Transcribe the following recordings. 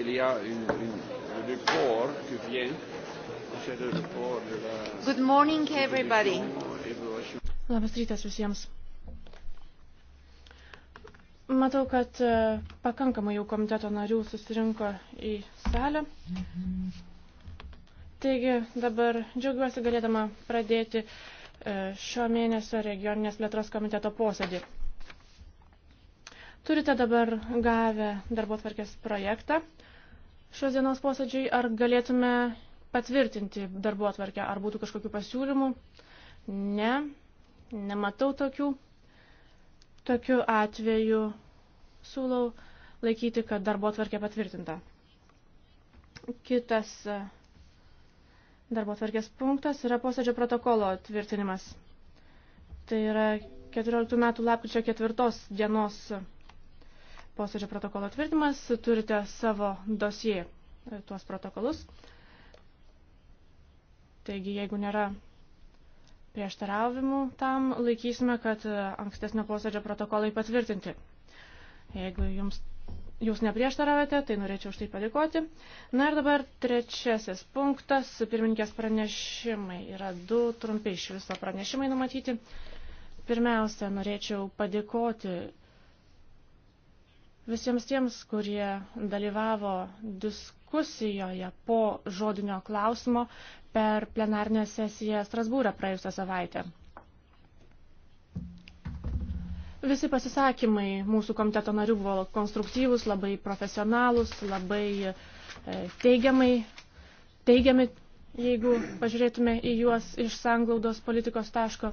il y a une, une, le report qui vient. C'est le report de la... Good morning, everybody. Labas rytas visiems. Matau, kad e, pakankamai jau komiteto narių susirinko į salę. Taigi dabar džiaugiuosi galėdama pradėti e, šio mėnesio regioninės plėtros komiteto posėdį. Turite dabar gavę darbo tvarkės projektą šios dienos posėdžiui, ar galėtume patvirtinti darbo atvarkę, ar būtų kažkokių pasiūlymų. Ne, nematau tokių. Tokiu atveju siūlau laikyti, kad darbo atvarkė patvirtinta. Kitas e, darbo atvarkės punktas yra posėdžio protokolo tvirtinimas. Tai yra 14 metų lapkričio 4 dienos posėdžio protokolo tvirtimas, turite savo dosijai e, tuos protokolus. Taigi, jeigu nėra prieštaravimų, tam laikysime, kad e, ankstesnio posėdžio protokolai patvirtinti. Jeigu jums, jūs neprieštaravate, tai norėčiau už tai padėkoti. Na ir dabar trečiasis punktas, pirmininkės pranešimai. Yra du trumpi iš viso pranešimai numatyti. Pirmiausia, norėčiau padėkoti visiems tiems, kurie dalyvavo diskusijoje po žodinio klausimo per plenarnę sesiją Strasbūrą praėjusią savaitę. Visi pasisakymai mūsų komiteto narių buvo konstruktyvus, labai profesionalus, labai e, teigiamai, teigiami, jeigu pažiūrėtume į juos iš sanglaudos politikos taško.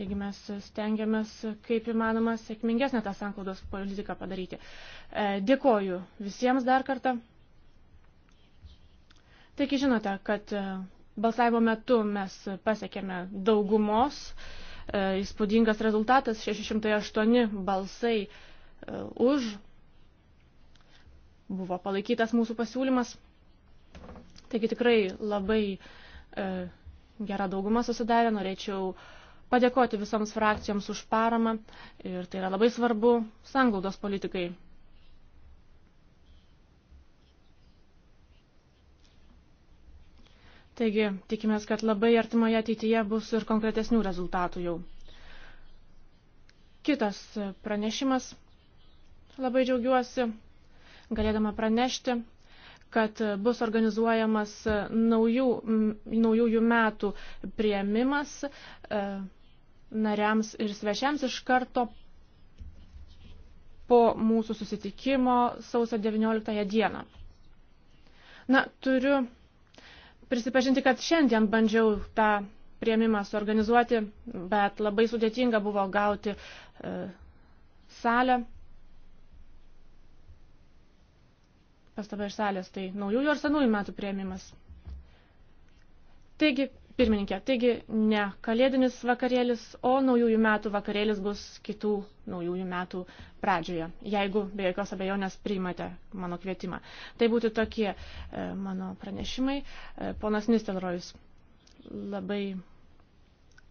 Taigi mes stengiamės kaip įmanoma sėkmingesnę tą sanklaudos politiką padaryti. E, dėkoju visiems dar kartą. Taigi žinote, kad e, balsavimo metu mes pasiekėme daugumos. E, įspūdingas rezultatas 608 balsai už. Buvo palaikytas mūsų pasiūlymas. Taigi tikrai labai e, gera dauguma susidarė. Norėčiau e, padėkoti visoms frakcijoms už paramą ir tai yra labai svarbu sanglaudos politikai. Taigi, tikimės, kad labai artimoje ateityje bus ir konkretesnių rezultatų jau. Kitas pranešimas. Labai džiaugiuosi, galėdama pranešti, kad bus organizuojamas naujų, naujųjų metų prieimimas. E, nariams ir svečiams iš karto po mūsų susitikimo sausio 19 dieną. Na, turiu prisipažinti, kad šiandien bandžiau tą prieimimą suorganizuoti, bet labai sudėtinga buvo gauti e, salę. Pastaba iš salės, tai naujųjų ar senųjų metų prieimimas. Taigi, pirmininkė. Taigi ne kalėdinis vakarėlis, o naujųjų metų vakarėlis bus kitų naujųjų metų pradžioje, jeigu be jokios abejonės priimate mano kvietimą. Tai būtų tokie e, mano pranešimai. E, ponas Nistelrojus, labai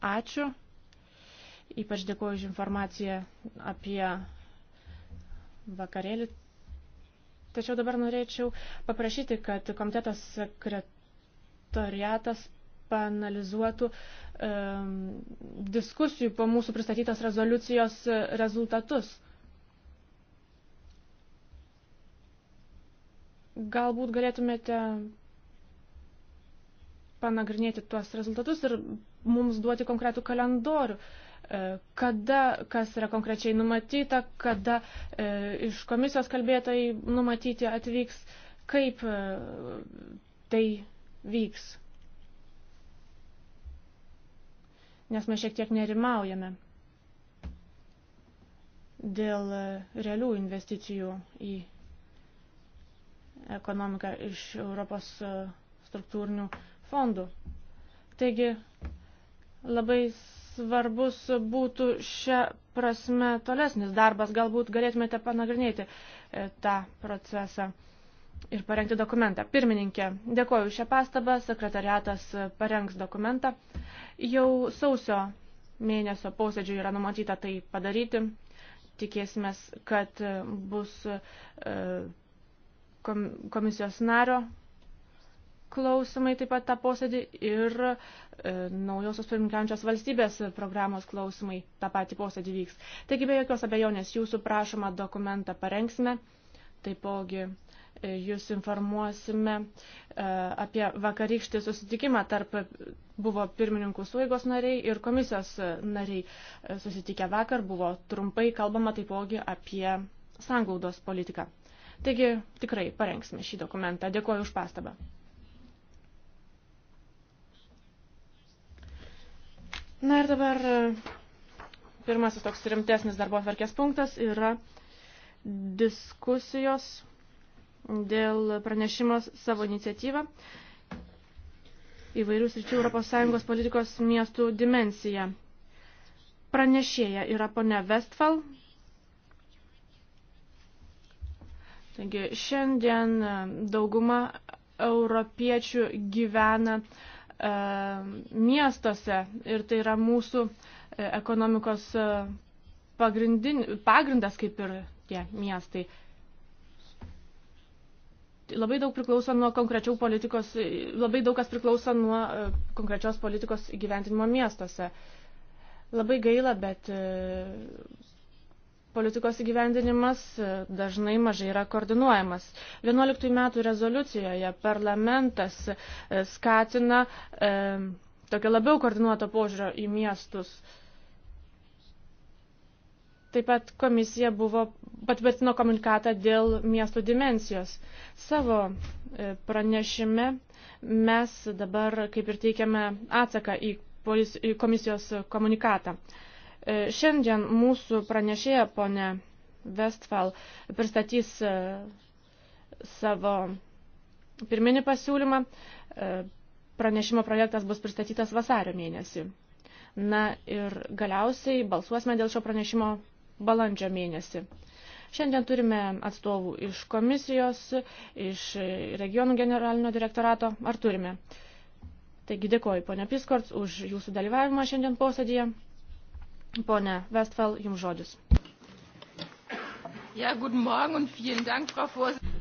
ačiū. Ypač dėkuoju už informaciją apie vakarėlį. Tačiau dabar norėčiau paprašyti, kad komitetas sekretoriatas panalizuotų um, diskusijų po mūsų pristatytos rezoliucijos e, rezultatus. Galbūt galėtumėte panagrinėti tuos rezultatus ir mums duoti konkretų kalendorių, e, kada kas yra konkrečiai numatyta, kada e, iš komisijos kalbėtojai numatyti atvyks, kaip e, tai vyks. nes mes šiek tiek nerimaujame dėl realių investicijų į ekonomiką iš Europos e, struktūrinių fondų. Taigi labai svarbus būtų šią prasme tolesnis darbas, galbūt galėtumėte panagrinėti e, tą procesą ir parengti dokumentą. Pirmininkė, dėkoju šią pastabą, sekretariatas parengs dokumentą. Jau sausio mėnesio posėdžiui yra numatyta tai padaryti. Tikėsime, kad bus e, komisijos nario klausimai taip pat tą posėdį ir e, naujosios pirmininkiančios valstybės programos klausimai tą patį posėdį vyks. Taigi be jokios abejonės jūsų prašomą dokumentą parengsime. Taipogi jūs informuosime e, apie vakarykštį susitikimą tarp buvo pirmininkų suvaigos nariai ir komisijos nariai e, susitikę vakar buvo trumpai kalbama taipogi apie sanglaudos politiką. Taigi tikrai parengsime šį dokumentą. Dėkuoju už pastabą. Na ir dabar e, pirmasis toks rimtesnis darbo atvarkės punktas yra diskusijos dėl pranešimo savo iniciatyvą įvairių sričių ES politikos miestų dimensiją. Pranešėja yra ponia Westfall. Taigi šiandien e, dauguma europiečių gyvena e, miestuose ir tai yra mūsų e, ekonomikos e, pagrindas kaip ir tie miestai. Labai daug priklauso nuo konkrečių politikos, labai daug kas priklauso nuo e, konkrečios politikos gyventinimo miestuose. Labai gaila, bet e, politikos įgyvendinimas e, dažnai mažai yra koordinuojamas. 11 metų rezoliucijoje parlamentas skatina e, tokio labiau koordinuoto požiūrio į miestus. E, Taip pat komisija buvo patvirtino komunikatą dėl miestų dimensijos. Savo e, pranešime mes dabar kaip ir teikiame atsaką į komisijos komunikatą. E, šiandien mūsų pranešėja ponė Westfall pristatys e, savo pirminį pasiūlymą. Pranešimo projektas bus pristatytas vasario mėnesį. Na ir galiausiai balsuosime dėl šio pranešimo balandžio mėnesį. Šiandien turime atstovų iš komisijos, iš regionų generalinio direktorato. Ar turime? Taigi dėkoju, ponia Piskorts, už jūsų dalyvavimą šiandien posėdėje. Pone Westfall, jums žodis. Ja, guten Morgen und vielen Dank, Frau Vorsitzende.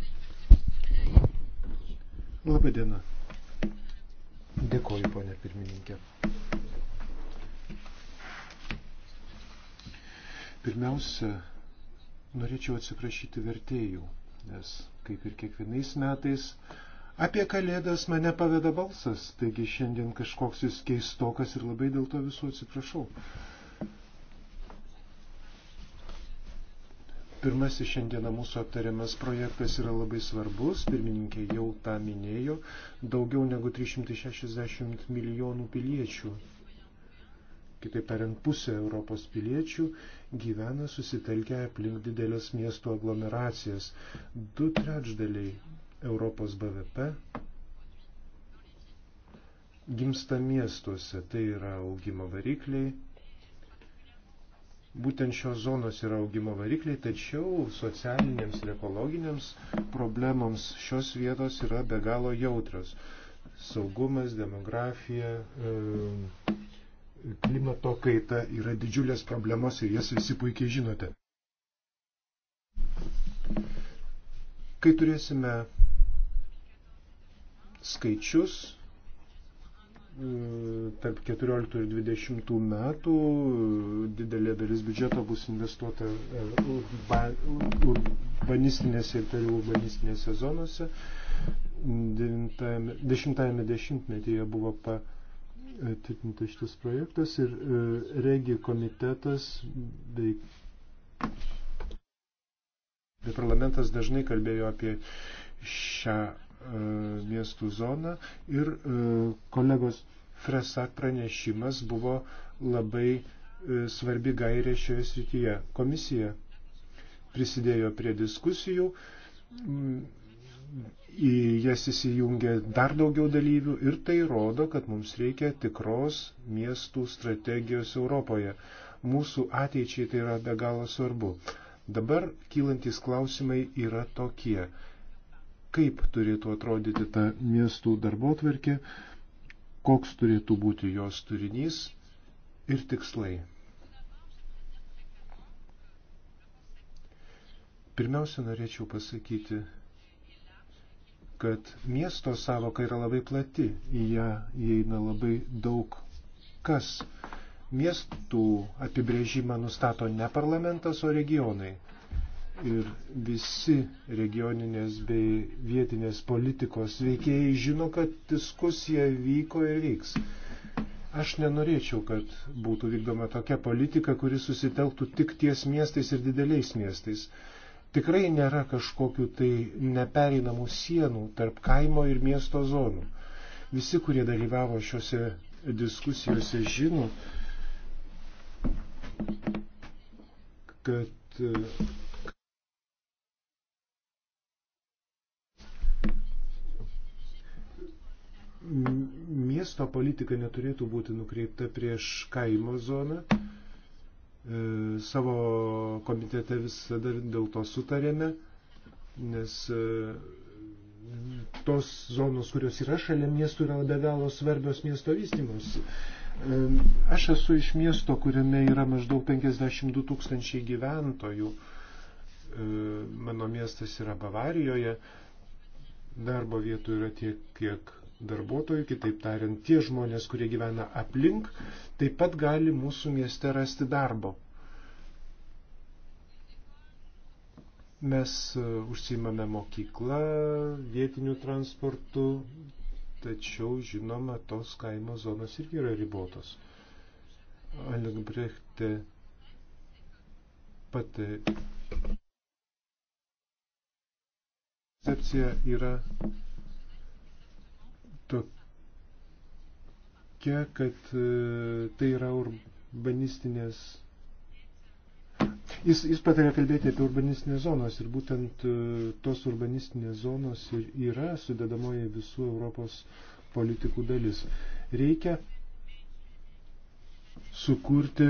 Labai diena. Dėkoju, ponia pirmininkė. Pirmiausia, norėčiau atsiprašyti vertėjų, nes kaip ir kiekvienais metais apie kalėdas mane paveda balsas, taigi šiandien kažkoks jis keistokas ir labai dėl to visų atsiprašau. Pirmasis šiandieną mūsų aptariamas projektas yra labai svarbus, pirmininkė jau tą minėjo, daugiau negu 360 milijonų piliečių kitaip tariant, pusė Europos piliečių gyvena susitelkę aplink didelės miestų aglomeracijas. Du trečdaliai Europos BVP gimsta miestuose, tai yra augimo varikliai. Būtent šios zonos yra augimo varikliai, tačiau socialinėms ir ekologiniams problemams šios vietos yra be galo jautrios. Saugumas, demografija, e, klimato kaita yra didžiulės problemos ir jas visi puikiai žinote. Kai turėsime skaičius e, tarp 14 ir 20 metų didelė dalis biudžeto bus investuota e, urbanistinėse ir periurbanistinėse zonose. 10-metyje buvo pa tvirtintas šitas projektas ir e, regi komitetas bei, bei parlamentas dažnai kalbėjo apie šią e, miestų zoną ir e, kolegos Fresa pranešimas buvo labai svarbi gairė šioje srityje. Komisija prisidėjo prie diskusijų, į jas įsijungia dar daugiau dalyvių ir tai rodo, kad mums reikia tikros miestų strategijos Europoje. Mūsų ateičiai tai yra be galo svarbu. Dabar kylantis klausimai yra tokie. Kaip turėtų atrodyti ta miestų darbotvarkė, koks turėtų būti jos turinys ir tikslai. Pirmiausia, norėčiau pasakyti kad miesto savoka yra labai plati, į ją įeina labai daug kas. Miestų apibrėžimą nustato ne parlamentas, o regionai. Ir visi regioninės bei vietinės politikos veikėjai žino, kad diskusija vyko ir vyks. Aš nenorėčiau, kad būtų vykdoma tokia politika, kuri susitelktų tik ties miestais ir dideliais miestais. Tikrai nėra kažkokių tai nepereinamų sienų tarp kaimo ir miesto zonų. Visi, kurie dalyvavo šiuose diskusijose, žino, kad miesto politika neturėtų būti nukreipta prieš kaimo zoną, E, savo komitete visada dėl to sutarėme, nes e, tos zonos, kurios yra šalia miestų, yra be galo svarbios miesto vystymus. E, aš esu iš miesto, kuriame yra maždaug 52 tūkstančiai gyventojų. Mano miestas yra Bavarijoje. Darbo vietų yra tiek, kiek darbuotojų, kitaip tariant, tie žmonės, kurie gyvena aplink, taip pat gali mūsų mieste rasti darbo. Mes e, užsimame mokyklą, vietinių transportų, tačiau, žinoma, tos kaimo zonos irgi yra ribotos. Alengbrechte pati koncepcija yra tokia, kad e, tai yra urbanistinės. Jis, jis patarė kalbėti apie urbanistinės zonos ir būtent e, tos urbanistinės zonos ir yra sudedamoji visų Europos politikų dalis. Reikia sukurti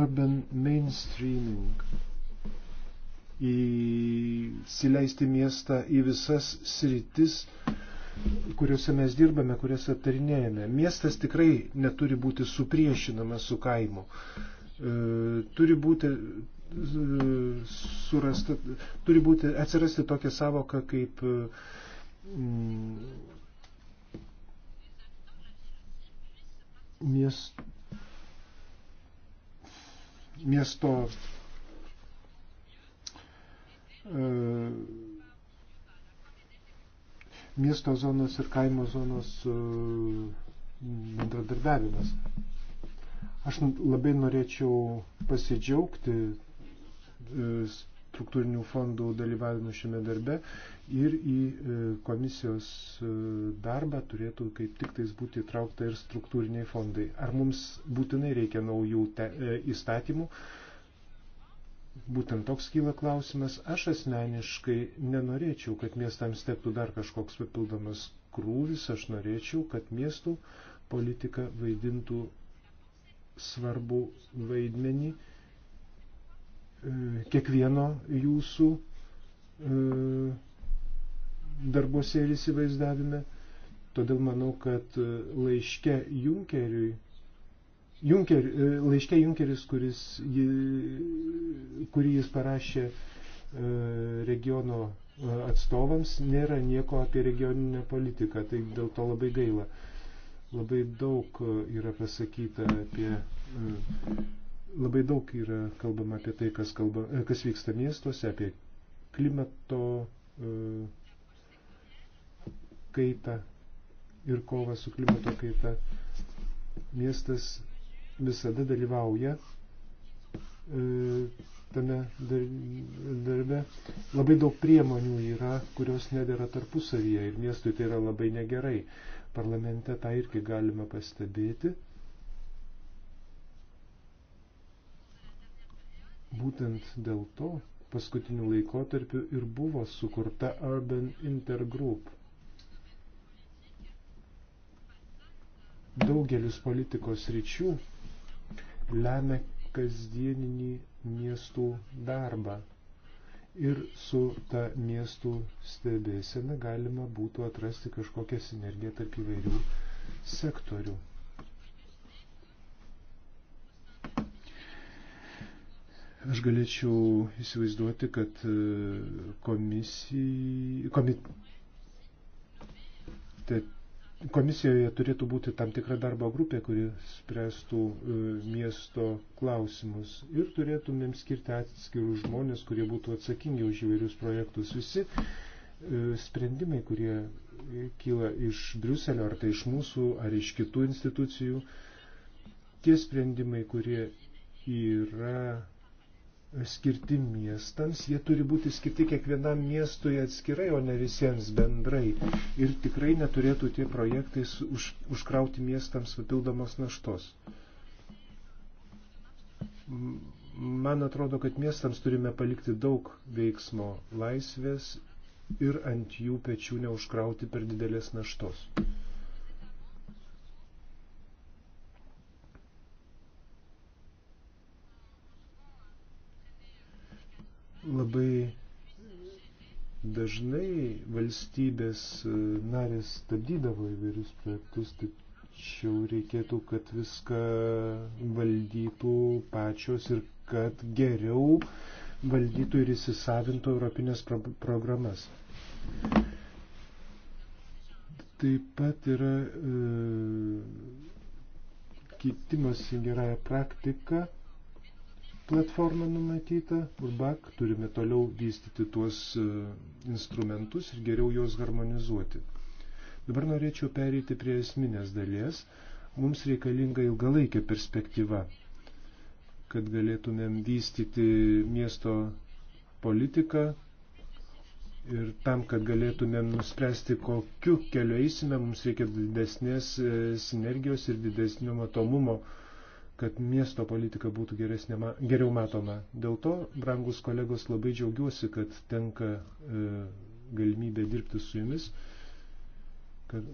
urban mainstreaming, įsileisti miestą į visas sritis, kuriuose mes dirbame, kurias aptarinėjame. Miestas tikrai neturi būti supriešinamas su kaimu. E, turi būti, e, surasta, turi būti atsirasti tokia savoka kaip e, mm, miest, miesto uh, miesto zonos ir kaimo zonos e, bendradarbiavimas. Aš labai norėčiau pasidžiaugti e, struktūrinių fondų dalyvavimu šiame darbe ir į e, komisijos darbą turėtų kaip tik tais būti įtraukta ir struktūriniai fondai. Ar mums būtinai reikia naujų te, įstatymų? E, būtent toks kyla klausimas. Aš asmeniškai nenorėčiau, kad miestams tektų dar kažkoks papildomas krūvis, aš norėčiau, kad miestų politika vaidintų svarbu vaidmenį e, kiekvieno jūsų e, darbuose ir įsivaizdavime. Todėl manau, kad e, laiške Junkeriui Junker, e, laiškė Junkeris, kuris, kurį jis parašė e, regiono e, atstovams, nėra nieko apie regioninę politiką, tai dėl to labai gaila. Labai daug yra pasakyta apie, labai daug yra kalbama apie tai, kas, kalba, kas vyksta miestuose, apie klimato kaitą ir kovą su klimato kaita. Miestas visada dalyvauja e, tame darbe. Labai daug priemonių yra, kurios nedėra tarpusavyje ir miestui tai yra labai negerai. Parlamente tą irgi galima pastebėti. Būtent dėl to paskutiniu laikotarpiu ir buvo sukurta Urban Intergroup. Daugelis politikos ryčių lemia kasdieninį miestų darbą. Ir su ta miestų stebėsena galima būtų atrasti kažkokią sinergiją tarp įvairių sektorių. Aš galėčiau įsivaizduoti, kad e, komisijai, komitete komisijoje turėtų būti tam tikra darbo grupė, kuri spręstų e, miesto klausimus ir turėtumėm skirti atskirus žmonės, kurie būtų atsakingi už įvairius projektus. Visi e, sprendimai, kurie kyla iš Briuselio, ar tai iš mūsų, ar iš kitų institucijų, tie sprendimai, kurie yra skirti miestams, jie turi būti skirti kiekvienam miestui atskirai, o ne visiems bendrai. Ir tikrai neturėtų tie projektai už, užkrauti miestams papildomos naštos. Man atrodo, kad miestams turime palikti daug veiksmo laisvės ir ant jų pečių neužkrauti per didelės naštos. Labai dažnai valstybės e, narės stabdydavo įvairius projektus, tačiau reikėtų, kad viską valdytų pačios ir kad geriau valdytų ir įsisavintų europinės pro programas. Taip pat yra e, keitimas į gerąją praktiką platforma numatyta, URBAK, turime toliau vystyti tuos e, instrumentus ir geriau juos harmonizuoti. Dabar norėčiau pereiti prie esminės dalies. Mums reikalinga ilgalaikė perspektyva, kad galėtumėm vystyti miesto politiką ir tam, kad galėtumėm nuspręsti, kokiu keliu eisime, mums reikia didesnės e, sinergijos ir didesnio matomumo kad miesto politika būtų geresnė, geriau matoma. Dėl to, brangus kolegos, labai džiaugiuosi, kad tenka e, galimybė dirbti su jumis, kad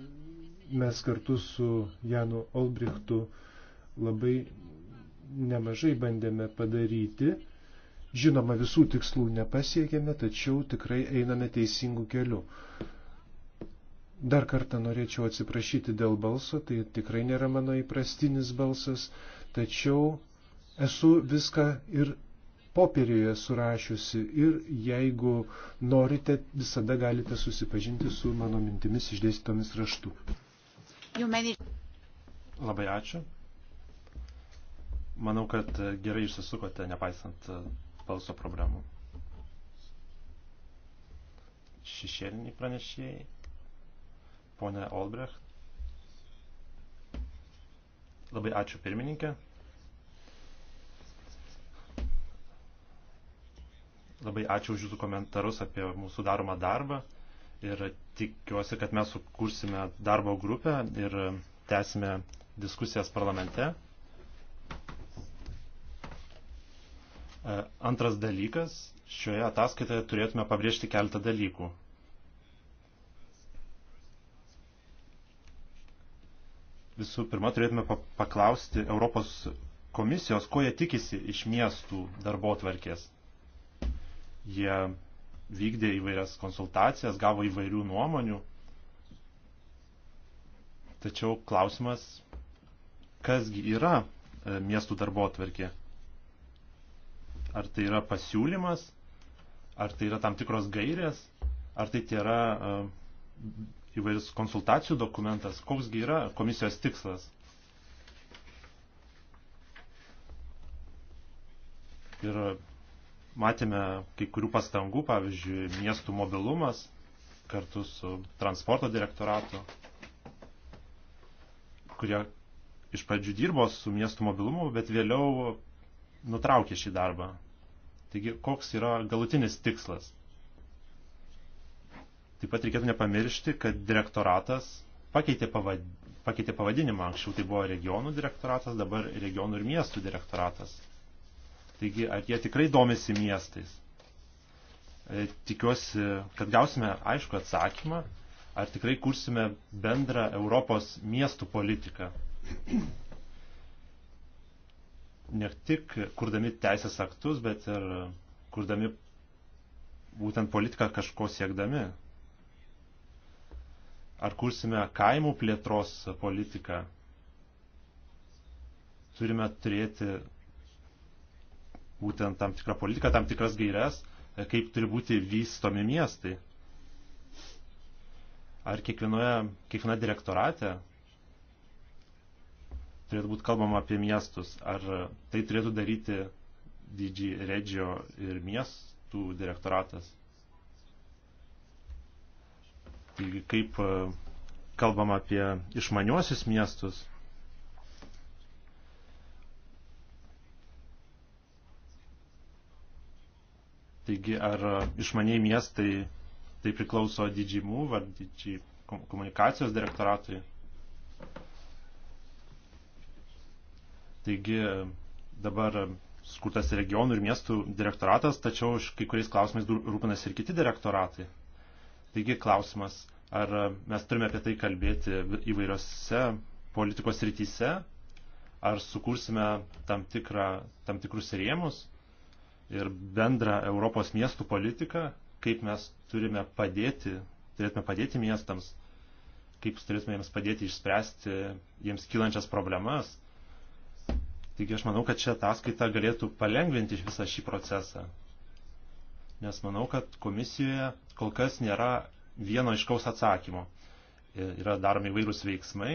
mes kartu su Janu Olbrichtu labai nemažai bandėme padaryti. Žinoma, visų tikslų nepasiekėme, tačiau tikrai einame teisingų kelių. Dar kartą norėčiau atsiprašyti dėl balso, tai tikrai nėra mano įprastinis balsas tačiau esu viską ir popieriuje surašiusi ir jeigu norite, visada galite susipažinti su mano mintimis išdėstytomis raštu. Labai ačiū. Manau, kad gerai išsisukote, nepaisant e, balso problemų. Šešėliniai pranešėjai. Pone Olbrecht. Labai ačiū pirmininkė. Labai ačiū už Jūsų komentarus apie mūsų daromą darbą ir tikiuosi, kad mes sukursime darbo grupę ir tęsime diskusijas parlamente. E, antras dalykas, šioje ataskaitoje turėtume pabrėžti keletą dalykų. Visų pirma, turėtume paklausti Europos komisijos, ko jie tikisi iš miestų darbo tvarkės. Jie vykdė įvairias konsultacijas, gavo įvairių nuomonių. Tačiau klausimas, kasgi yra e, miestų darbo atverkė? Ar tai yra pasiūlymas, ar tai yra tam tikros gairės, ar tai yra e, įvairius konsultacijų dokumentas, koksgi yra komisijos tikslas. Ir Matėme kai kurių pastangų, pavyzdžiui, miestų mobilumas kartu su transporto direktoratu, kurie iš pradžių dirbo su miestų mobilumu, bet vėliau nutraukė šį darbą. Taigi, koks yra galutinis tikslas? Taip pat reikėtų nepamiršti, kad direktoratas pakeitė, pavad... pakeitė pavadinimą. Anksčiau tai buvo regionų direktoratas, dabar regionų ir miestų direktoratas. Taigi, ar jie tikrai domisi miestais? E, tikiuosi, kad gausime aišku atsakymą, ar tikrai kursime bendrą Europos miestų politiką. Ne tik kurdami teisės aktus, bet ir kurdami būtent politiką kažko siekdami. Ar kursime kaimų plėtros politiką? Turime turėti būtent tam tikrą politiką, tam tikras gairias, e, kaip turi būti vystomi miestai. Ar kiekvienoje, kiekviena direktorate turėtų būti kalbama apie miestus, ar tai turėtų daryti DG Regio ir miestų direktoratas. Taigi kaip e, kalbam apie išmaniuosius miestus, Taigi, ar išmaniai miestai tai priklauso didžiai MUV ar didžiai komunikacijos direktoratui? Taigi, dabar skurtas regionų ir miestų direktoratas, tačiau kai kuriais klausimais rūpinasi ir kiti direktoratai. Taigi klausimas, ar mes turime apie tai kalbėti įvairiose politikos rytise, ar sukursime tam, tikrą, tam tikrus rėmus, ir bendrą Europos miestų politiką, kaip mes turime padėti, turėtume padėti miestams, kaip turėtume jiems padėti išspręsti jiems kylančias problemas. Taigi aš manau, kad čia ataskaita galėtų palengvinti visą šį procesą. Nes manau, kad komisijoje kol kas nėra vieno iškaus atsakymo. E, yra daromi įvairūs veiksmai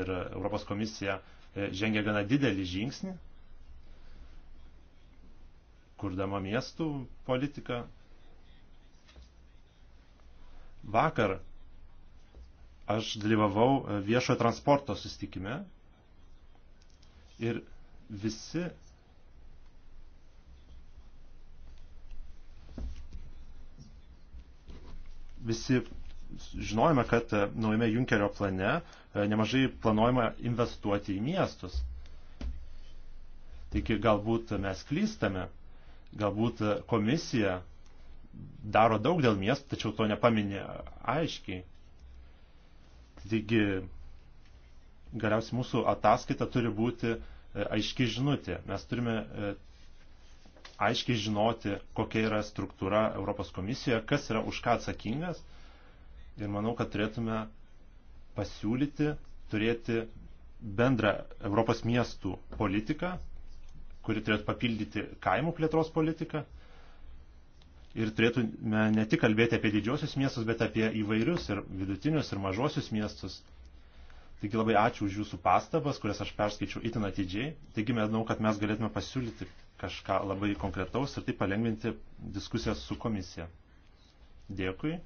ir Europos komisija e, žengia gana didelį žingsnį kurdama miestų politiką. Vakar aš dalyvavau viešojo transporto sustikime ir visi visi žinojame, kad naujame Junkerio plane e, nemažai planuojama investuoti į miestus. Taigi galbūt mes klystame. Galbūt e, komisija daro daug dėl miestų, tačiau to nepaminė aiškiai. Taigi, galiausiai mūsų ataskaita turi būti e, aiški žinutė. Mes turime e, aiškiai žinoti, kokia yra struktūra Europos komisijoje, kas yra už ką atsakingas. Ir manau, kad turėtume pasiūlyti turėti bendrą Europos miestų politiką, kuri turėtų papildyti kaimo plėtros politiką. Ir turėtume ne tik kalbėti apie didžiosius miestus, bet apie įvairius ir vidutinius ir mažosius miestus. Taigi labai ačiū už jūsų pastabas, kurias aš perskaičiau itin atidžiai. Taigi manau, kad mes galėtume pasiūlyti kažką labai konkretaus ir taip palengvinti diskusijas su komisija. Dėkui.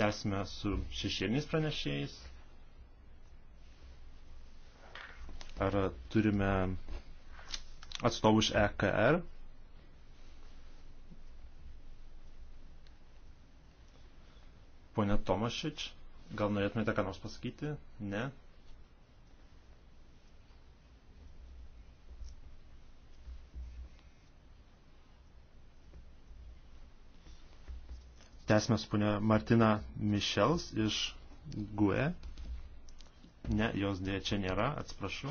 Tęsime su šešėliniais pranešėjais. Ar turime atstovų iš EKR? Pone Tomašič, gal norėtumėte ką nors pasakyti? Ne? Tęsime su ponia Martina Mišels iš GUE. Ne, jos dėja čia nėra, atsiprašau.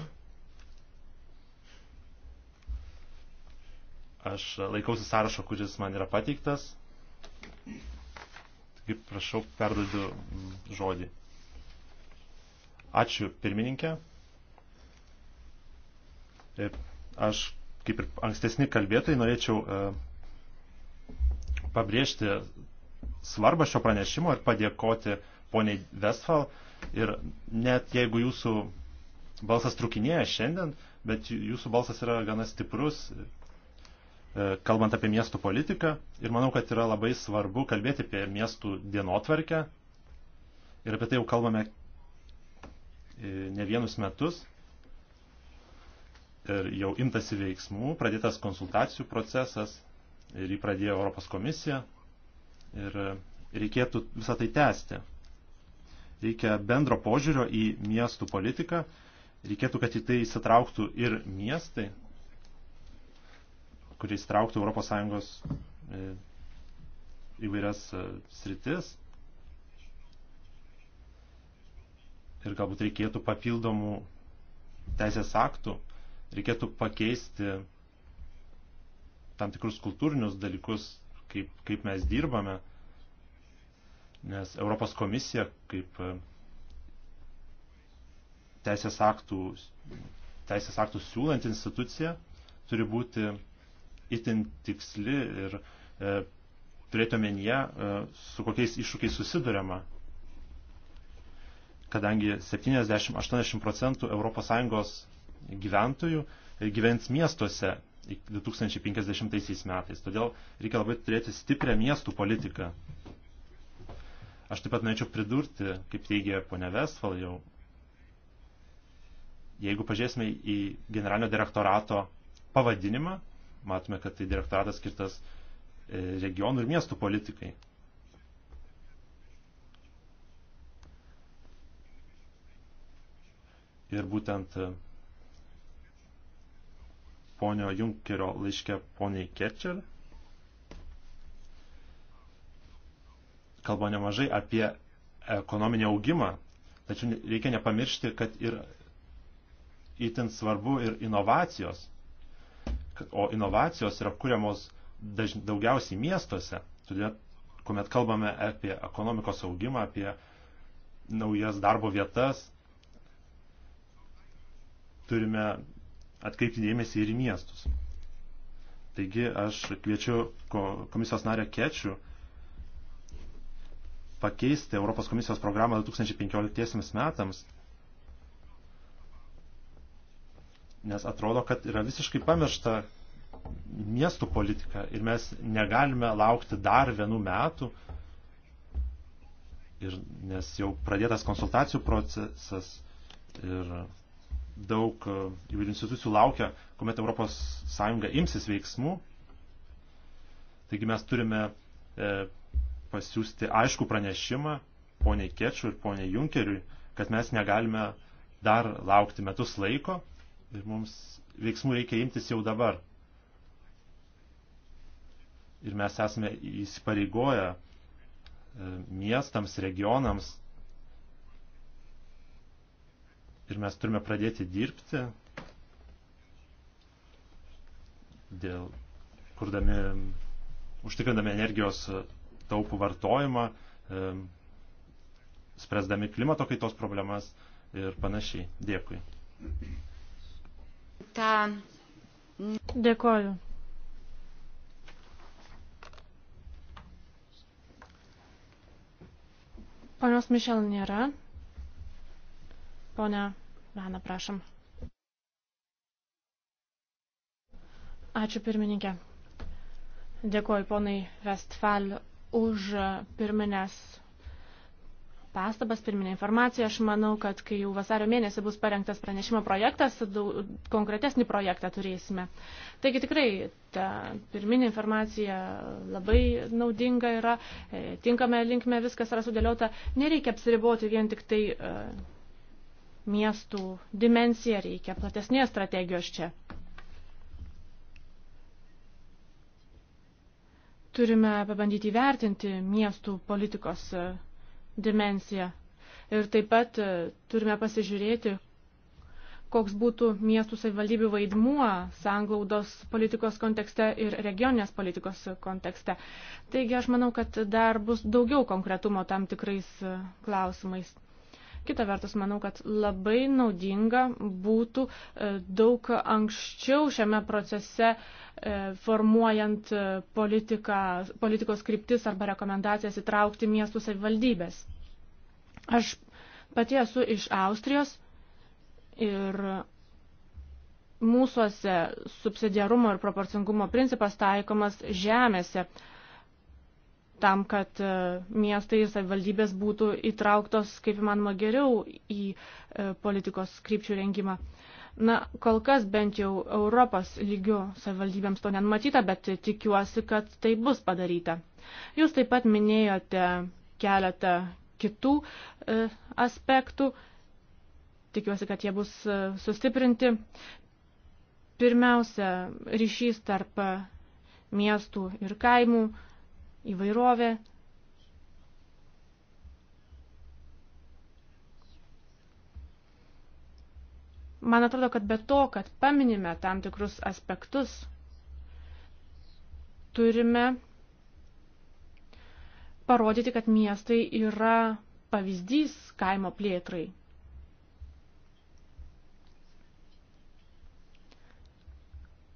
Aš laikausi sąrašo, kuris man yra pateiktas. Taigi prašau, perduodu mm, žodį. Ačiū pirmininkė. Ir aš, kaip ir ankstesni kalbėtojai, norėčiau e, pabrėžti svarbą šio pranešimo ir padėkoti poniai Westfall. Ir net jeigu jūsų balsas trukinėja šiandien, bet jūsų balsas yra gana stiprus, e, kalbant apie miestų politiką. Ir manau, kad yra labai svarbu kalbėti apie miestų dienotvarkę. Ir apie tai jau kalbame e, ne vienus metus. Ir jau imtasi veiksmų, pradėtas konsultacijų procesas ir jį pradėjo Europos komisija. Ir reikėtų visą tai tęsti. Reikia bendro požiūrio į miestų politiką. Reikėtų, kad į tai įsitrauktų ir miestai, kurie įsitrauktų ES e, įvairias e, sritis. Ir galbūt reikėtų papildomų teisės aktų, reikėtų pakeisti tam tikrus kultūrinius dalykus kaip, kaip mes dirbame, nes Europos komisija kaip e, teisės aktų, teisės aktų siūlant institucija turi būti itin tiksli ir e, turėti omenyje, e, su kokiais iššūkiais susidurėma. Kadangi 70-80 procentų ES gyventojų gyvens miestuose 2050 metais. Todėl reikia labai turėti stiprią miestų politiką. Aš taip pat norėčiau pridurti, kaip teigia ponia Vestfal jau, jeigu pažiūrėsime į generalinio direktorato pavadinimą, matome, kad tai direktoratas skirtas e, regionų ir miestų politikai. Ir būtent ponio Junkerio laiške poniai Kerčer kalba nemažai apie ekonominį augimą, tačiau reikia nepamiršti, kad ir įtin svarbu ir inovacijos, o inovacijos yra kuriamos daž... daugiausiai miestuose, todėl, kuomet kalbame apie ekonomikos augimą, apie naujas darbo vietas, turime atkreipti dėmesį ir į miestus. Taigi aš kviečiu komisijos narę Kečių pakeisti Europos komisijos programą 2015 metams, nes atrodo, kad yra visiškai pamiršta miestų politika ir mes negalime laukti dar vienų metų, ir, nes jau pradėtas konsultacijų procesas ir daug e, įvairių institucijų laukia, kuomet ES imsis veiksmų. Taigi mes turime e, pasiūsti aišku pranešimą poniai Keču ir poniai Junkeriui, kad mes negalime dar laukti metus laiko ir mums veiksmų reikia imtis jau dabar. Ir mes esame įsipareigoję e, miestams, regionams ir mes turime pradėti dirbti dėl kurdami, užtikrindami energijos taupų vartojimą, e, spręsdami klimato kaitos problemas ir panašiai. Dėkui. Ta. Dėkoju. Ponios Mišel nėra. Pone Vana, prašom. Ačiū pirmininkė. Dėkuoju ponai Westfal už pirminės pastabas, pirminę informaciją. Aš manau, kad kai jau vasario mėnesį bus parengtas pranešimo projektas, daug, konkretesnį projektą turėsime. Taigi tikrai ta pirminė informacija labai naudinga yra, e, tinkame linkme viskas yra sudėliota. Nereikia apsiriboti vien tik tai. Uh, miestų dimensiją, reikia platesnės strategijos čia. Turime pabandyti įvertinti miestų politikos e, dimensiją ir taip pat e, turime pasižiūrėti, koks būtų miestų savivaldybių vaidmuo sanglaudos politikos kontekste ir regioninės politikos kontekste. Taigi aš manau, kad dar bus daugiau konkretumo tam tikrais e, klausimais. Kita vertus, manau, kad labai naudinga būtų e, daug anksčiau šiame procese e, formuojant e, politiką, politikos kryptis arba rekomendacijas įtraukti miestų savivaldybės. Aš pati esu iš Austrijos ir mūsųose subsidiarumo ir proporcingumo principas taikomas žemėse. Uh, tam, kad e, miestai ir savivaldybės būtų įtrauktos kaip įmanoma geriau į e, politikos krypčių rengimą. Na, kol kas bent jau Europos lygių savivaldybėms to nenumatyta, bet tikiuosi, kad tai bus padaryta. Jūs taip pat minėjote keletą kitų e, aspektų. Tikiuosi, kad jie bus e, sustiprinti. Pirmiausia, ryšys tarp miestų ir kaimų įvairovė. Man atrodo, kad be to, kad paminime tam tikrus aspektus, turime parodyti, kad miestai yra pavyzdys kaimo plėtrai.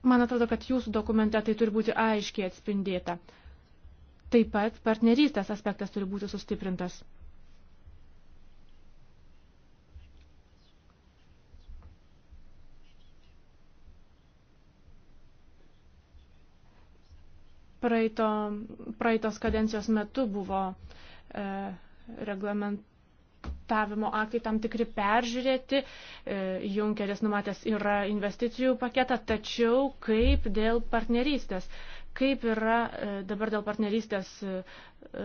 Man atrodo, kad jūsų dokumente tai turi būti aiškiai atspindėta. Taip pat partnerystės aspektas turi būti sustiprintas. Praeito, praeitos kadencijos metu buvo e, reglamentavimo aktai tam tikri peržiūrėti. E, Junkeris numatęs yra investicijų paketą, tačiau kaip dėl partnerystės kaip yra e, dabar dėl partnerystės e, e,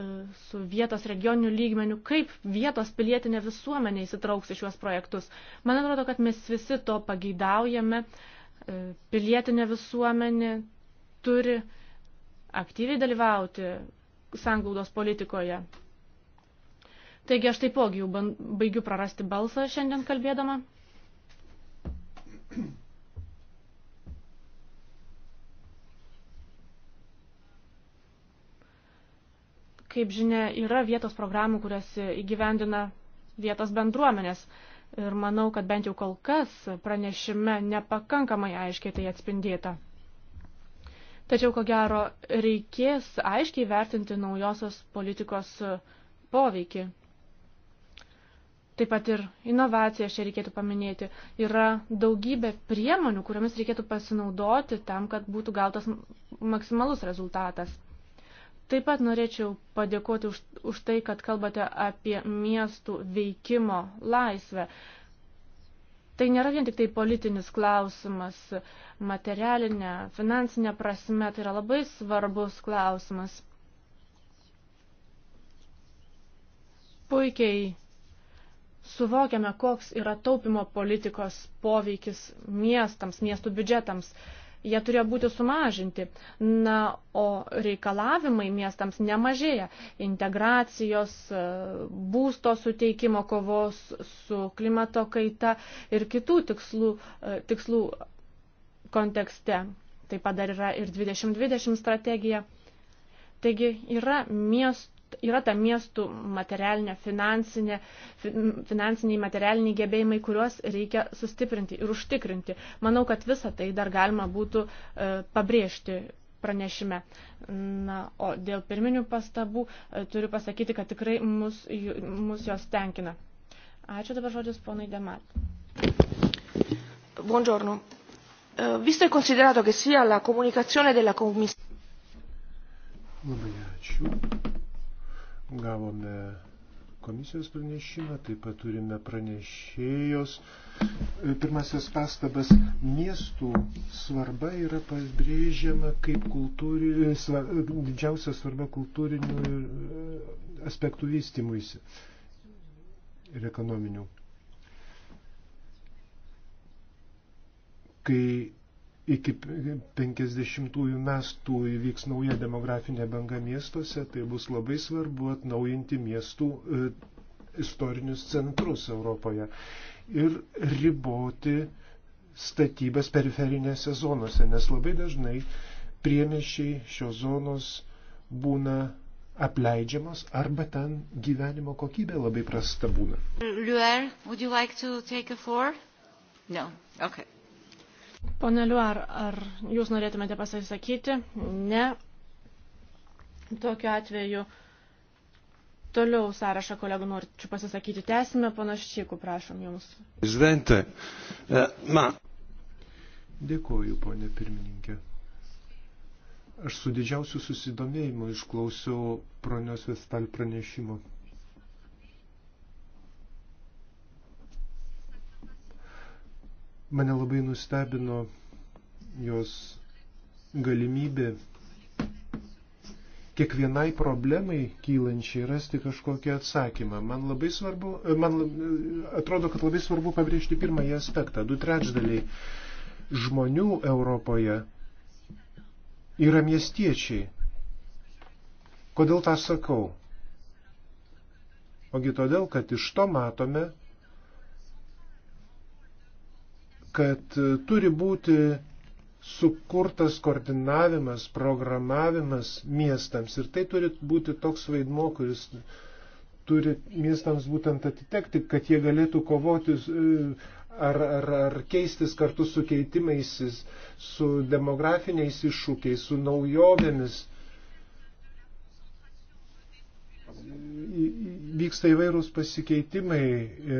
su vietos regioniniu lygmeniu, kaip vietos pilietinė visuomenė įsitrauks į šiuos projektus. Man atrodo, kad mes visi to pageidaujame, pilietinė visuomenė turi aktyviai dalyvauti sanglaudos politikoje. Taigi aš taipogi jau baigiu prarasti balsą šiandien kalbėdama. Thank you. Kaip žinia, yra vietos programų, kurias įgyvendina vietos bendruomenės. Ir manau, kad bent jau kol kas pranešime nepakankamai aiškiai tai atspindėta. Tačiau, ko gero, reikės aiškiai vertinti naujosios politikos poveikį. Taip pat ir inovacijas čia reikėtų paminėti. Yra daugybė priemonių, kuriomis reikėtų pasinaudoti tam, kad būtų gautas maksimalus rezultatas. Taip pat norėčiau padėkoti už, už tai, kad kalbate apie miestų veikimo laisvę. Tai nėra vien tik tai politinis klausimas, materialinė, finansinė prasme, tai yra labai svarbus klausimas. Puikiai suvokiame, koks yra taupimo politikos poveikis miestams, miestų biudžetams jie turėjo būti sumažinti. Na, o reikalavimai miestams nemažėja. Integracijos, e, būsto suteikimo, kovos su klimato kaita ir kitų tikslų, e, tikslų kontekste. Taip pat dar yra ir 2020 strategija. Taigi yra miestų yra ta miestų materialinė, finansinė, finansiniai, materialiniai gebėjimai, kuriuos reikia sustiprinti ir užtikrinti. Manau, kad visą tai dar galima būtų e, pabrėžti pranešime. Na, o dėl pirminių pastabų e, turiu pasakyti, kad tikrai mus, mus jos tenkina. Ačiū dabar žodis ponai Demat. Buongiorno. E, visto e considerato che sia la comunicazione della Commissione. Labai ačiū. Gavome komisijos pranešimą, taip pat turime pranešėjos. E, pirmasis pastabas - miestų svarba yra pabrėžiama kaip kultūri, e, svar, e, didžiausia svarba kultūrinių aspektų vystimuisi ir ekonominių. Kai iki 50-ųjų mestų įvyks nauja demografinė banga miestuose, tai bus labai svarbu atnaujinti miestų e, istorinius centrus Europoje ir riboti statybas periferinėse zonose, nes labai dažnai priemešiai šios zonos būna apleidžiamos arba ten gyvenimo kokybė labai prasta būna. Luer, would you like to take a floor? No. Okay. Pone Liuar, ar jūs norėtumėte pasisakyti? Ne. Tokiu atveju toliau sąrašą kolegų norčiau pasisakyti. Tęsime, panaščiai, prašom jums. Žvente, e, ma. Dėkuoju, ponė pirmininkė. Aš su didžiausiu susidomėjimu išklausiau pranios Vestal pranešimo. Mane labai nustebino jos galimybė kiekvienai problemai kylančiai rasti kažkokį atsakymą. Man labai svarbu, man atrodo, kad labai svarbu pabrėžti pirmąjį aspektą. Du trečdaliai žmonių Europoje yra miestiečiai. Kodėl tą sakau? Ogi todėl, kad iš to matome, kad e, turi būti sukurtas koordinavimas, programavimas miestams ir tai turi būti toks vaidmo, kuris turi miestams būtent atitekti, kad jie galėtų kovoti e, ar, ar, ar keistis kartu su keitimaisis, su demografiniais iššūkiais, su naujovėmis vyksta įvairūs pasikeitimai, e,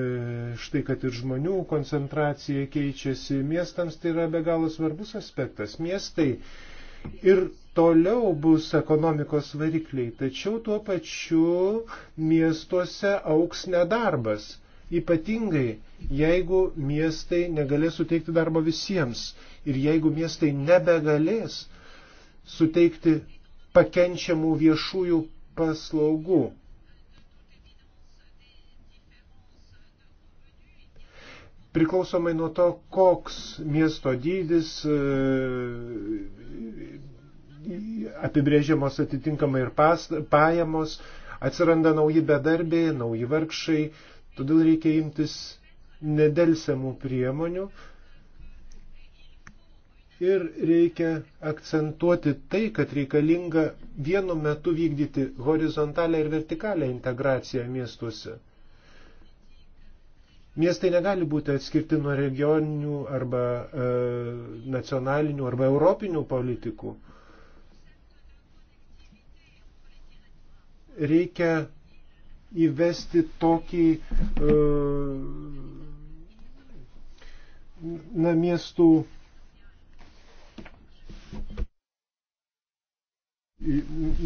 štai kad ir žmonių koncentracija keičiasi, miestams tai yra be galo svarbus aspektas. Miestai ir toliau bus ekonomikos varikliai, tačiau tuo pačiu miestuose auks nedarbas. Ypatingai, jeigu miestai negalės suteikti darbo visiems ir jeigu miestai nebegalės suteikti pakenčiamų viešųjų paslaugų, priklausomai nuo to, koks miesto dydis e, apibrėžiamos atitinkamai ir pas, pajamos, atsiranda nauji bedarbiai, nauji vargšai, todėl reikia imtis nedelsiamų priemonių ir reikia akcentuoti tai, kad reikalinga vienu metu vykdyti horizontalę ir vertikalę integraciją miestuose. Miestai negali būti atskirti nuo regioninių arba e, nacionalinių arba europinių politikų. Reikia įvesti tokį e, na, miestų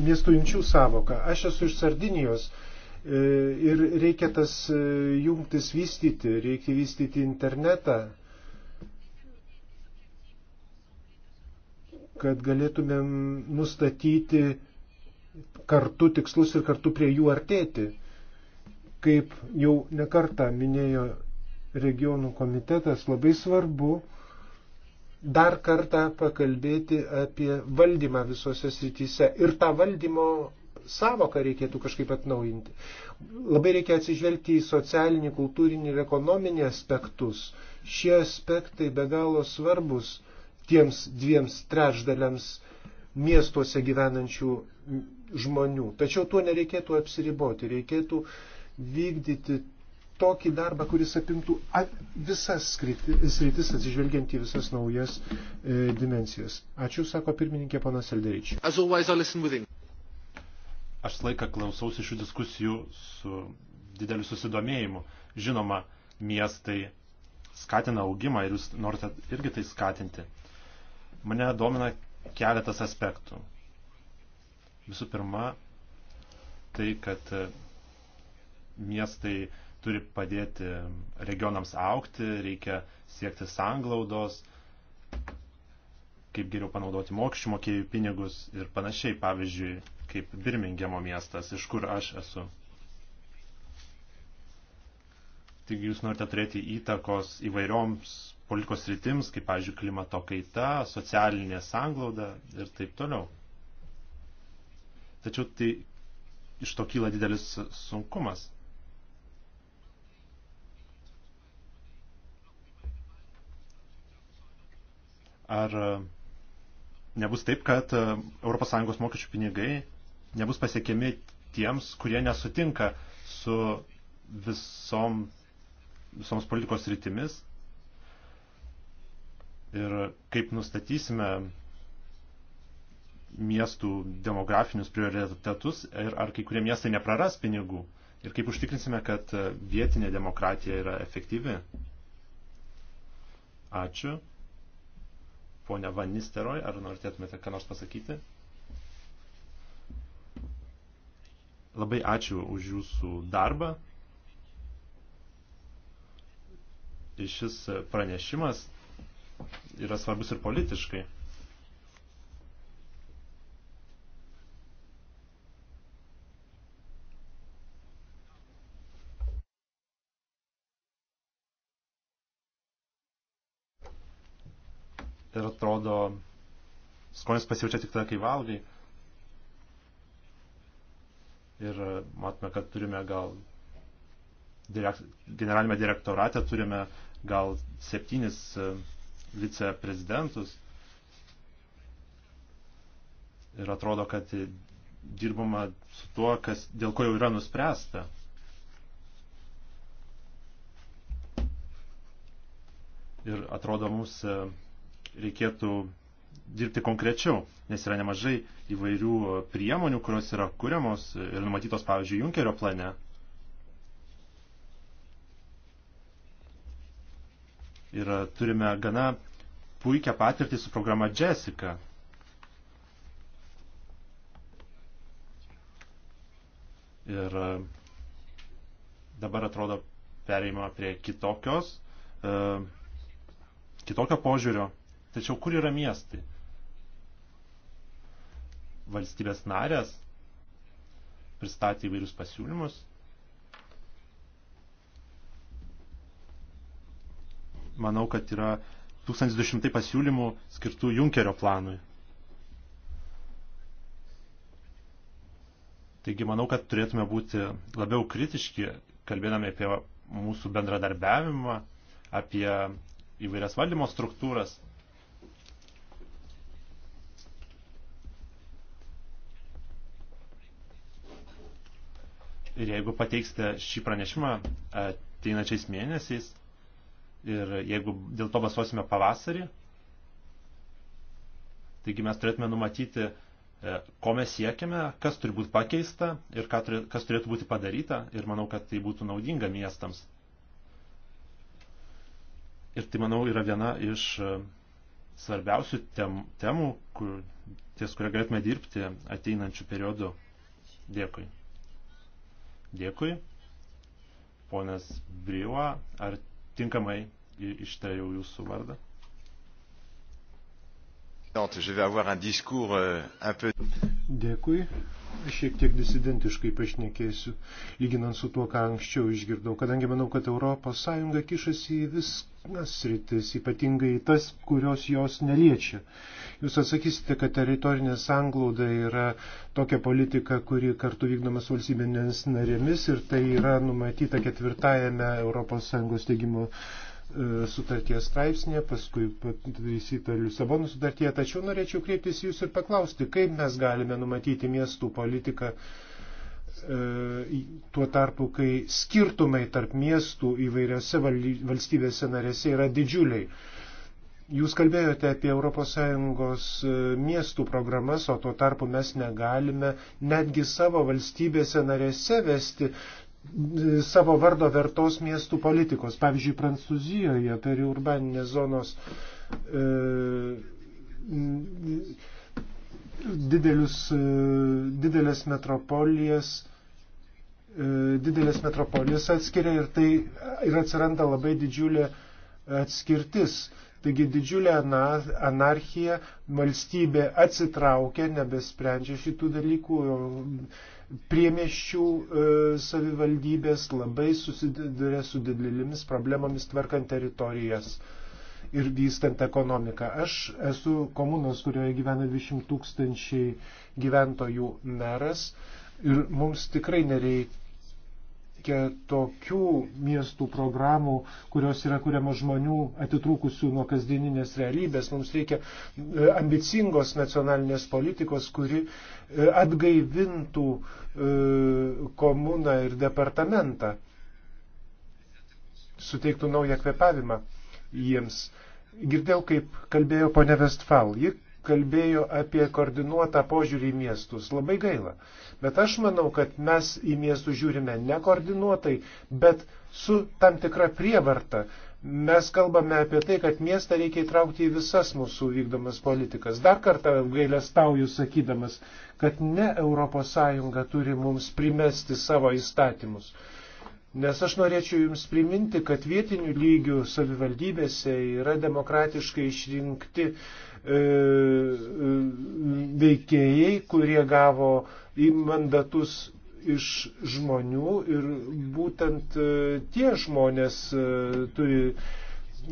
miestų imčių savoką. Aš esu iš Sardinijos. E, E, ir reikia tas e, jungtis vystyti, reikia vystyti internetą, kad galėtumėm nustatyti kartu tikslus ir kartu prie jų artėti. Kaip jau nekarta minėjo regionų komitetas, labai svarbu dar kartą pakalbėti apie valdymą visose srityse ir tą valdymo savoką reikėtų kažkaip atnaujinti. Labai reikia atsižvelgti į socialinį, kultūrinį ir ekonominį aspektus. Šie aspektai be galo svarbus tiems dviems trešdaliams miestuose gyvenančių žmonių. Tačiau tuo nereikėtų apsiriboti, reikėtų vykdyti tokį darbą, kuris apimtų visas sritis, atsižvelgiant į visas naujas e, dimensijas. Ačiū, sako pirmininkė panas Elderičiai. Aš laiką klausausi šių diskusijų su dideliu susidomėjimu. Žinoma, miestai skatina augimą ir jūs norite irgi tai skatinti. Mane domina keletas aspektų. Visų pirma, tai, kad e, miestai turi padėti regionams aukti, reikia siekti sanglaudos, kaip geriau panaudoti mokesčių mokėjų pinigus ir panašiai. Pavyzdžiui, kaip Birmingemo miestas, iš kur aš esu. Taigi jūs norite turėti įtakos įvairioms politikos rytims, kaip, pavyzdžiui, klimato kaita, socialinė sanglauda ir taip toliau. Tačiau tai iš to kyla didelis sunkumas. Ar nebus taip, kad ES mokesčių pinigai nebus pasiekiami tiems, kurie nesutinka su visom, visoms politikos rytimis. Ir kaip nustatysime miestų demografinius prioritetus ir ar kai kurie miestai nepraras pinigų ir kaip užtikrinsime, kad vietinė demokratija yra efektyvi. Ačiū. Pone Vanisteroj, ar norėtumėte ką nors pasakyti? Labai ačiū už jūsų darbą. Ir šis pranešimas yra svarbus ir politiškai. ir atrodo skonis pasijaučia tik tada, kai valgai ir e, matome, kad turime gal direkt, generalinėme direktorate turime gal septynis e, viceprezidentus ir atrodo, kad dirbama su tuo, kas, dėl ko jau yra nuspręsta. Ir atrodo, mums e, reikėtų dirbti konkrečiau, nes yra nemažai įvairių e, priemonių, kurios yra kuriamos ir numatytos, pavyzdžiui, Junkerio plane. Ir e, turime gana puikią patirtį su programa Jessica. Ir e, dabar atrodo pereima prie kitokios, kitokio požiūrio. Tačiau kur yra miestai? valstybės narės pristatė įvairius pasiūlymus. Manau, kad yra 1200 pasiūlymų skirtų Junkerio planui. Taigi manau, kad turėtume būti labiau kritiški, kalbėdami apie mūsų bendradarbiavimą, apie įvairias valdymo struktūras. Ir jeigu pateiksite šį pranešimą ateinačiais mėnesiais ir jeigu dėl to basuosime pavasarį, taigi mes turėtume numatyti, e, ko mes siekiame, kas turi būti pakeista ir kas turėtų būti padaryta ir manau, kad tai būtų naudinga miestams. Ir tai, manau, yra viena iš e, svarbiausių tem, temų, kur, ties kuria galėtume dirbti ateinančių periodų. Dėkui. Dėkui. Ponas Briuo, ar tinkamai ištariau jūsų vardą? Euh, Dėkui šiek tiek disidentiškai pašnekėsiu, lyginant su tuo, ką anksčiau išgirdau, kadangi manau, kad ES kišasi į visas rytis, ypatingai į tas, kurios jos neliečia. Jūs atsakysite, kad teritorinė sanglauda yra tokia politika, kuri kartu vykdoma su valstybinėmis narėmis ir tai yra numatyta ketvirtajame ES teigimo E, sutarties straipsnė, paskui pataisyta Lisabono sutartie, tačiau norėčiau kreiptis jūs ir paklausti, kaip mes galime numatyti miestų politiką e, tuo tarpu, kai skirtumai tarp miestų įvairiose valstybėse narėse yra didžiuliai. Jūs kalbėjote apie ES e, miestų programas, o tuo tarpu mes negalime netgi savo valstybėse narėse vesti savo vardo vertos miestų politikos. Pavyzdžiui, Prancūzijoje periurbaninės zonos e, didelius, e, didelės metropolijas e, didelės metropolijas atskiria ir tai ir atsiranda labai didžiulė atskirtis. Taigi didžiulė anarchija, valstybė atsitraukia, nebesprendžia šitų dalykų, priemeščių e, savivaldybės labai susiduria su didelėmis problemomis tvarkant teritorijas ir vystant ekonomiką. Aš esu komunos, kurioje gyvena 200 tūkstančiai gyventojų meras ir mums tikrai nereikia reikia tokių miestų programų, kurios yra kuriamos žmonių atitrūkusių nuo kasdieninės realybės. Mums reikia e, ambicingos nacionalinės politikos, kuri e, atgaivintų e, komuną ir departamentą, suteiktų naują kvepavimą jiems. Girdėjau, kaip kalbėjo ponė Vestfal. Ji kalbėjo apie koordinuotą požiūrį į miestus. Labai gaila. Bet aš manau, kad mes į miestus žiūrime nekoordinuotai, bet su tam tikra prievarta. Mes kalbame apie tai, kad miestą reikia įtraukti į visas mūsų vykdomas politikas. Dar kartą gailestauju sakydamas, kad ne ES turi mums primesti savo įstatymus. Nes aš norėčiau Jums priminti, kad vietinių lygių savivaldybėse yra demokratiškai išrinkti uh, E, veikėjai, kurie gavo mandatus iš žmonių ir būtent e, tie žmonės e, turi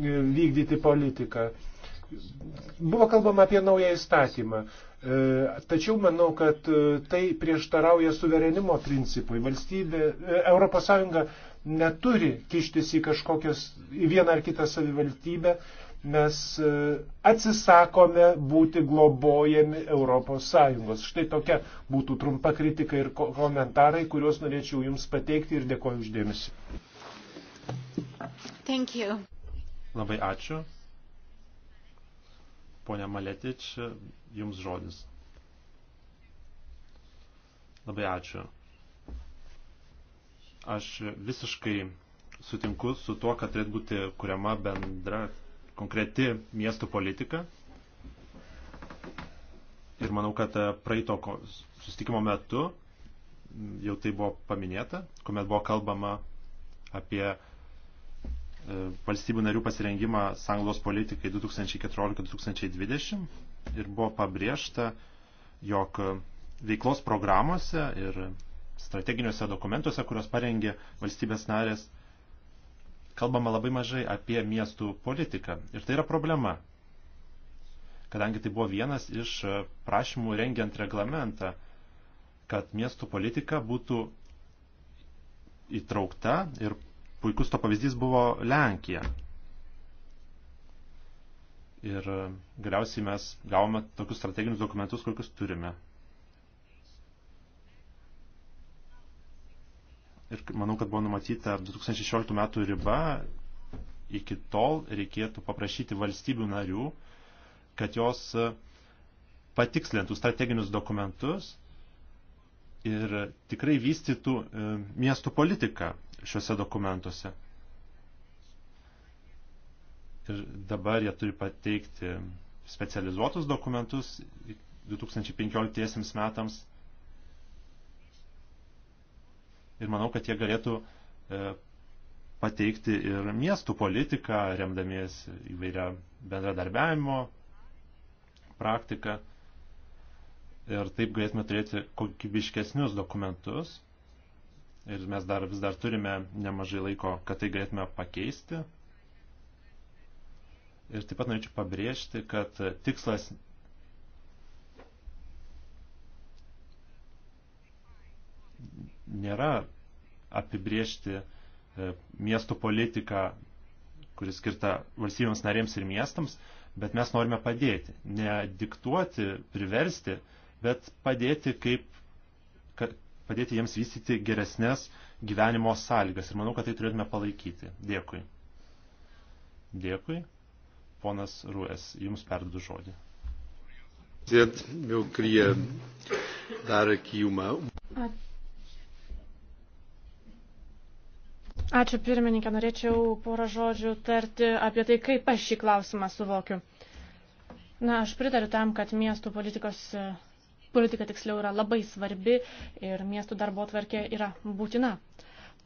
vykdyti politiką. Buvo kalbama apie naują įstatymą. Tačiau manau, kad tai prieštarauja suverenimo principui. Valstybė, ES neturi kištis į kažkokias, į vieną ar kitą savivaldybę, mes e, atsisakome būti globojami ES. Štai tokia būtų trumpa kritika ir komentarai, kuriuos norėčiau Jums pateikti ir dėkoju uždėmesi. Labai ačiū. Pone Maletič, Jums žodis. Labai ačiū. Aš visiškai sutinku su tuo, kad turėtų būti kuriama bendra konkreti miestų politika. Ir manau, kad e, praeito sustikimo metu jau tai buvo paminėta, kuomet buvo kalbama apie e, valstybių narių pasirengimą sanglos politikai 2014-2020 ir buvo pabrėžta, jog e, veiklos programuose ir strateginiuose dokumentuose, kurios parengė valstybės narės, kalbama labai mažai apie miestų politiką. Ir tai yra problema, kadangi tai buvo vienas iš e, prašymų rengiant reglamentą, kad miestų politika būtų įtraukta ir puikus to pavyzdys buvo Lenkija. Ir e, galiausiai mes gavome tokius strateginius dokumentus, kokius turime. Ir manau, kad buvo numatyta 2016 metų riba, iki tol reikėtų paprašyti valstybių narių, kad jos e, patikslintų strateginius dokumentus ir tikrai vystytų e, miestų politiką šiuose dokumentuose. Ir dabar jie turi pateikti specializuotus dokumentus 2015 metams ir manau, kad jie galėtų e, pateikti ir miestų politiką, remdamies įvairią bendradarbiavimo praktiką. Ir taip galėtume turėti kokybiškesnius dokumentus. Ir mes dar vis dar turime nemažai laiko, kad tai galėtume pakeisti. Ir taip pat norėčiau pabrėžti, kad tikslas nėra apibriežti e, miestų politiką, kuris skirta valstybėms narėms ir miestams, bet mes norime padėti. Ne diktuoti, priversti, bet padėti kaip padėti jiems vystyti geresnės gyvenimo sąlygas. Ir manau, kad tai turėtume palaikyti. Dėkui. Dėkui. Ponas Ruės, jums perdu žodį. Presidente, eu queria dar aqui uma. Ačiū pirmininkė, norėčiau porą žodžių tarti apie tai, kaip aš šį klausimą suvokiu. Na, aš pritariu tam, kad miestų politikos, politika tiksliau yra labai svarbi ir miestų darbo tvarkė yra būtina.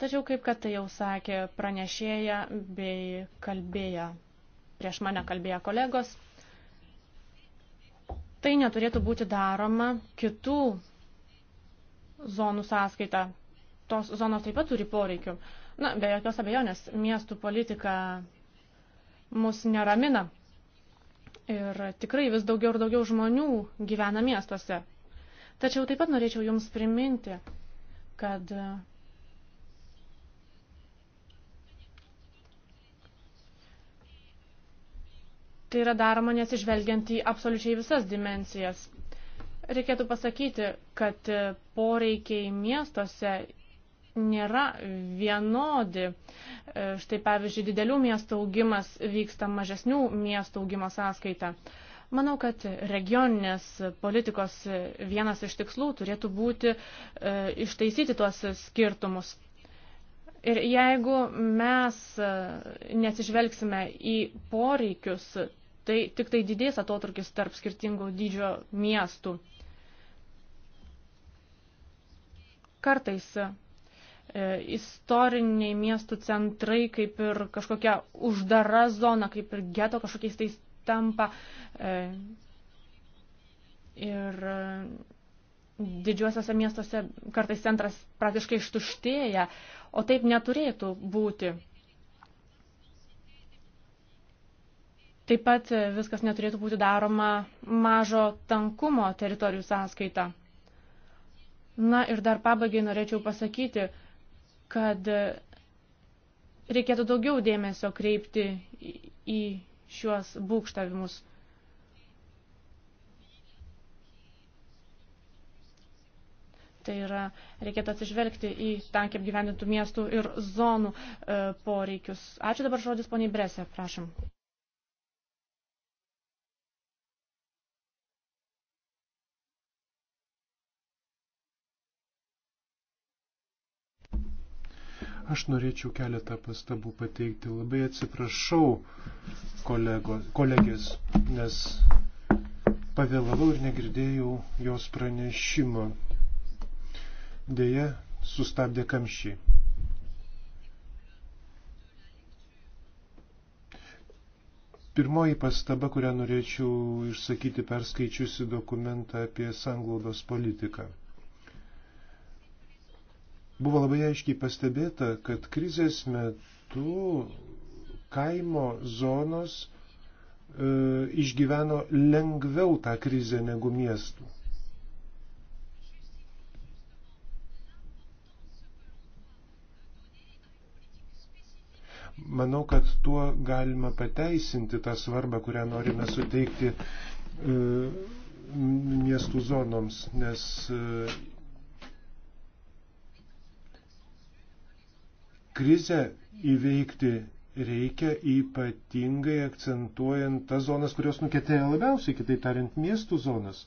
Tačiau, kaip kad tai jau sakė pranešėja bei kalbėja, prieš mane kalbėja kolegos, tai neturėtų būti daroma kitų zonų sąskaita. Tos zonos taip pat turi poreikių. Na, be jokios abejonės, miestų politika mus neramina. Ir tikrai vis daugiau ir daugiau žmonių gyvena miestuose. Tačiau taip pat norėčiau Jums priminti, kad tai yra daroma nesižvelgiant į absoliučiai visas dimensijas. Reikėtų pasakyti, kad poreikiai miestuose nėra vienodi. E, štai pavyzdžiui, didelių miestų augimas vyksta mažesnių miestų augimo sąskaita. Manau, kad regioninės politikos vienas iš tikslų turėtų būti e, ištaisyti tuos skirtumus. Ir jeigu mes e, nesižvelgsime į poreikius, tai tik tai didės atotrukis tarp skirtingų dydžio miestų. Kartais E, istoriniai miestų centrai kaip ir kažkokia uždara zona, kaip ir geto kažkokiais tais tampa. E, ir e, didžiuosiuose miestuose kartais centras praktiškai ištuštėja, o taip neturėtų būti. Taip pat viskas neturėtų būti daroma mažo tankumo teritorijų sąskaita. Na ir dar pabaigai norėčiau pasakyti, kad reikėtų daugiau dėmesio kreipti į šiuos būkštavimus. Tai yra, reikėtų atsižvelgti į tankiai apgyvendintų miestų ir zonų e, poreikius. Ačiū dabar žodis poniai Bresė, prašom. Aš norėčiau keletą pastabų pateikti. Labai atsiprašau kolego, kolegės, nes pavėlavau ir negirdėjau jos pranešimo. Deja, sustabdė kamščiai. Pirmoji pastaba, kurią norėčiau išsakyti perskaičiusi dokumentą apie sanglaudos politiką buvo labai aiškiai pastebėta, kad krizės metu kaimo zonos e, išgyveno lengviau tą krizę negu miestų. Manau, kad tuo galima pateisinti tą svarbą, kurią norime suteikti e, miestų zonoms, nes e, Krizę įveikti reikia ypatingai akcentuojant tas zonas, kurios nukentėjo labiausiai, kitai tariant, miestų zonas.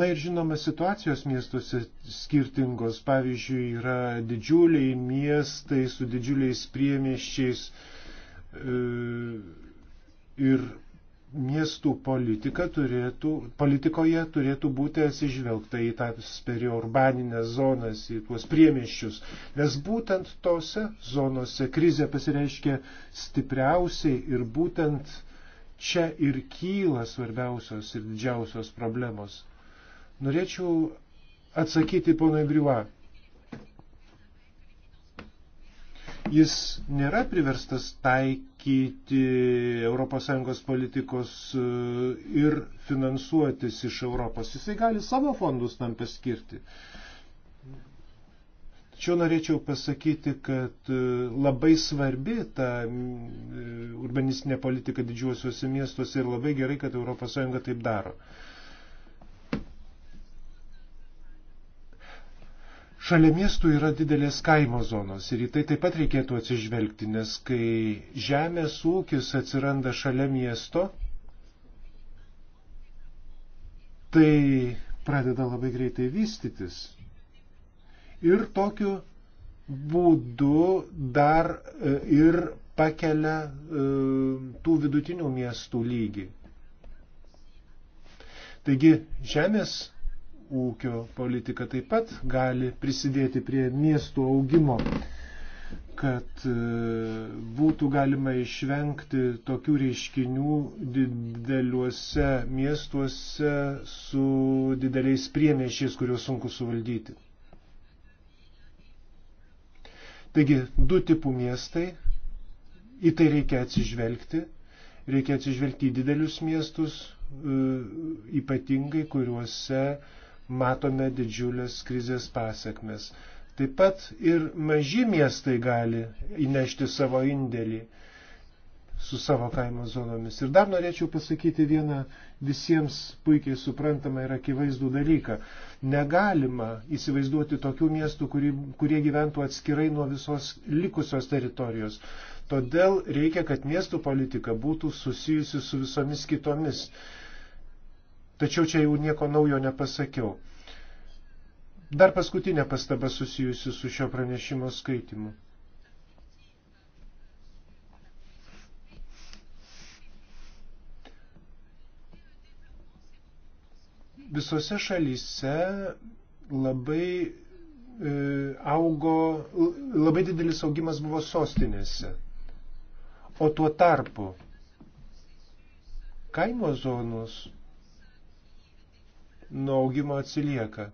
Na ir žinoma, situacijos miestuose skirtingos. Pavyzdžiui, yra didžiuliai miestai su didžiuliais priemieščiais e, ir miestų politika turėtų, politikoje turėtų būti atsižvelgta į tas periurbaninės zonas, į tuos priemiščius, nes būtent tose zonose krizė pasireiškia stipriausiai ir būtent čia ir kyla svarbiausios ir didžiausios problemos. Norėčiau atsakyti ponui Briuva. jis nėra priverstas taikyti ES politikos e, ir finansuotis iš Europos. Jisai gali savo fondus tam paskirti. Čia norėčiau pasakyti, kad e, labai svarbi ta e, urbanistinė politika didžiuosiuose miestuose ir labai gerai, kad ES taip daro. Šalia miestų yra didelės kaimo zonos ir į tai taip pat reikėtų atsižvelgti, nes kai žemės ūkis atsiranda šalia miesto, tai pradeda labai greitai vystytis. Ir tokiu būdu dar e, ir pakelia e, tų vidutinių miestų lygį. Taigi žemės ūkio politika taip pat gali prisidėti prie miestų augimo, kad e, būtų galima išvengti tokių reiškinių dideliuose miestuose su dideliais priemiešiais, kuriuos sunku suvaldyti. Taigi, du tipų miestai, į tai reikia atsižvelgti, reikia atsižvelgti į didelius miestus, e, ypatingai kuriuose uh, matome didžiulės krizės pasiekmes. Taip pat ir maži miestai gali įnešti savo indėlį su savo kaimo zonomis. Ir dar norėčiau pasakyti vieną visiems puikiai suprantamą ir akivaizdų dalyką. Negalima įsivaizduoti tokių miestų, kurie, kurie gyventų atskirai nuo visos likusios teritorijos. Todėl reikia, kad miestų politika būtų susijusi su visomis kitomis. Tačiau čia jau nieko naujo nepasakiau. Dar paskutinė pastaba susijusi su šio pranešimo skaitimu. Visose šalyse labai e, augo, labai didelis augimas buvo sostinėse. O tuo tarpu kaimo zonos nuo augimo atsilieka.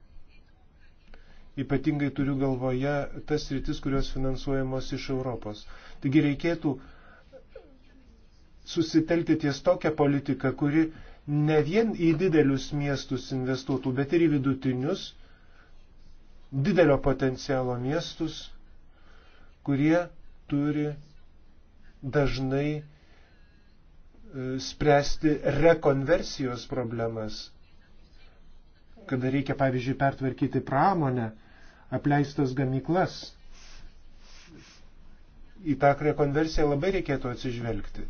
Ypatingai turiu galvoje tas rytis, kurios finansuojamos iš Europos. Taigi reikėtų susitelti ties tokią politiką, kuri ne vien į didelius miestus investuotų, bet ir į vidutinius, didelio potencialo miestus, kurie turi dažnai e, spręsti rekonversijos problemas kad reikia, pavyzdžiui, pertvarkyti pramonę, apleistas gamyklas. Į tą rekonversiją labai reikėtų atsižvelgti,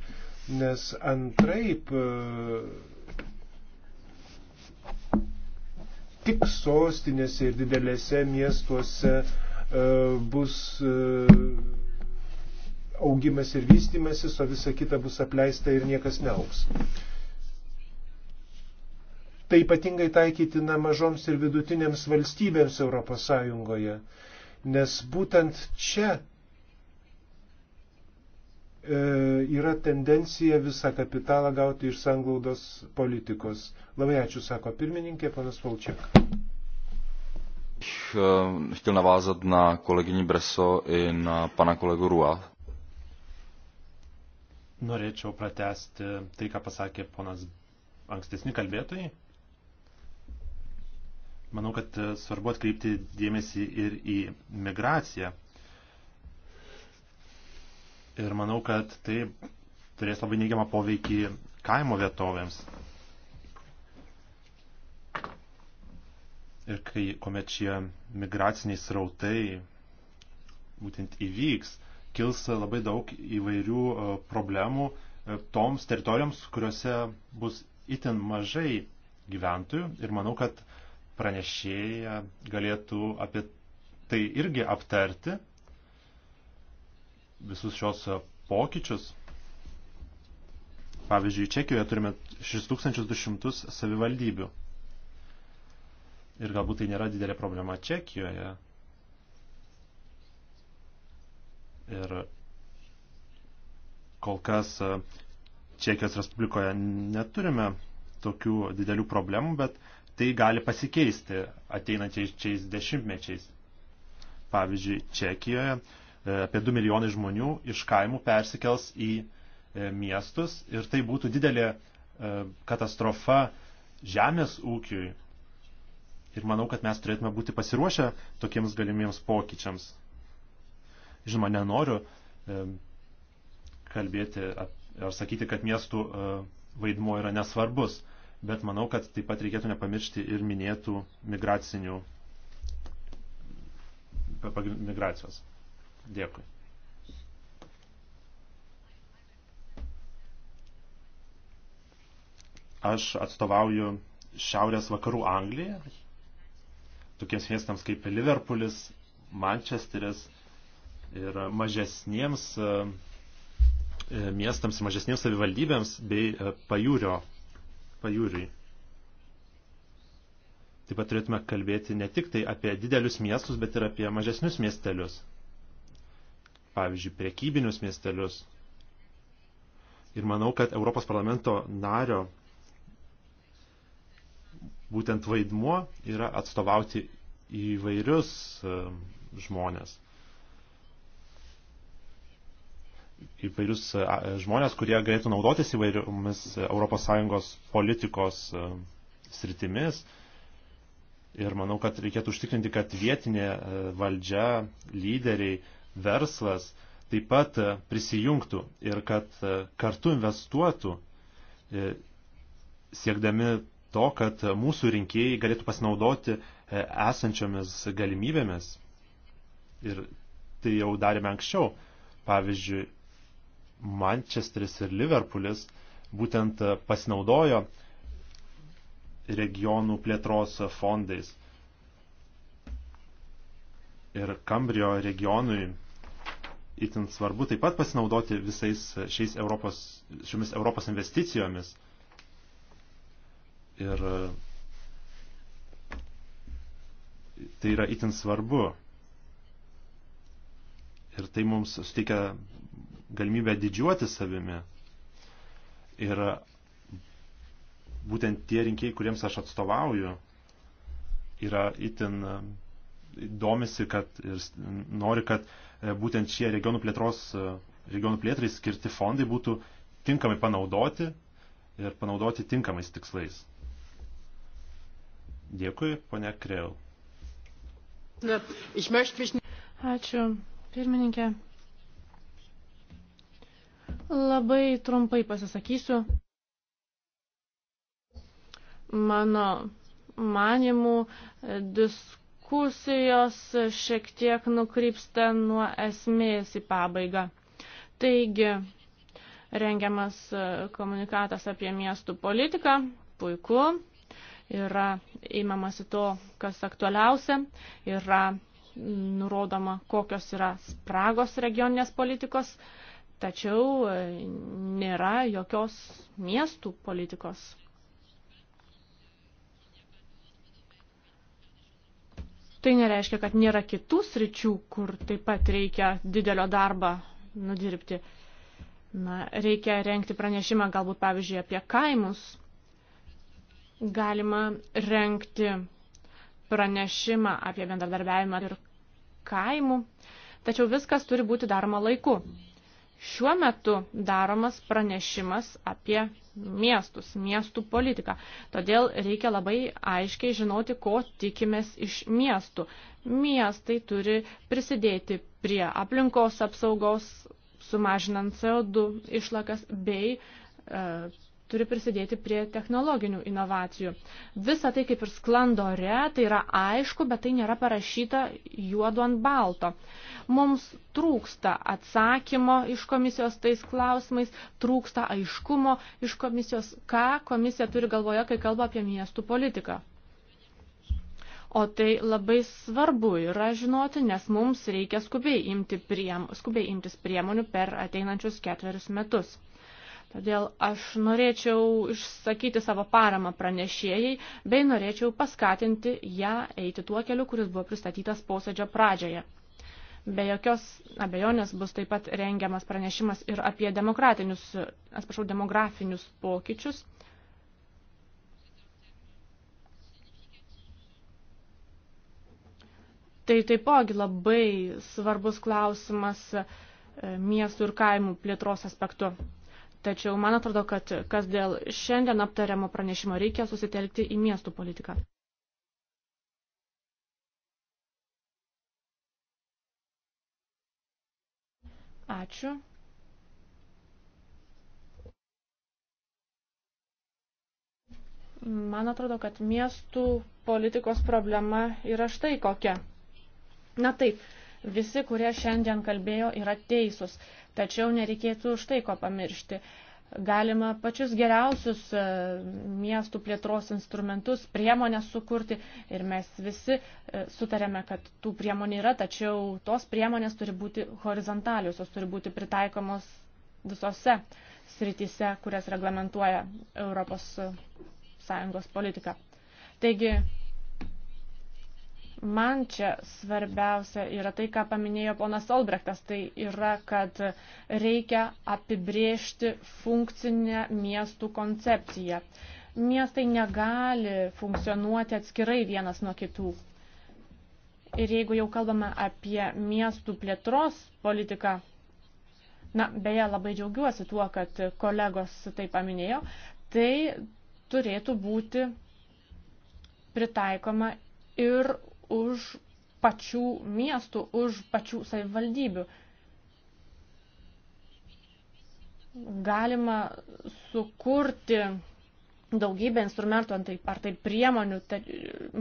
nes antraip e, tik sostinėse ir didelėse miestuose e, bus e, augimas ir vystimasis, o visa kita bus apleista ir niekas neauks. Tai ypatingai taikytina mažoms ir vidutinėms valstybėms Europos Sąjungoje, nes būtent čia e, yra tendencija visą kapitalą gauti iš sanglaudos politikos. Labai ačiū, sako pirmininkė, panas Valčiak. E, chtěl navázat na kolegyni Breso i na pana kolegu Rua. Norėčiau pratesti tai, ką pasakė ponas ankstesni kalbėtojai. Manau, kad e, svarbu atkreipti dėmesį ir į migraciją. Ir manau, kad tai turės labai neigiamą poveikį kaimo vietovėms. Ir kai, kuomet šie migraciniai srautai būtent įvyks, kils labai daug įvairių e, problemų e, toms teritorijoms, kuriuose bus itin mažai gyventojų. Ir manau, kad pranešėja galėtų apie tai irgi aptarti visus šios pokyčius. Pavyzdžiui, Čekijoje turime 6200 savivaldybių. Ir galbūt tai nėra didelė problema Čekijoje. Ir kol kas e, Čekijos Respublikoje neturime tokių didelių problemų, bet tai gali pasikeisti ateinančiais dešimtmečiais. Pavyzdžiui, Čekijoje e, apie 2 milijonai žmonių iš kaimų persikels į e, miestus ir tai būtų didelė e, katastrofa žemės ūkiui. Ir manau, kad mes turėtume būti pasiruošę tokiems galimiems pokyčiams. Žinoma, nenoriu kalbėti ar sakyti, kad miestų vaidmuo yra nesvarbus bet manau, kad taip pat reikėtų nepamiršti ir minėtų migracinių migracijos. Dėkui. Aš atstovauju Šiaurės vakarų Angliją, tokiems miestams kaip Liverpoolis, Mančesteris ir mažesniems e, miestams ir mažesniems savivaldybėms bei e, pajūrio pajūriui. Taip pat turėtume kalbėti ne tik tai apie didelius miestus, bet ir apie mažesnius miestelius. Pavyzdžiui, prekybinius miestelius. Ir manau, kad Europos parlamento nario būtent vaidmuo yra atstovauti įvairius e, žmonės. įvairius e, e, žmonės, kurie galėtų naudotis įvairiomis ES politikos e, sritimis. Ir manau, kad reikėtų užtikrinti, kad vietinė valdžia, lyderiai, verslas taip pat prisijungtų ir kad kartu investuotų, siekdami to, kad mūsų rinkėjai galėtų pasinaudoti esančiomis galimybėmis. Ir tai jau darėme anksčiau. Pavyzdžiui, Mančesteris ir Liverpoolis būtent e, pasinaudojo regionų plėtros fondais. Ir Kambrio regionui itin svarbu taip pat pasinaudoti visais šiais Europos, šiomis Europos investicijomis. Ir e, tai yra itin svarbu. Ir tai mums suteikia galimybę didžiuoti savimi. Ir būtent tie rinkėjai, kuriems aš atstovauju, yra itin e, domisi, kad ir nori, kad e, būtent šie regionų plėtros, e, regionų plėtrai skirti fondai būtų tinkamai panaudoti ir panaudoti tinkamais tikslais. Dėkui, ponia Kreil. Ačiū, pirmininkė. Labai trumpai pasisakysiu. Mano manimų diskusijos šiek tiek nukrypsta nuo esmės į pabaigą. Taigi, rengiamas komunikatas apie miestų politiką, puiku, yra įmamasi to, kas aktualiausia, yra nurodoma, kokios yra spragos regioninės politikos tačiau e, nėra jokios miestų politikos. Tai nereiškia, kad nėra kitų sričių, kur taip pat reikia didelio darbą nudirbti. Na, reikia renkti pranešimą galbūt, pavyzdžiui, apie kaimus. Galima renkti pranešimą apie bendradarbiavimą ir kaimų, tačiau viskas turi būti daroma laiku šiuo metu daromas pranešimas apie miestus, miestų politiką. Todėl reikia labai aiškiai žinoti, ko tikimės iš miestų. Miestai turi prisidėti prie aplinkos apsaugos, sumažinant CO2 išlakas bei e, turi prisidėti prie technologinių inovacijų. Visa tai kaip ir sklando ore, tai yra aišku, bet tai nėra parašyta juodu ant balto. Mums trūksta atsakymo iš komisijos tais klausimais, trūksta aiškumo iš komisijos, ką komisija turi galvoje, kai kalba apie miestų politiką. O tai labai svarbu yra žinoti, nes mums reikia skubiai, imti priem, skubiai imtis priemonių per ateinančius ketverius metus. Todėl aš norėčiau išsakyti savo paramą pranešėjai, bei norėčiau paskatinti ją eiti tuo keliu, kuris buvo pristatytas posėdžio pradžioje. Be jokios abejonės bus taip pat rengiamas pranešimas ir apie demokratinius, atsiprašau, demografinius pokyčius. Tai taipogi labai svarbus klausimas e, miestų ir kaimų plėtros aspektu. Tačiau man atrodo, kad kas dėl šiandien aptariamo pranešimo reikia susitelkti į miestų politiką. Ačiū. Man atrodo, kad miestų politikos problema yra štai kokia. Na taip, visi, kurie šiandien kalbėjo, yra teisūs. Tačiau nereikėtų už tai ko pamiršti. Galima pačius geriausius e, miestų plėtros instrumentus, priemonės sukurti ir mes visi e, sutarėme, kad tų priemonių yra, tačiau tos priemonės turi būti horizontalius, jos turi būti pritaikomos visose srityse, kurias reglamentuoja Europos Sąjungos politika. Taigi, Man čia svarbiausia yra tai, ką paminėjo ponas Olbrechtas, tai yra, kad reikia apibriežti funkcinę miestų koncepciją. Miestai negali funkcionuoti atskirai vienas nuo kitų. Ir jeigu jau kalbame apie miestų plėtros politiką, na, beje, labai džiaugiuosi tuo, kad kolegos tai paminėjo, tai turėtų būti pritaikoma ir už pačių miestų, už pačių savivaldybių. Galima sukurti daugybę instrumentų ar tai, ar tai priemonių ta,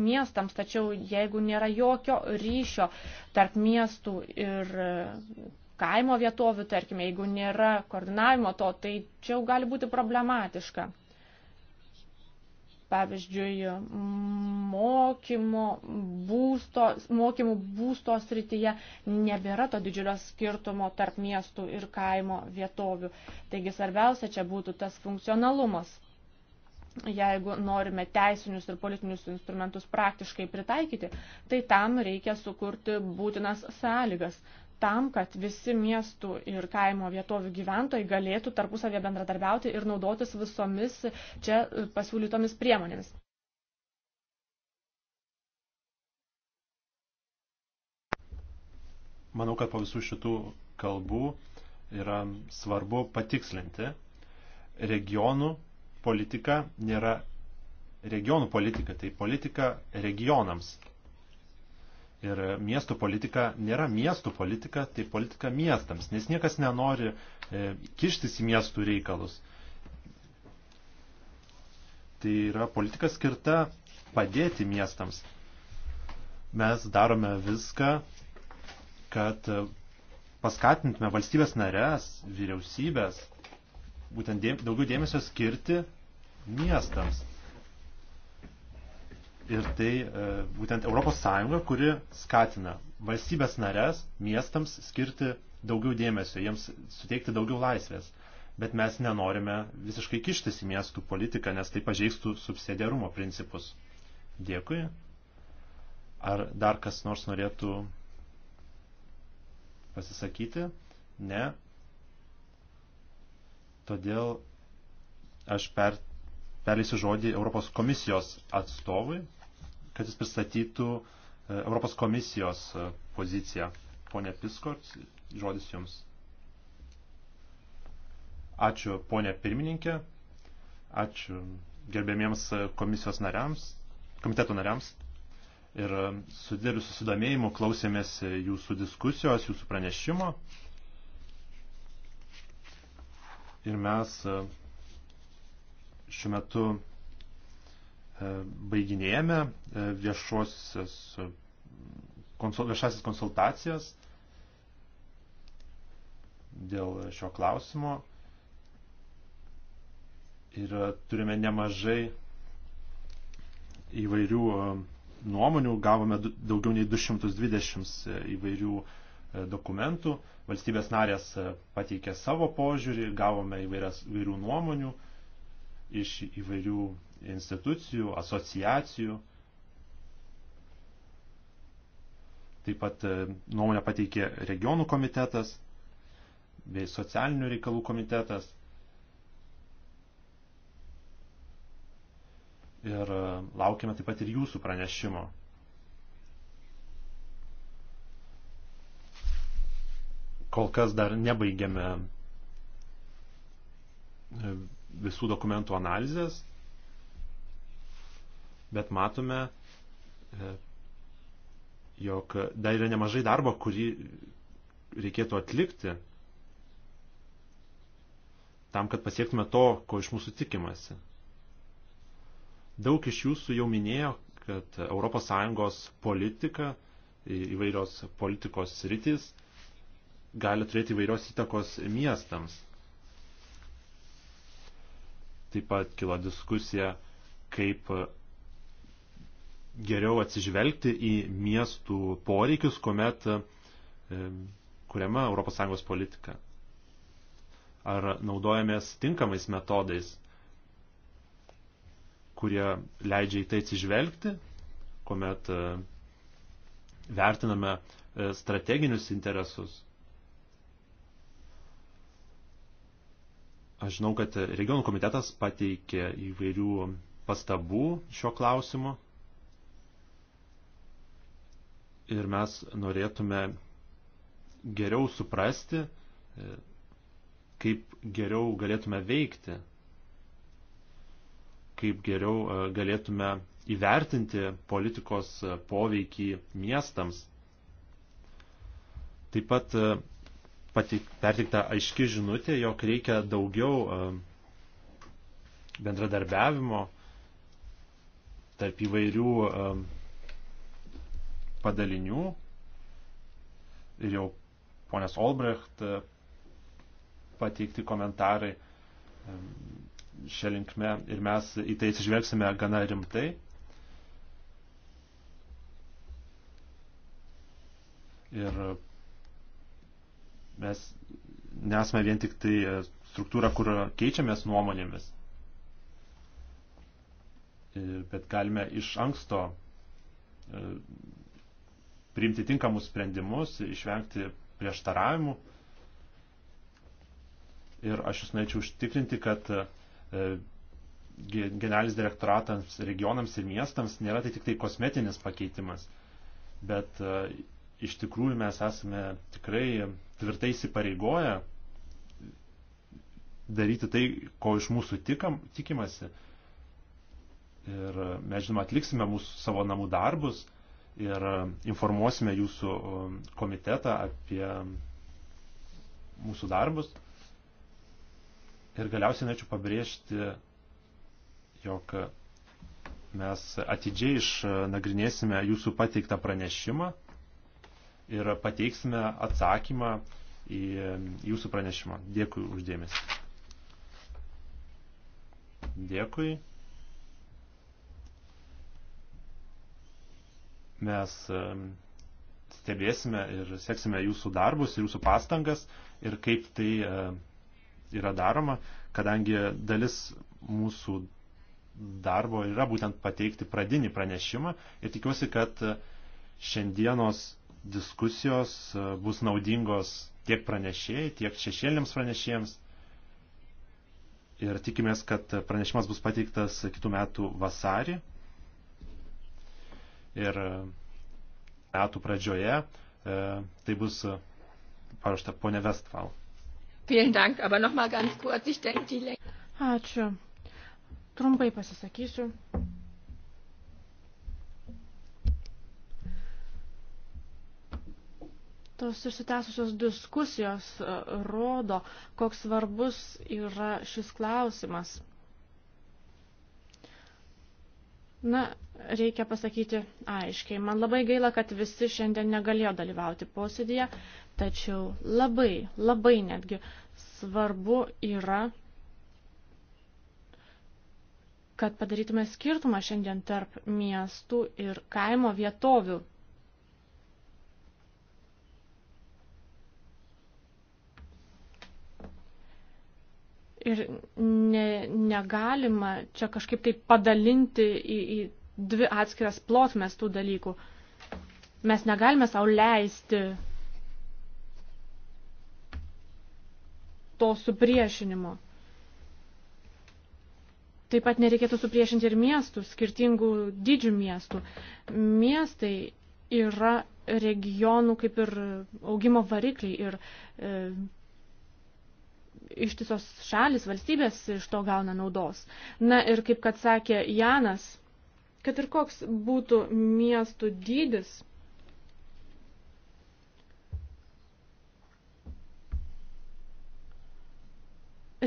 miestams, tačiau jeigu nėra jokio ryšio tarp miestų ir kaimo vietovių, tarkime, jeigu nėra koordinavimo to, tai čia jau gali būti problematiška pavyzdžiui, mokymo būsto, mokymų būsto srityje nebėra to didžiulio skirtumo tarp miestų ir kaimo vietovių. Taigi svarbiausia čia būtų tas funkcionalumas. Jeigu norime teisinius ir politinius instrumentus praktiškai pritaikyti, tai tam reikia sukurti būtinas sąlygas tam, kad visi miestų ir kaimo vietovių gyventojai galėtų tarpusavėje bendradarbiauti ir naudotis visomis čia pasiūlytomis priemonėmis. Manau, kad po visų šitų kalbų yra svarbu patikslinti. Regionų politika nėra regionų politika, tai politika regionams. Ir miestų politika nėra miestų politika, tai politika miestams, nes niekas nenori e, kištis į miestų reikalus. Tai yra politika skirta padėti miestams. Mes darome viską, kad paskatintume valstybės narės, vyriausybės, būtent dėm, daugiau dėmesio skirti miestams. Ir tai e, būtent ES, kuri skatina valstybės narės miestams skirti daugiau dėmesio, jiems suteikti daugiau laisvės. Bet mes nenorime visiškai kištis į miestų politiką, nes tai pažeistų subsidiarumo principus. Dėkui. Ar dar kas nors norėtų pasisakyti? Ne. Todėl aš per, perleisiu žodį Europos komisijos atstovui, kad jis pristatytų e, Europos komisijos e, poziciją. Pone Piskor, žodis jums. Ačiū ponė pirmininkė, ačiū gerbėmiems komisijos nariams, komiteto nariams. Ir e, su dideliu susidomėjimu klausėmės jūsų diskusijos, jūsų pranešimo. Ir mes šiuo metu E, baiginėjame e, viešosios, e, konsul, viešasis konsultacijas dėl šio klausimo ir turime nemažai įvairių nuomonių, gavome daugiau nei 220 įvairių dokumentų, valstybės narės pateikė savo požiūrį, gavome įvairias, įvairių nuomonių iš įvairių institucijų, asociacijų. Taip pat e, nuomonę pateikė regionų komitetas bei socialinių reikalų komitetas. Ir e, laukiame taip pat ir jūsų pranešimo. Kol kas dar nebaigėme e, visų dokumentų analizės, bet matome, e, jog dar yra nemažai darbo, kurį reikėtų atlikti tam, kad pasiektume to, ko iš mūsų tikimasi. Daug iš jūsų jau minėjo, kad ES politika, įvairios politikos sritis gali turėti įvairios įtakos miestams. Taip pat kilo diskusija, kaip geriau atsižvelgti į miestų poreikius, kuomet e, kuriama ES politika. Ar naudojamės tinkamais metodais, kurie leidžia į tai atsižvelgti, kuomet e, vertiname e, strateginius interesus. Aš žinau, kad regionų komitetas pateikė įvairių pastabų šio klausimu ir mes norėtume geriau suprasti, e, kaip geriau galėtume veikti, kaip geriau e, galėtume įvertinti politikos e, poveikį miestams. Taip pat pertikta aiški žinutė, jog reikia daugiau bendradarbiavimo tarp įvairių padalinių ir jau ponės Olbrecht e, pateikti komentarai e, šią linkme ir mes į tai atsižvelgsime gana rimtai. Ir mes nesame vien tik tai e, struktūra, kur keičiamės nuomonėmis, bet galime iš anksto priimti tinkamus sprendimus, išvengti prieštaravimų. Ir aš jūs norėčiau užtikrinti, kad e, generalinis direktoratams regionams ir miestams nėra tai tik tai kosmetinis pakeitimas, bet e, iš tikrųjų mes esame tikrai tvirtai įsipareigoję daryti tai, ko iš mūsų tikam, tikimasi. Ir mes, žinoma, atliksime mūsų savo namų darbus, ir e, informuosime jūsų e, komitetą apie mūsų darbus. Ir galiausiai norėčiau pabrėžti, jog mes atidžiai išnagrinėsime jūsų pateiktą pranešimą ir pateiksime atsakymą į jūsų pranešimą. Dėkui uždėmesi. Dėkui. Mes stebėsime ir seksime jūsų darbus ir jūsų pastangas ir kaip tai yra daroma, kadangi dalis mūsų darbo yra būtent pateikti pradinį pranešimą ir tikiuosi, kad e, šiandienos diskusijos e, bus naudingos tiek pranešėjai, tiek šešėlėms pranešėjams. Ir tikimės, kad pranešimas bus pateiktas kitų metų vasarį ir e, metų pradžioje e, tai bus paruošta ponė Westfall. Ačiū. Trumpai pasisakysiu. Tos išsitęsusios diskusijos e, rodo, koks svarbus yra šis klausimas. Na, reikia pasakyti aiškiai. Man labai gaila, kad visi šiandien negalėjo dalyvauti posėdėje, tačiau labai, labai netgi svarbu yra, kad padarytume skirtumą šiandien tarp miestų ir kaimo vietovių Ir ne, negalima čia kažkaip tai padalinti į, į dvi atskiras plotmes tų dalykų. Mes negalime savo leisti to supriešinimo. Taip pat nereikėtų supriešinti ir miestų, skirtingų didžių miestų. Miestai yra regionų kaip ir augimo varikliai ir e, ištisos šalis, valstybės iš to gauna naudos. Na ir kaip kad sakė Janas, kad ir koks būtų miestų dydis,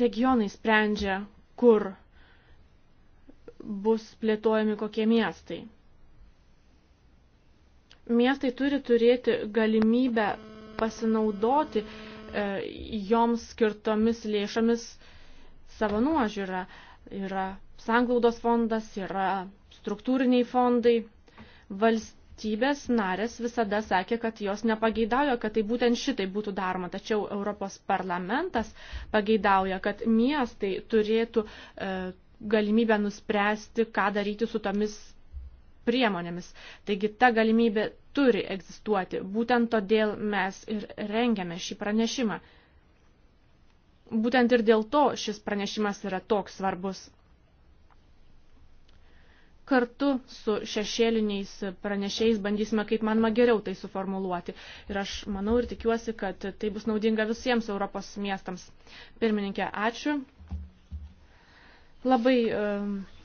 regionai sprendžia, kur bus plėtojami kokie miestai. Miestai turi turėti galimybę pasinaudoti E, joms skirtomis lėšomis savo nuožiūrą. Yra sanglaudos fondas, yra struktūriniai fondai. Valstybės narės visada sakė, kad jos nepageidauja, kad tai būtent šitai būtų daroma. Tačiau Europos parlamentas pageidauja, kad miestai turėtų e, galimybę nuspręsti, ką daryti su tomis priemonėmis. Taigi ta galimybė turi egzistuoti. Būtent todėl mes ir rengiame šį pranešimą. Būtent ir dėl to šis pranešimas yra toks svarbus. Kartu su šešėliniais pranešėjais bandysime, kaip manoma, geriau tai suformuluoti. Ir aš manau ir tikiuosi, kad tai bus naudinga visiems Europos miestams. Pirmininkė, ačiū. Labai. Uh,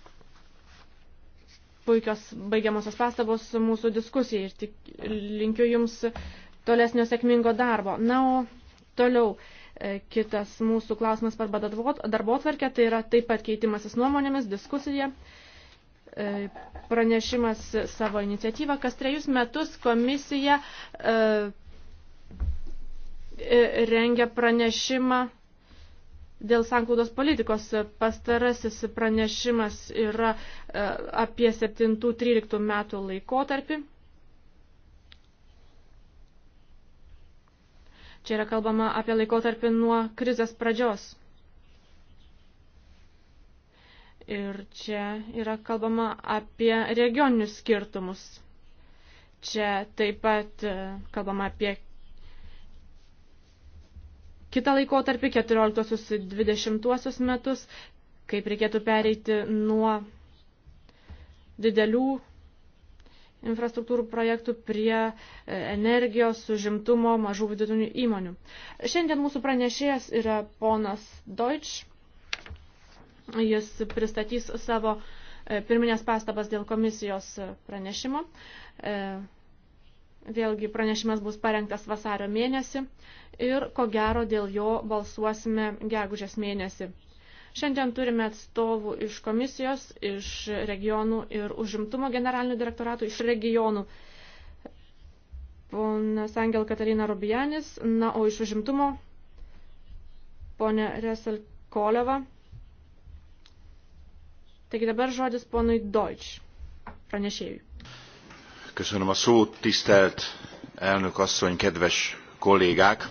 puikios baigiamosios pastabos mūsų diskusijai ir tik linkiu Jums tolesnio sėkmingo darbo. Na, o toliau e, kitas mūsų klausimas per darbo atvarkę, tai yra taip pat keitimasis nuomonėmis, diskusija, e, pranešimas savo iniciatyvą, kas trejus metus komisija e, rengia pranešimą Dėl sanklaudos politikos pastarasis pranešimas yra e, apie 7-13 metų laikotarpį. Čia yra kalbama apie laikotarpį nuo krizės pradžios. Ir čia yra kalbama apie regioninius skirtumus. Čia taip pat e, kalbama apie kitą laikotarpį, 14-20 metus, kaip reikėtų pereiti nuo didelių infrastruktūrų projektų prie e, energijos, užimtumo, mažų vidutinių įmonių. Šiandien mūsų pranešėjas yra ponas Deutsch. Jis pristatys savo e, pirminės pastabas dėl komisijos e, pranešimo. Vėlgi pranešimas bus parengtas vasario mėnesį ir ko gero dėl jo balsuosime gegužės mėnesį. Šiandien turime atstovų iš komisijos, iš regionų ir užimtumo generalinių direktoratų, iš regionų. Ponas Angel Katarina Rubijanis, na, o iš užimtumo ponė Resel Koleva. Taigi dabar žodis ponui Deutsch, pranešėjui. Köszönöm a szót, tisztelt elnök asszony, kedves kollégák!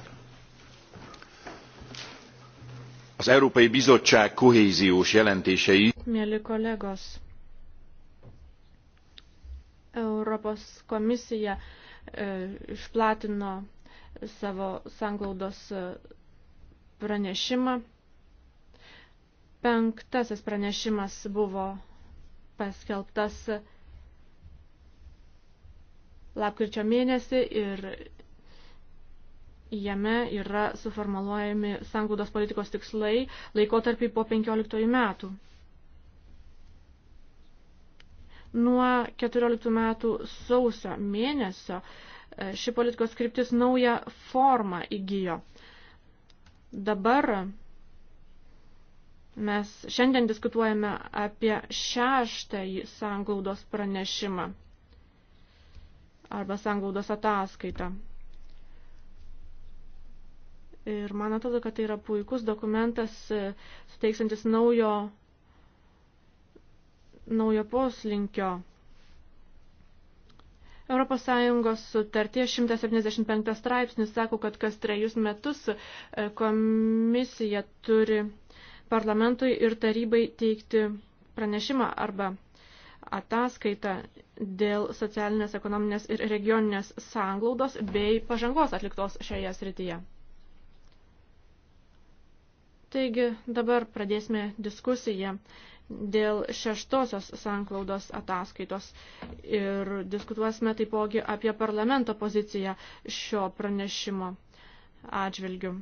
Az Európai Bizottság kohéziós jelentései Mieli kolegos, Europos komisija išplatino savo sanglaudos pranešimą. Penktasis pranešimas buvo paskelbtas lapkričio mėnesį ir jame yra suformaluojami sanglaudos politikos tikslai laikotarpį po 15 metų. Nuo 14 metų sausio mėnesio e, ši politikos skriptis naują formą įgyjo. Dabar mes šiandien diskutuojame apie šeštąjį sanglaudos pranešimą arba sanglaudos ataskaitą. Ir man atrodo, kad tai yra puikus dokumentas, e, suteiksantis naujo, naujo poslinkio. Europos Sąjungos sutarties 175 straipsnis sako, kad kas trejus metus e, komisija turi parlamentui ir tarybai teikti pranešimą arba ataskaitą dėl socialinės, ekonominės ir regioninės sanglaudos bei pažangos atliktos šioje srityje. Taigi dabar pradėsime diskusiją dėl šeštosios sanklaudos ataskaitos ir diskutuosime taipogi apie parlamento poziciją šio pranešimo atžvilgiu.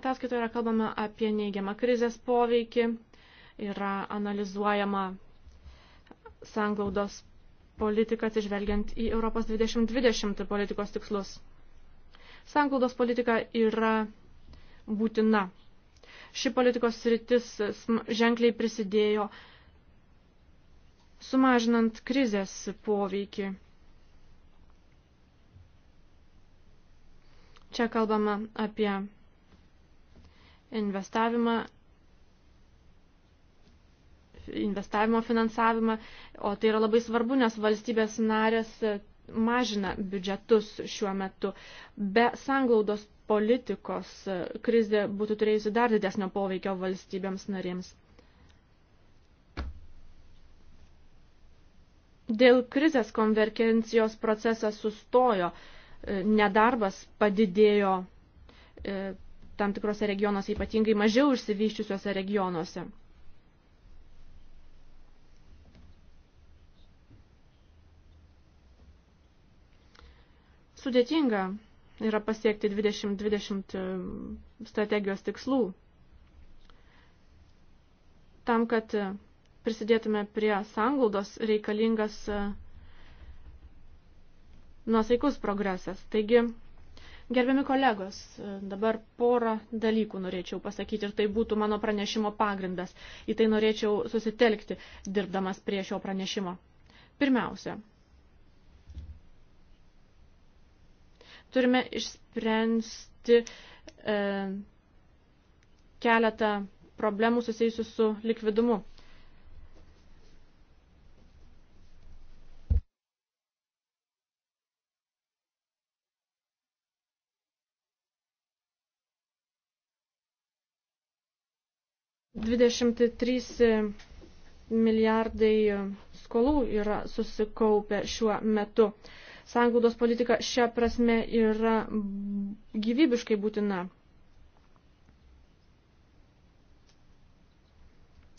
Ataskaitoje yra kalbama apie neigiamą krizės poveikį yra analizuojama sanglaudos politika atsižvelgiant į Europos 2020 politikos tikslus. Sanglaudos politika yra būtina. Ši politikos sritis ženkliai prisidėjo sumažinant krizės poveikį. Čia kalbama apie investavimą investavimo finansavimą, o tai yra labai svarbu, nes valstybės narės mažina biudžetus šiuo metu. Be sanglaudos politikos krizė būtų turėjusi dar didesnio poveikio valstybėms narėms. Dėl krizės konvergencijos procesas sustojo, e, nedarbas padidėjo e, tam tikrose regionuose, ypatingai mažiau išsivyščiusiuose regionuose. Sudėtinga yra pasiekti 2020 e, strategijos tikslų. Tam, kad e, prisidėtume prie sanglaudos, reikalingas e, nuosaikus progresas. Taigi, gerbiami kolegos, dabar porą dalykų norėčiau pasakyti ir tai būtų mano pranešimo pagrindas. Į tai norėčiau susitelkti, dirbdamas prie šio pranešimo. Pirmiausia, Turime išspręsti e, keletą problemų susijusių su likvidumu. Dvidešimt trys milijardai skolų yra susikaupę šiuo metu. E, sanglaudos politika šią prasme yra gyvybiškai būtina.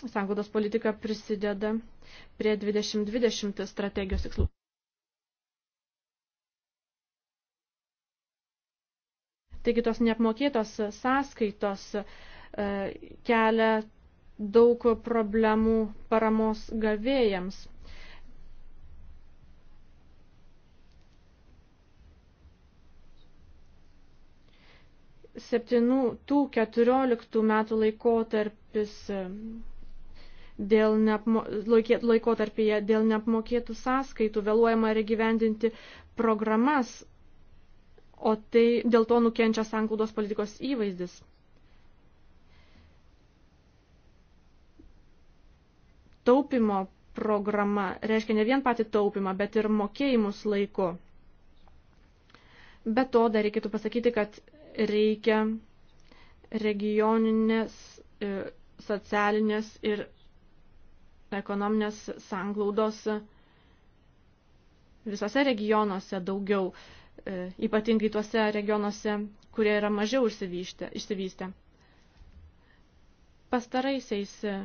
Sanglaudos politika prisideda prie 2020 strategijos tikslų. Taigi tos neapmokėtos sąskaitos e, kelia daug problemų paramos gavėjams. 7-14 metų laikotarpis e, dėl neapmo, laikotarpyje dėl neapmokėtų sąskaitų vėluojama ir gyvendinti programas, o tai dėl to nukenčia sanklaudos politikos įvaizdis. Taupimo programa reiškia ne vien patį taupimą, bet ir mokėjimus laiku. Be to, dar reikėtų pasakyti, kad reikia regioninės e, socialinės ir ekonominės sanglaudos visose regionuose daugiau, e, ypatingai tuose regionuose, kurie yra mažiau išsivystę. Pastaraisiais e,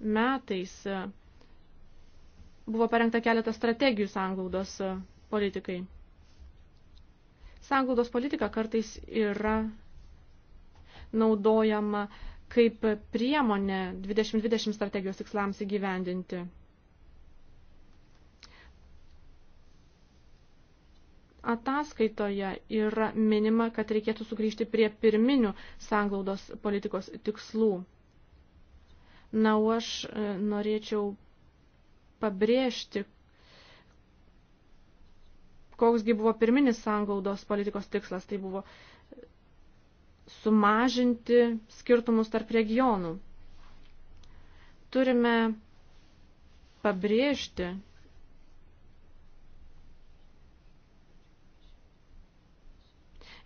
metais buvo parengta keletas strategijų sanglaudos politikai. Sanglaudos politika kartais yra naudojama kaip priemonė 2020 strategijos tikslams įgyvendinti. Ataskaitoje yra minima, kad reikėtų sugrįžti prie pirminių sanglaudos politikos tikslų. Na, o aš e, norėčiau pabrėžti, koksgi buvo pirminis sanglaudos politikos tikslas, tai buvo sumažinti skirtumus tarp regionų. Turime pabrėžti,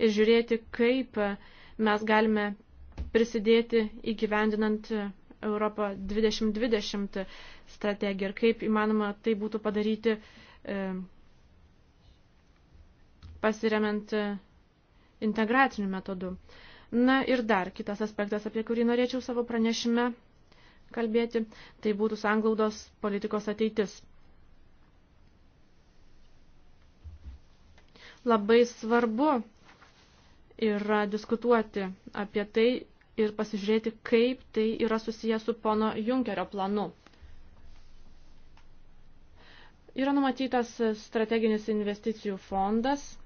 Ir žiūrėti, kaip mes galime prisidėti įgyvendinant Europą 2020 strategiją ir kaip įmanoma tai būtų padaryti e, pasiremiant e, integraciniu metodu. Na ir dar kitas aspektas, apie kurį norėčiau savo pranešime kalbėti, tai būtų sanglaudos politikos ateitis. Labai svarbu yra diskutuoti apie tai ir pasižiūrėti, kaip tai yra susiję su pono Junkerio planu. Yra numatytas strateginis investicijų fondas –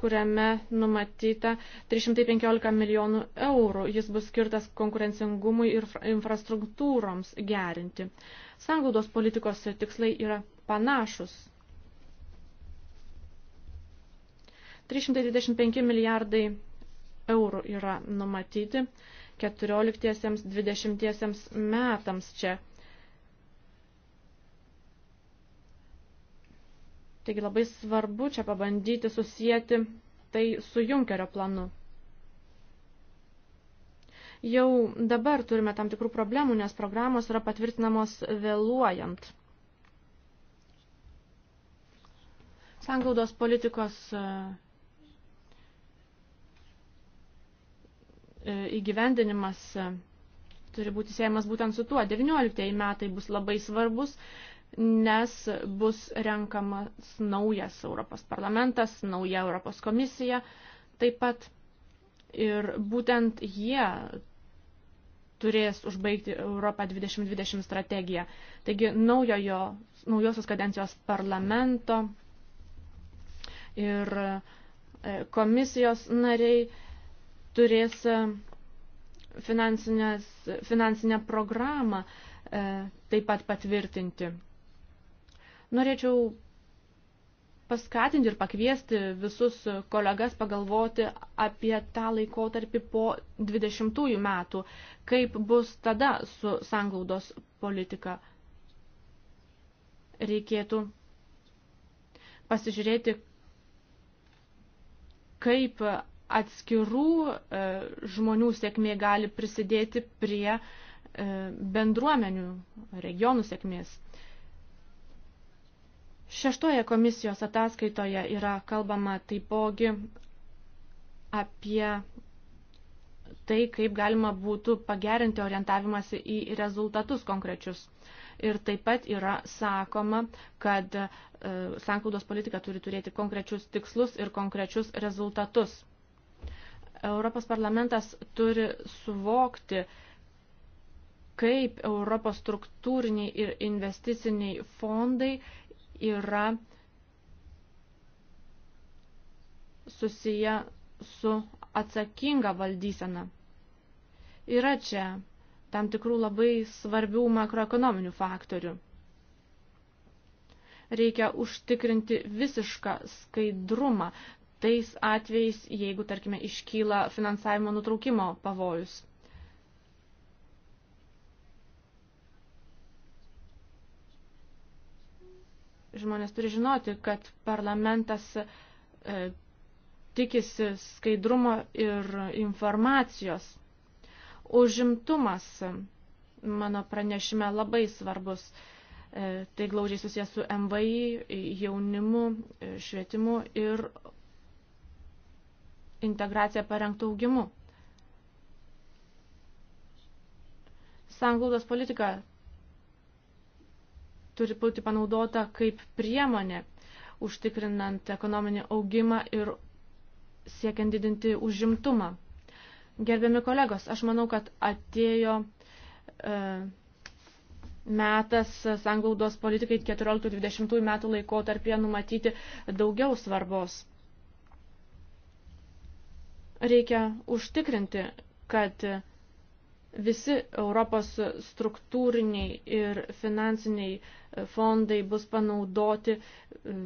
kuriame numatyta 315 milijonų eurų. Jis bus skirtas konkurencingumui ir infrastruktūroms gerinti. Sanglaudos politikos tikslai yra panašus. 325 milijardai eurų yra numatyti 14-20 metams čia Taigi labai svarbu čia pabandyti susijęti tai su Junkerio planu. Jau dabar turime tam tikrų problemų, nes programos yra patvirtinamos vėluojant. Sangaudos politikos e, e, įgyvendinimas e, turi būti siejamas būtent su tuo. 19 metai bus labai svarbus, nes bus renkamas naujas Europos parlamentas, nauja Europos komisija taip pat. Ir būtent jie turės užbaigti Europą 2020 strategiją. Taigi naujojo, naujosios kadencijos parlamento ir e, komisijos nariai turės e, finansinę programą e, taip pat patvirtinti. Norėčiau paskatinti ir pakviesti visus kolegas pagalvoti apie tą laikotarpį po 20 metų, kaip bus tada su sanglaudos politika. Reikėtų pasižiūrėti, kaip atskirų e, žmonių sėkmė gali prisidėti prie e, bendruomenių regionų sėkmės. Šeštoje komisijos ataskaitoje yra kalbama taipogi apie tai, kaip galima būtų pagerinti orientavimąsi į rezultatus konkrečius. Ir taip pat yra sakoma, kad e, sanklaudos politika turi turėti konkrečius tikslus ir konkrečius rezultatus. Europos parlamentas turi suvokti, kaip Europos struktūriniai ir investiciniai fondai yra susiję su atsakinga valdysena. Yra čia tam tikrų labai svarbių makroekonominių faktorių. Reikia užtikrinti visišką skaidrumą tais atvejais, jeigu, tarkime, iškyla finansavimo nutraukimo pavojus. žmonės turi žinoti, kad parlamentas e, tikisi skaidrumo ir informacijos. Užimtumas mano pranešime labai svarbus. E, tai glaudžiai susijęs su MVI, jaunimu, e, švietimu ir integracija parengtų augimu. Sanglaudos politika turi būti panaudota kaip priemonė, užtikrinant ekonominį augimą ir siekiant didinti užimtumą. Gerbiami kolegos, aš manau, kad atėjo e, metas sanglaudos politikai 14-20 metų laiko tarpė numatyti daugiau svarbos. Reikia užtikrinti, kad visi Europos struktūriniai ir finansiniai e, fondai bus panaudoti e,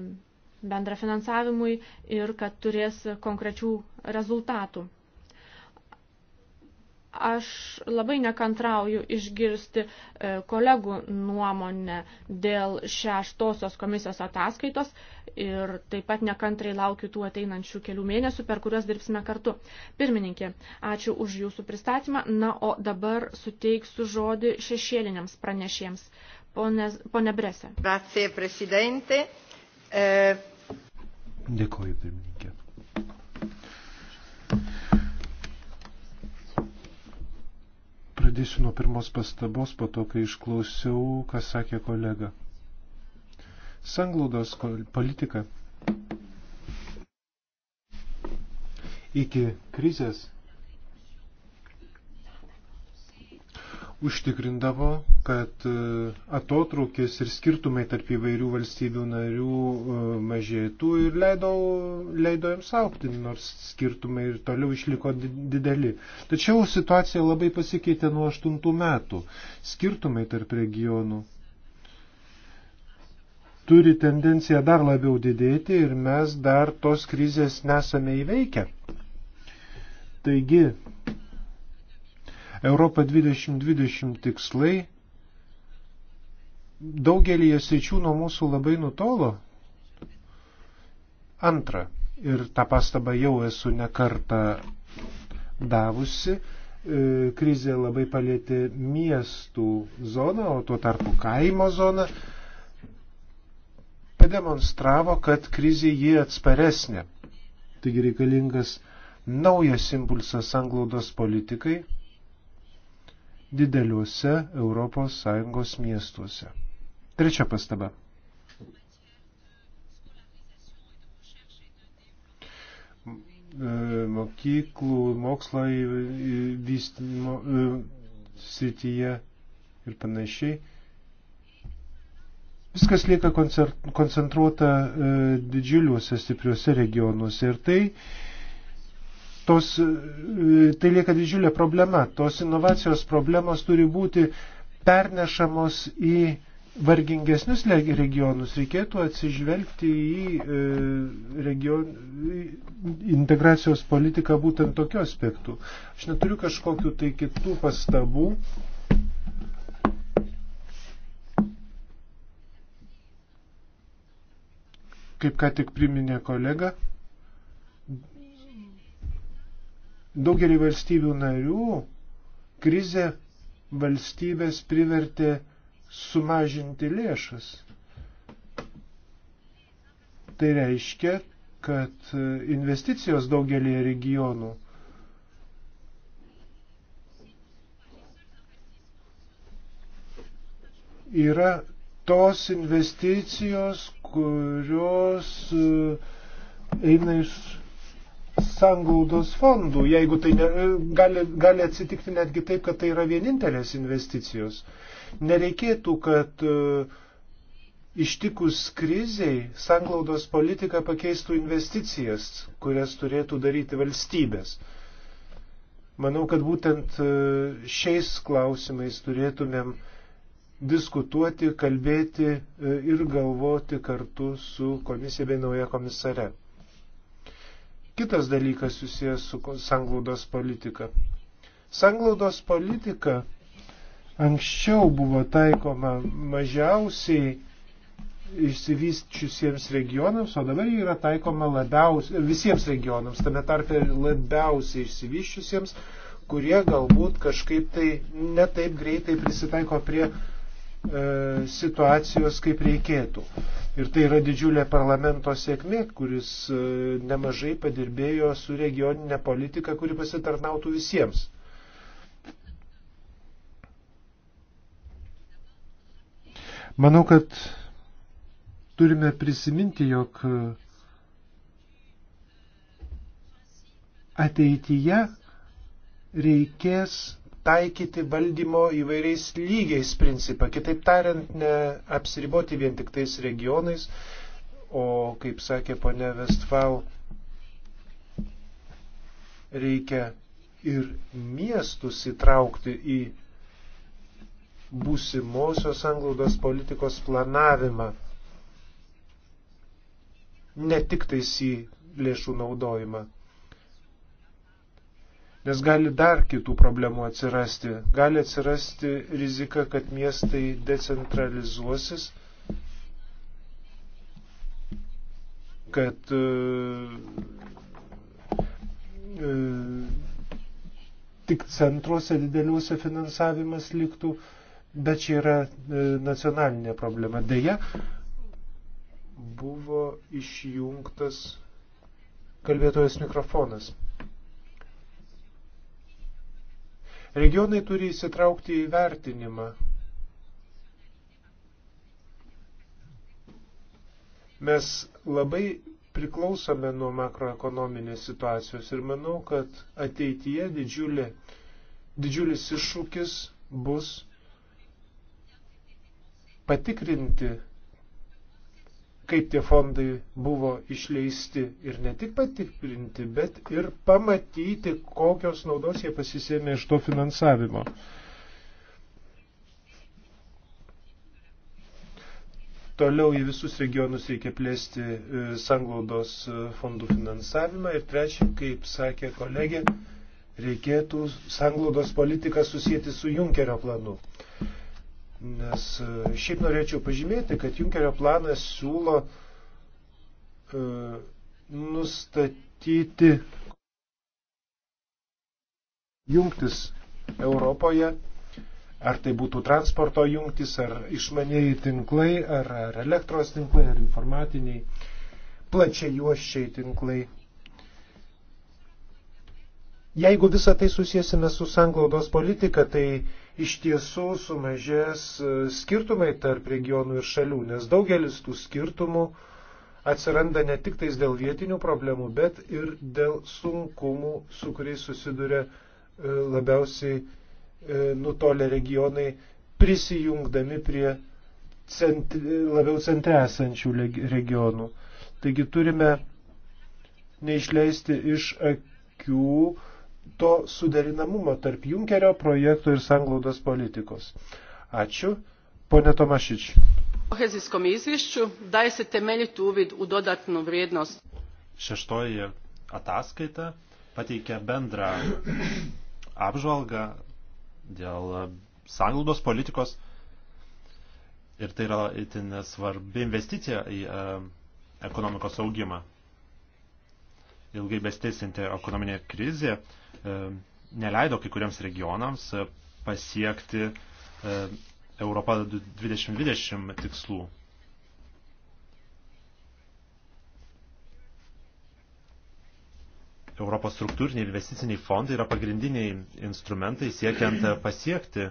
bendrafinansavimui ir kad turės konkrečių rezultatų. Aš labai nekantrauju išgirsti e, kolegų nuomonę dėl šeštosios komisijos ataskaitos ir taip pat nekantrai laukiu tų ateinančių kelių mėnesių, per kuriuos dirbsime kartu. Pirmininkė, ačiū už jūsų pristatymą. Na, o dabar suteiksiu žodį šešėliniams pranešėjams. Pone, pone Brese. Grazie, prezidente. E... Dėkoju, pirmininkė. Pradėsiu nuo pirmos pastabos, po to, kai išklausiau, ką sakė kolega. Sanglaudos politika iki krizės užtikrindavo, kad e, atotrukis ir skirtumai tarp įvairių valstybių narių e, mažėtų ir leido, leido jiems aukti, nors skirtumai ir toliau išliko dideli. Tačiau situacija labai pasikeitė nuo 8 metų. Skirtumai tarp regionų turi tendenciją dar labiau didėti ir mes dar tos krizės nesame įveikę. Taigi, Europa 2020 tikslai daugelį sričių nuo mūsų labai nutolo. Antra, ir tą pastabą jau esu nekartą davusi, e, krizė labai palėtė miestų zoną, o tuo tarpu kaimo zoną, pademonstravo, kad krizė jį atsparesnė. Taigi reikalingas naujas impulsas anglaudos politikai, dideliuose ES miestuose. Trečia pastaba. mokyklų, mokslo vystymo e, srityje ir panašiai. Viskas lieka koncentruota e, didžiuliuose stipriuose regionuose ir tai tos, e, tai lieka didžiulė problema. Tos inovacijos problemos turi būti pernešamos į vargingesnius regionus. Reikėtų atsižvelgti į, e, region, į integracijos politiką būtent tokiu aspektu. Aš neturiu kažkokių tai kitų pastabų. Kaip ką tik priminė kolega. Daugelį valstybių narių krize valstybės privertė sumažinti lėšas. Tai reiškia, kad investicijos daugelį regionų yra tos investicijos, kurios e, eina iš sanglaudos fondų, jeigu tai ne, e, gali, gali atsitikti netgi taip, kad tai yra vienintelės investicijos. Nereikėtų, kad e, ištikus kriziai sanglaudos politika pakeistų investicijas, kurias turėtų daryti valstybės. Manau, kad būtent e, šiais klausimais turėtumėm diskutuoti, kalbėti ir galvoti kartu su komisija bei nauja komisare. Kitas dalykas susijęs su sanglaudos politika. Sanglaudos politika anksčiau buvo taikoma mažiausiai išsivysčiusiems regionams, o dabar yra taikoma labiausiai, visiems regionams, tame tarpe labiausiai išsivyščiusiems, kurie galbūt kažkaip tai netaip greitai prisitaiko prie E, situacijos, kaip reikėtų. Ir tai yra didžiulė parlamento sėkmė, kuris e, nemažai padirbėjo su regioninė politika, kuri pasitarnautų visiems. Manau, kad turime prisiminti, jog ateityje reikės taikyti valdymo įvairiais lygiais principą. Kitaip tariant, neapsiriboti vien tik tais regionais, o, kaip sakė ponė Vestfal, reikia ir miestus įtraukti į būsimosios anglaudos politikos planavimą. Ne tik tais į lėšų naudojimą. Nes gali dar kitų problemų atsirasti. Gali atsirasti rizika, kad miestai decentralizuosis, kad e, e, tik centruose dideliuose finansavimas liktų, bet čia yra e, nacionalinė problema. Deja, buvo išjungtas kalbėtojas mikrofonas. Regionai turi įsitraukti į vertinimą. Mes labai priklausome nuo makroekonominės situacijos ir manau, kad ateityje didžiulė, didžiulis iššūkis bus patikrinti kaip tie fondai buvo išleisti ir ne tik patikrinti, bet ir pamatyti, kokios naudos jie pasisėmė iš to finansavimo. Toliau į visus regionus reikia plėsti e, sanglaudos e, fondų finansavimą. Ir trečia, kaip sakė kolegė, reikėtų sanglaudos politiką susijęti su Junkerio planu. Nes e, šiaip norėčiau pažymėti, kad Junkerio planas siūlo e, nustatyti jungtis Europoje, ar tai būtų transporto jungtis, ar išmaniai tinklai, ar, ar elektros tinklai, ar informatiniai, plačiai juoščiai tinklai. Jeigu visą tai susijęsime su sanglaudos politika, tai iš tiesų sumažės e, skirtumai tarp regionų ir šalių, nes daugelis tų skirtumų atsiranda ne tik tais dėl vietinių problemų, bet ir dėl sunkumų, su kuriais susiduria e, labiausiai e, nutolę regionai, prisijungdami prie centri, labiau centre esančių regionų. Taigi turime neišleisti iš akių to suderinamumo tarp Junkerio projektų ir sanglaudos politikos. Ačiū. Pone Tomašić. Kohezijskom izvješću daje se temeljit uvid u dodatnu vrijednost. Šeštoji ataskaita pateikia bendrą apžvalgą dėl sanglaudos politikos ir tai yra itin svarbi investicija į e, ekonomikos augimą. Ilgai bestėsinti ekonominė krizė E, neleido kai kuriems regionams e, pasiekti e, Europą 2020 tikslų. Europos struktūriniai investiciniai fondai yra pagrindiniai instrumentai siekiant pasiekti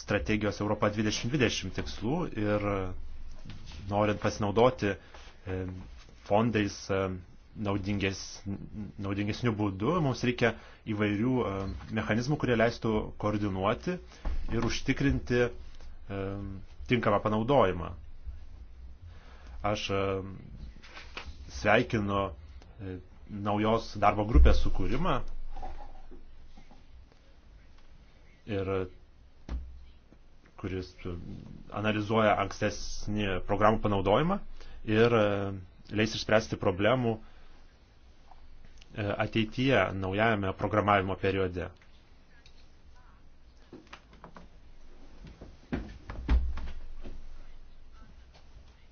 strategijos Europa 2020 tikslų ir norint pasinaudoti fondais naudinges, naudingesnių būdų. Mums reikia įvairių e, mechanizmų, kurie leistų koordinuoti ir užtikrinti e, tinkamą panaudojimą. Aš e, sveikinu naujos darbo grupės sukūrimą ir kuris analizuoja ankstesnį programų panaudojimą ir leis išspręsti problemų ateityje naujajame programavimo periode.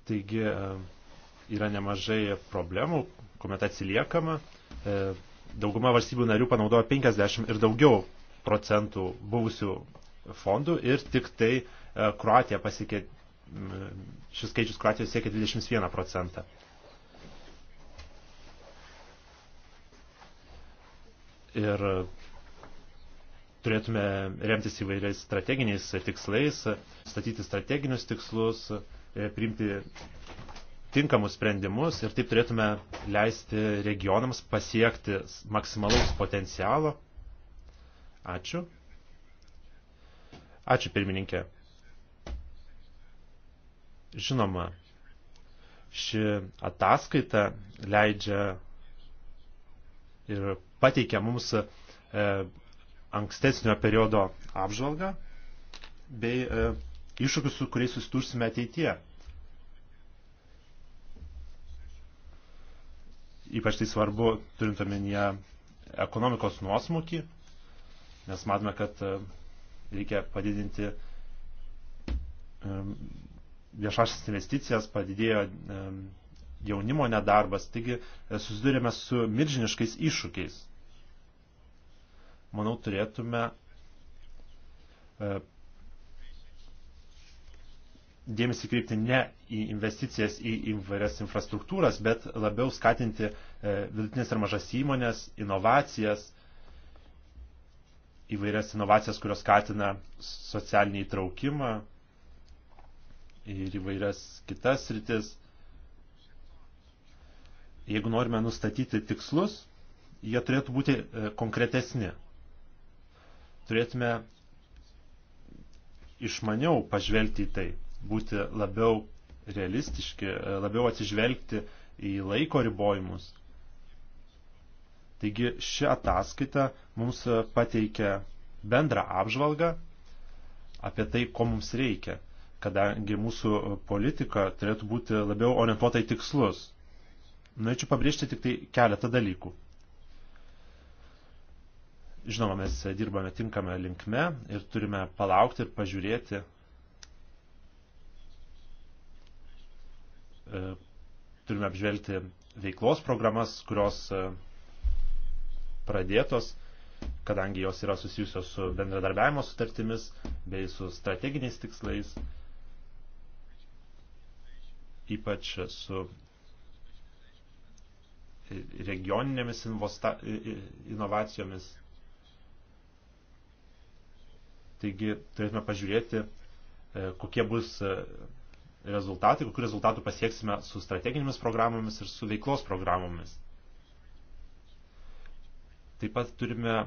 Taigi e, yra nemažai problemų, kuomet atsiliekama. E, dauguma valstybių narių panaudojo 50 ir daugiau procentų buvusių fondų ir tik tai e, Kroatija pasiekė, šis skaičius Kroatijos siekia 21 procentą. ir turėtume remtis įvairiais strateginiais tikslais, statyti strateginius tikslus, e, priimti tinkamus sprendimus ir taip turėtume leisti regionams pasiekti maksimalaus potencialo. Ačiū. Ačiū pirmininkė. Žinoma, ši ataskaita leidžia ir pateikia mums e, ankstesnio periodo apžvalgą bei e, iššūkius, su kuriais susitursime ateityje. Ypač tai svarbu, turint omenyje ekonomikos nuosmukį, nes matome, kad e, reikia padidinti e, viešasis investicijas, padidėjo e, jaunimo nedarbas, taigi susidurėme su milžiniškais iššūkiais manau, turėtume e, dėmesį kreipti ne į investicijas į įvairias infrastruktūras, bet labiau skatinti e, vidutinės ir mažas įmonės, inovacijas, įvairias inovacijas, kurios skatina socialinį įtraukimą ir įvairias kitas rytis. Jeigu norime nustatyti tikslus, jie turėtų būti e, konkretesni turėtume išmaniau pažvelgti į tai, būti labiau realistiški, e, labiau atsižvelgti į laiko ribojimus. Taigi ši ataskaita mums pateikia bendrą apžvalgą apie tai, ko mums reikia, kadangi mūsų politika turėtų būti labiau orientuota į tikslus. Norėčiau pabrėžti tik tai keletą dalykų. Žinoma, mes dirbame tinkamą linkme ir turime palaukti ir pažiūrėti, e, turime apžvelgti veiklos programas, kurios e, pradėtos, kadangi jos yra susijusios su bendradarbiavimo sutartimis bei su strateginiais tikslais, ypač su regioninėmis inovacijomis. Taigi turėtume pažiūrėti, e, kokie bus e, rezultatai, kokiu rezultatų pasieksime su strateginėmis programomis ir su veiklos programomis. Taip pat turime e,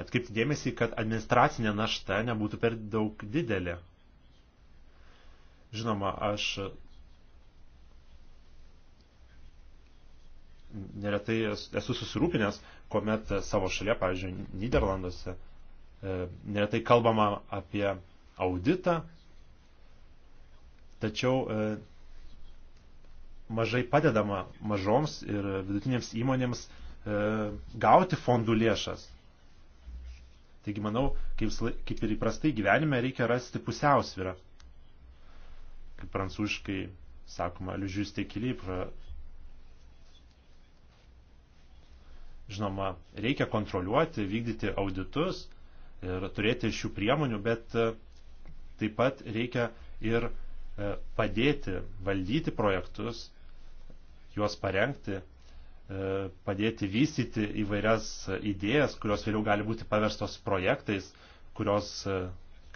atkreipti dėmesį, kad administracinė našta nebūtų per daug didelė. Žinoma, aš neretai esu susirūpinęs, kuomet savo šalia, pavyzdžiui, Niderlanduose, E, neretai kalbama apie auditą, tačiau e, mažai padedama mažoms ir vidutinėms įmonėms e, gauti fondų lėšas. Taigi manau, kaip, kaip ir įprastai gyvenime reikia rasti pusiausvyrą. Kaip prancūziškai sakoma, liužius tekilipra. Žinoma, reikia kontroliuoti, vykdyti auditus, ir turėti šių priemonių, bet e, taip pat reikia ir e, padėti valdyti projektus, juos parengti, e, padėti vystyti įvairias idėjas, kurios vėliau gali būti paverstos projektais, kurios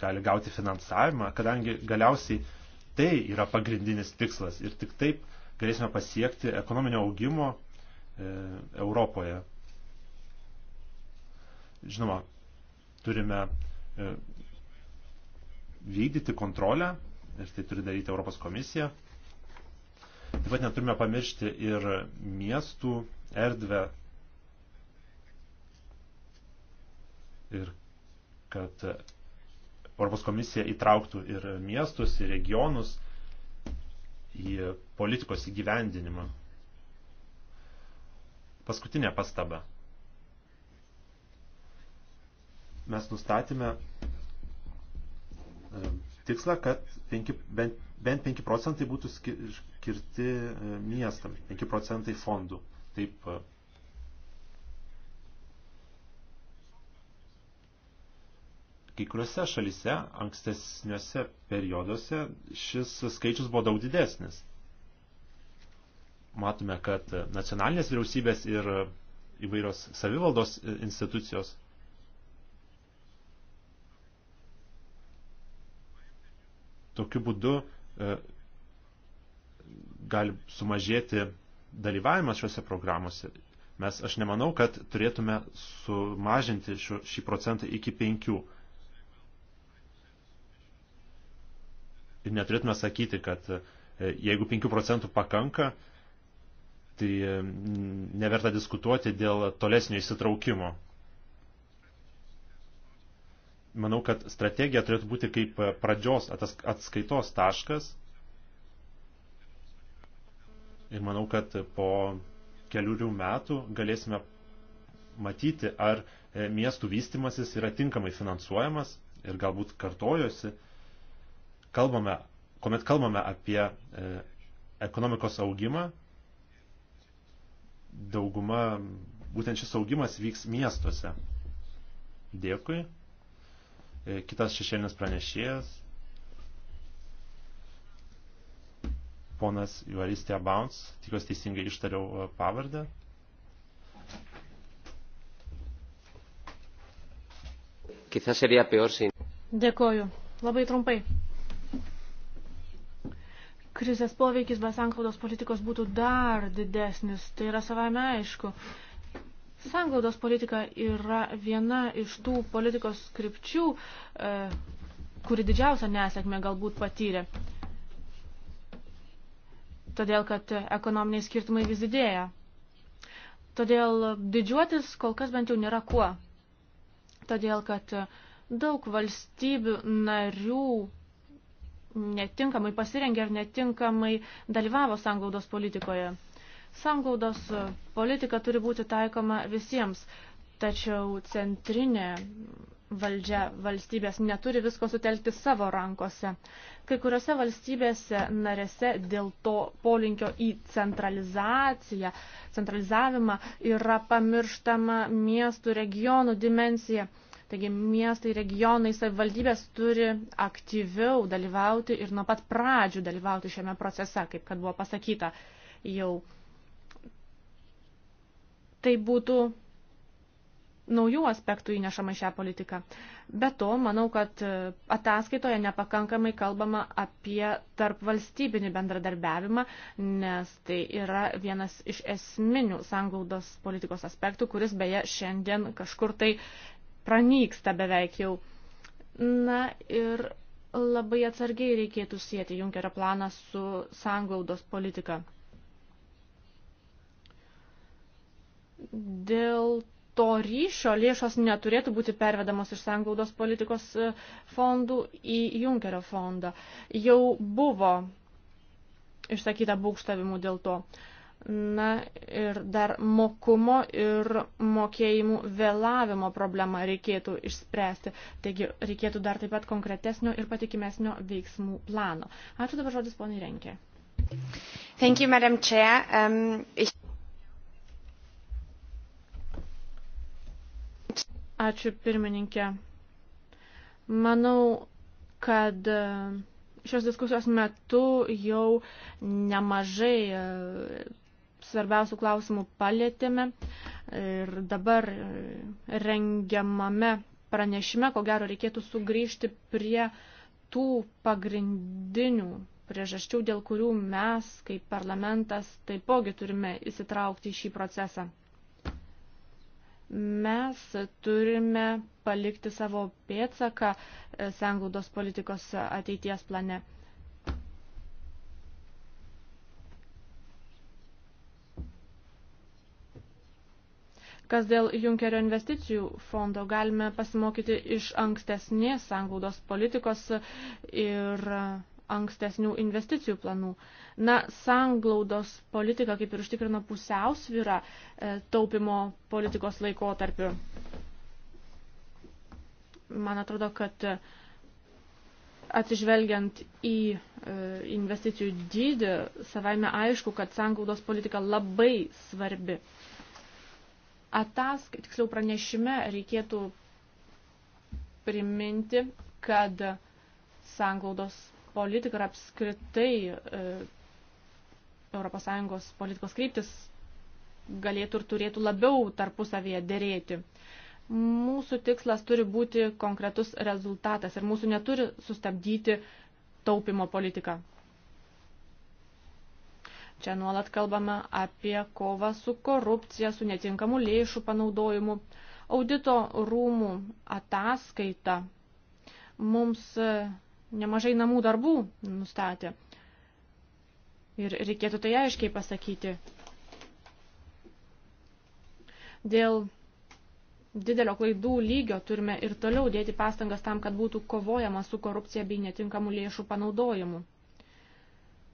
gali gauti finansavimą, kadangi galiausiai tai yra pagrindinis tikslas ir tik taip galėsime pasiekti ekonominio augimo Europoje. Žinoma, Turime e, vykdyti kontrolę ir tai turi daryti Europos komisija. Taip pat neturime pamiršti ir miestų erdvę ir kad Europos komisija įtrauktų ir miestus, ir regionus į politikos įgyvendinimą. Paskutinė pastaba. mes nustatėme e, tikslą, kad 5, bent, bent 5 procentai būtų skirti e, miestam, 5 procentai fondų. Taip. E. Kai kuriuose šalise, ankstesniuose perioduose, šis skaičius buvo daug didesnis. Matome, kad nacionalinės vyriausybės ir įvairios savivaldos institucijos Tokiu būdu e, gali sumažėti dalyvavimas šiuose programuose. Mes aš nemanau, kad turėtume sumažinti šio, šį procentą iki penkių. Ir neturėtume sakyti, kad e, jeigu 5 procentų pakanka, tai e, neverta diskutuoti dėl tolesnio įsitraukimo manau, kad strategija turėtų būti kaip pradžios atskaitos taškas. Ir manau, kad po keliurių metų galėsime matyti, ar e, miestų vystimasis yra tinkamai finansuojamas ir galbūt kartojosi. Kalbame, kuomet kalbame apie e, ekonomikos augimą, dauguma, būtent šis augimas vyks miestuose. Dėkui. E, kitas šešėlinis pranešėjas, ponas Juaristė Bounce, tikiuosi teisingai ištariau e, pavardę. Dėkoju. Labai trumpai. Krizės poveikis be sankaudos politikos būtų dar didesnis, tai yra savame aišku. Sanglaudos politika yra viena iš tų politikos skripčių, e, kuri didžiausią nesėkmę galbūt patyrė. Todėl, kad ekonominiai skirtumai vis didėja. Todėl didžiuotis kol kas bent jau nėra kuo. Todėl, kad daug valstybių narių netinkamai pasirengė ar netinkamai dalyvavo sanglaudos politikoje. Sanglaudos politika turi būti taikoma visiems, tačiau centrinė valdžia valstybės neturi visko sutelkti savo rankose. Kai kuriuose valstybėse narėse dėl to polinkio į centralizaciją, centralizavimą yra pamirštama miestų regionų dimensija. Taigi miestai, regionai, savivaldybės turi aktyviau dalyvauti ir nuo pat pradžių dalyvauti šiame procese, kaip kad buvo pasakyta jau tai būtų naujų aspektų įnešama šią politiką. Be to, manau, kad e, ataskaitoje nepakankamai kalbama apie tarp valstybinį bendradarbiavimą, nes tai yra vienas iš esminių sanglaudos politikos aspektų, kuris beje šiandien kažkur tai pranyksta beveik jau. Na ir labai atsargiai reikėtų sieti Junkerio planą su sanglaudos politika. dėl to ryšio lėšos neturėtų būti pervedamos iš sanglaudos politikos e, fondų į Junkerio fondą. Jau buvo išsakyta būkštavimų dėl to. Na ir dar mokumo ir mokėjimų vėlavimo problemą reikėtų išspręsti. Taigi reikėtų dar taip pat konkretesnio ir patikimesnio veiksmų plano. Ačiū dabar žodis poniai Renkė. Thank you, Madam Chair. Um, ich... Ačiū pirmininkė. Manau, kad e, šios diskusijos metu jau nemažai e, svarbiausių klausimų palėtėme ir dabar e, rengiamame pranešime, ko gero, reikėtų sugrįžti prie tų pagrindinių priežasčių, dėl kurių mes, kaip parlamentas, taipogi turime įsitraukti į šį procesą. Mes turime palikti savo pėtsaką e, senglaudos politikos ateities plane. Kas dėl Junkerio investicijų fondo galime pasimokyti iš ankstesnės sanglaudos politikos ir ankstesnių investicijų planų. Na, sanglaudos politika kaip ir užtikrina pusiausvyrą e, taupimo politikos laikotarpiu. Man atrodo, kad e, atsižvelgiant į e, investicijų dydį, savaime aišku, kad sanglaudos politika labai svarbi. Atask, tiksliau pranešime reikėtų priminti, kad sanglaudos politika ir apskritai e, ES politikos kryptis galėtų ir turėtų labiau tarpusavėje dėrėti. Mūsų tikslas turi būti konkretus rezultatas ir mūsų neturi sustabdyti taupimo politika. Čia nuolat kalbame apie kovą su korupcija, su netinkamu lėšų panaudojimu. Audito rūmų ataskaita mums e, nemažai namų darbų nustatė. Ir reikėtų tai aiškiai pasakyti. Dėl didelio klaidų lygio turime ir toliau dėti pastangas tam, kad būtų kovojama su korupcija bei netinkamų lėšų panaudojimu.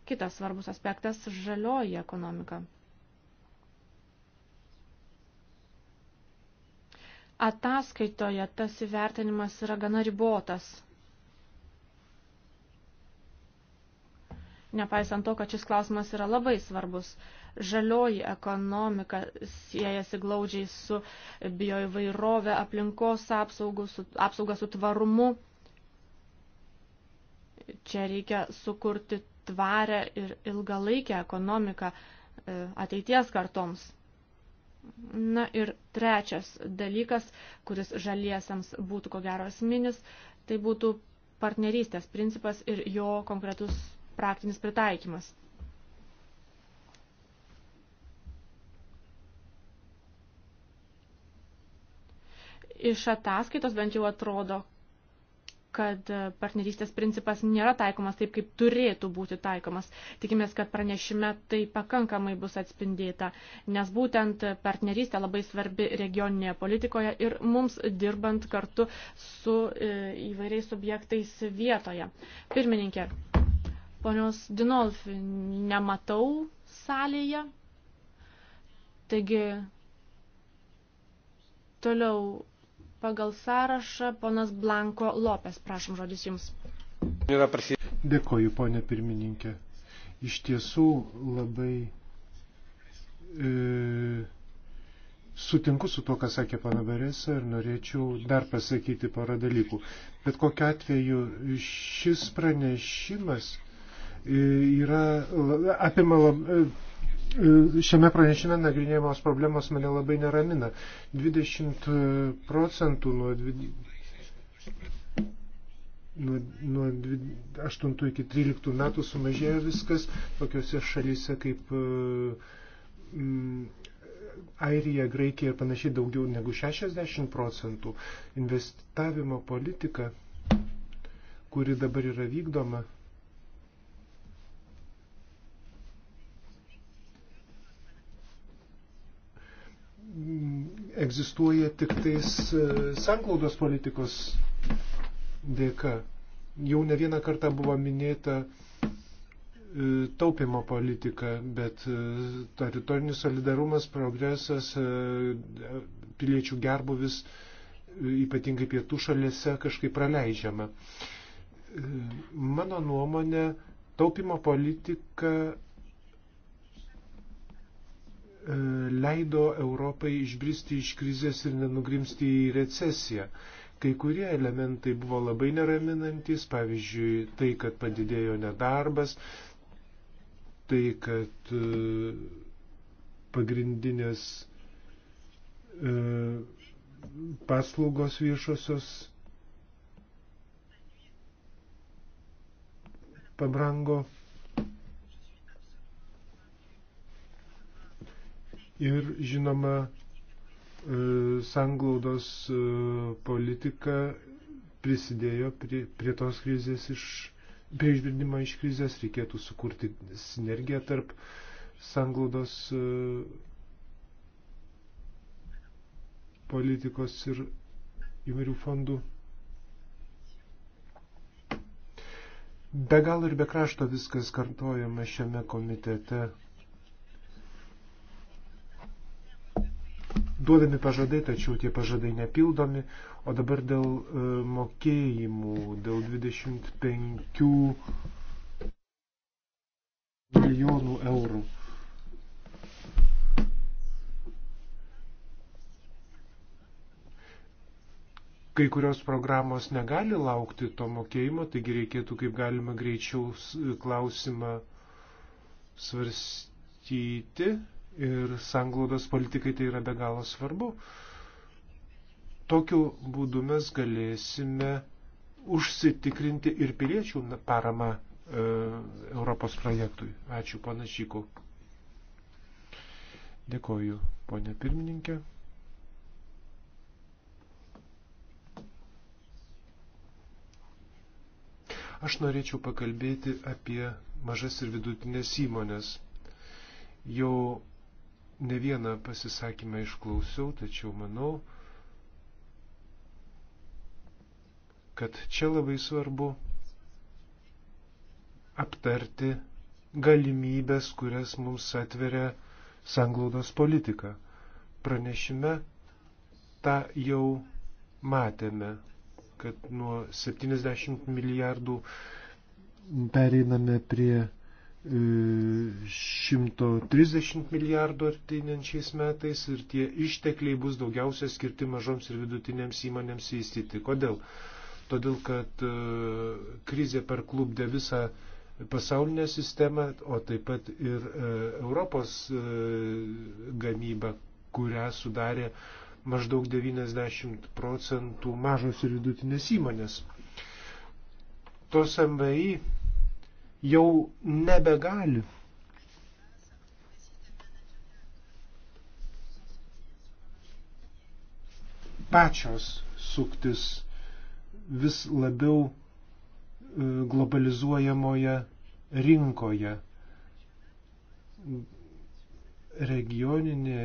Kitas svarbus aspektas – žalioji ekonomika. Ataskaitoje tas įvertinimas yra gana ribotas – nepaisant to, kad šis klausimas yra labai svarbus. Žalioji ekonomika siejasi glaudžiai su bioįvairove, aplinkos apsaugų, su, apsauga su tvarumu. Čia reikia sukurti tvarę ir ilgalaikę ekonomiką e, ateities kartoms. Na ir trečias dalykas, kuris žaliesiams būtų ko gero asminis, tai būtų partnerystės principas ir jo konkretus praktinis pritaikymas. Iš ataskaitos bent jau atrodo, kad partnerystės principas nėra taikomas taip, kaip turėtų būti taikomas. Tikimės, kad pranešime tai pakankamai bus atspindėta, nes būtent partnerystė labai svarbi regioninėje politikoje ir mums dirbant kartu su e, įvairiais subjektais vietoje. Pirmininkė, Ponios Dinolf nematau salėje. Taigi toliau pagal sąrašą ponas Blanko Lopes. Prašom žodis jums. Dėkoju, ponė pirmininkė. Iš tiesų labai e, sutinku su to, ką sakė pana Beresa ir norėčiau dar pasakyti porą dalykų. Bet kokiu atveju šis pranešimas E, yra apima labai e, e, šiame pranešime nagrinėjamos problemos mane labai neramina. 20 procentų nuo, dvi, nuo, nuo 8 iki 13 metų sumažėjo viskas tokiuose šalyse kaip mm, Airija, Graikija ir panašiai daugiau negu 60 procentų. Investavimo politika, kuri dabar yra vykdoma, egzistuoja tik tais e, sanklaudos politikos dėka. Jau ne vieną kartą buvo minėta e, taupimo politika, bet e, teritorinis solidarumas, progresas, piliečių gerbuvis, ypatingai pietų šalėse, kažkaip praleidžiama. Mano nuomonė, taupimo politika E, leido Europai išbristi iš krizės ir nenugrimsti į recesiją. Kai kurie elementai buvo labai neraminantis, pavyzdžiui, tai, kad padidėjo nedarbas, tai, kad e, pagrindinės e, paslaugos viešosios pabrango ir žinoma e, sanglaudos e, politika prisidėjo prie, prie tos krizės iš, prie išbridimo iš krizės, reikėtų sukurti sinergiją tarp sanglaudos e, politikos ir įvairių fondų. Be gal ir be krašto viskas kartojama šiame komitete duodami pažadai, tačiau tie pažadai nepildomi. O dabar dėl e, mokėjimų, dėl 25 milijonų eurų. kai kurios programos negali laukti to mokėjimo, taigi reikėtų kaip galima greičiau klausimą svarstyti ir sanglaudos politikai tai yra be galo svarbu. Tokiu būdu mes galėsime užsitikrinti ir piliečių paramą e, Europos projektui. Ačiū, pana Šyku. Dėkoju, ponė pirmininkė. Aš norėčiau pakalbėti apie mažas ir vidutinės įmonės. Jau Ne vieną pasisakymą išklausiau, tačiau manau, kad čia labai svarbu aptarti galimybės, kurias mums atveria sanglaudos politika. Pranešime tą jau matėme, kad nuo 70 milijardų pereiname prie 130 milijardų artinančiais metais ir tie ištekliai bus daugiausia skirti mažoms ir vidutinėms įmonėms įstyti. Kodėl? Todėl, kad e, krizė perklubdė visą pasaulinę sistemą, o taip pat ir e, Europos e, gamybą, kurią sudarė maždaug 90 procentų mažos ir vidutinės įmonės. Tos MVI jau nebegali. pačios suktis vis labiau e, globalizuojamoje rinkoje. Regioninė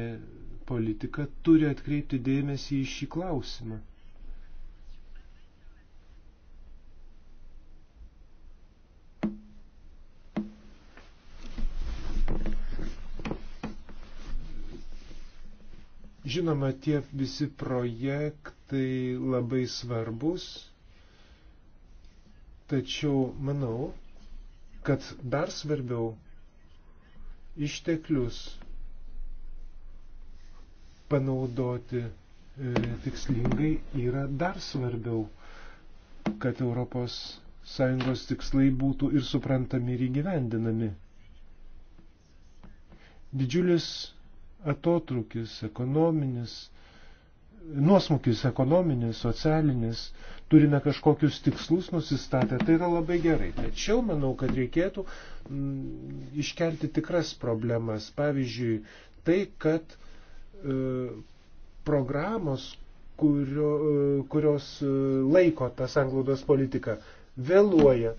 politika turi atkreipti dėmesį į šį klausimą. Žinoma, tie visi projektai labai svarbus, tačiau manau, kad dar svarbiau išteklius panaudoti e, tikslingai yra dar svarbiau, kad ES tikslai būtų ir suprantami ir įgyvendinami. Didžiulis atotrukis ekonominis, nuosmukis ekonominis, socialinis, turime kažkokius tikslus nusistatę, tai yra labai gerai. Tačiau manau, kad reikėtų m, mm, iškelti tikras problemas. Pavyzdžiui, tai, kad e, programos, kurio, e, kurios e, laiko tą sanglaudos politiką, vėluoja.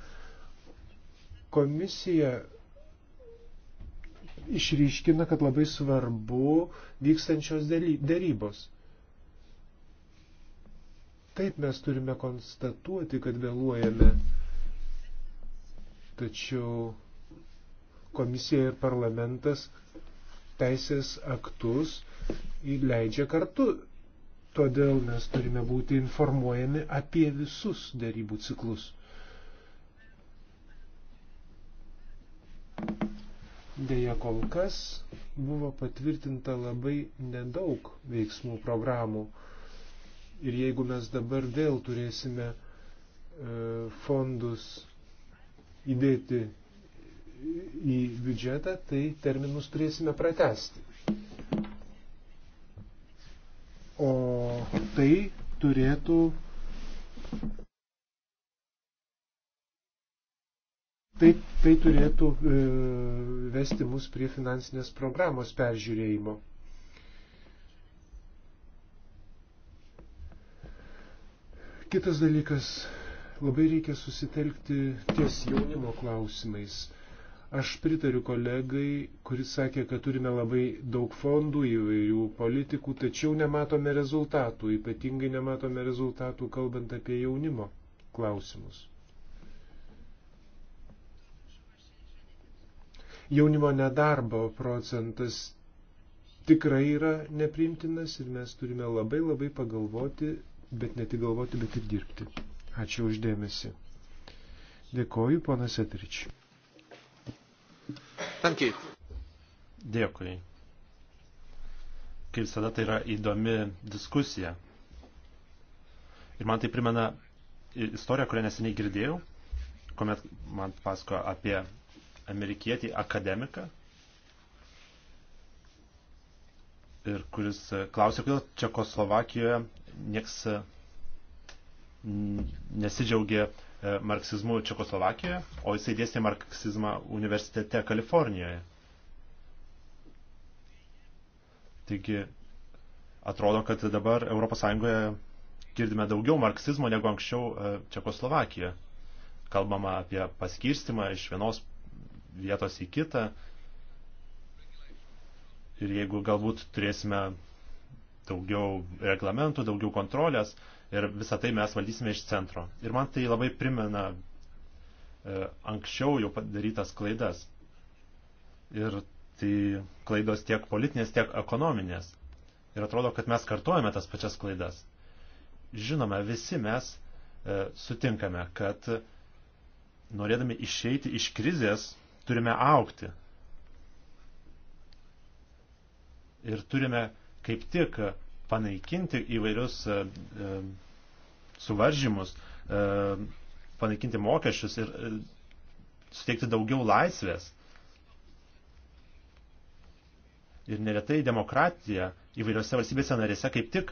Komisija išryškina, kad labai svarbu vykstančios darybos. Taip mes turime konstatuoti, kad vėluojame, tačiau komisija ir parlamentas teisės aktus įleidžia kartu. Todėl mes turime būti informuojami apie visus darybų ciklus. Deja, kol kas buvo patvirtinta labai nedaug veiksmų programų. Ir jeigu mes dabar vėl turėsime e, fondus įdėti į biudžetą, tai terminus turėsime pratesti. O tai turėtų Tai, tai turėtų e, vesti mus prie finansinės programos peržiūrėjimo. Kitas dalykas, labai reikia susitelkti ties jaunimo klausimais. Aš pritariu kolegai, kuris sakė, kad turime labai daug fondų įvairių politikų, tačiau nematome rezultatų, ypatingai nematome rezultatų kalbant apie jaunimo klausimus. Jaunimo nedarbo procentas tikrai yra neprimtinas ir mes turime labai labai pagalvoti, bet ne tik galvoti, bet ir dirbti. Ačiū uždėmesi. Dėkoju, ponas Etrič. Dėkui. Kaip visada tai yra įdomi diskusija. Ir man tai primena istoriją, kurią neseniai girdėjau, kuomet man pasako apie amerikietį akademiką, ir kuris e, klausė, kodėl Čekoslovakijoje nieks e, nesidžiaugė e, marksizmu Čekoslovakijoje, o jisai dėstė marksizmą universitete Kalifornijoje. Taigi, atrodo, kad dabar ES girdime daugiau marksizmo negu anksčiau Čekoslovakijoje. Kalbama apie paskirstimą iš vienos vietos į kitą. Ir jeigu galbūt turėsime daugiau reglamentų, daugiau kontrolės ir visą tai mes valdysime iš centro. Ir man tai labai primena e, anksčiau jau padarytas klaidas. Ir tai klaidos tiek politinės, tiek ekonominės. Ir atrodo, kad mes kartuojame tas pačias klaidas. Žinoma, visi mes e, sutinkame, kad norėdami išeiti iš krizės turime aukti. Ir turime kaip tik panaikinti įvairius e, e, suvaržymus, e, panaikinti mokesčius ir suteikti daugiau laisvės. Ir neretai demokratija įvairiose valstybėse narėse kaip tik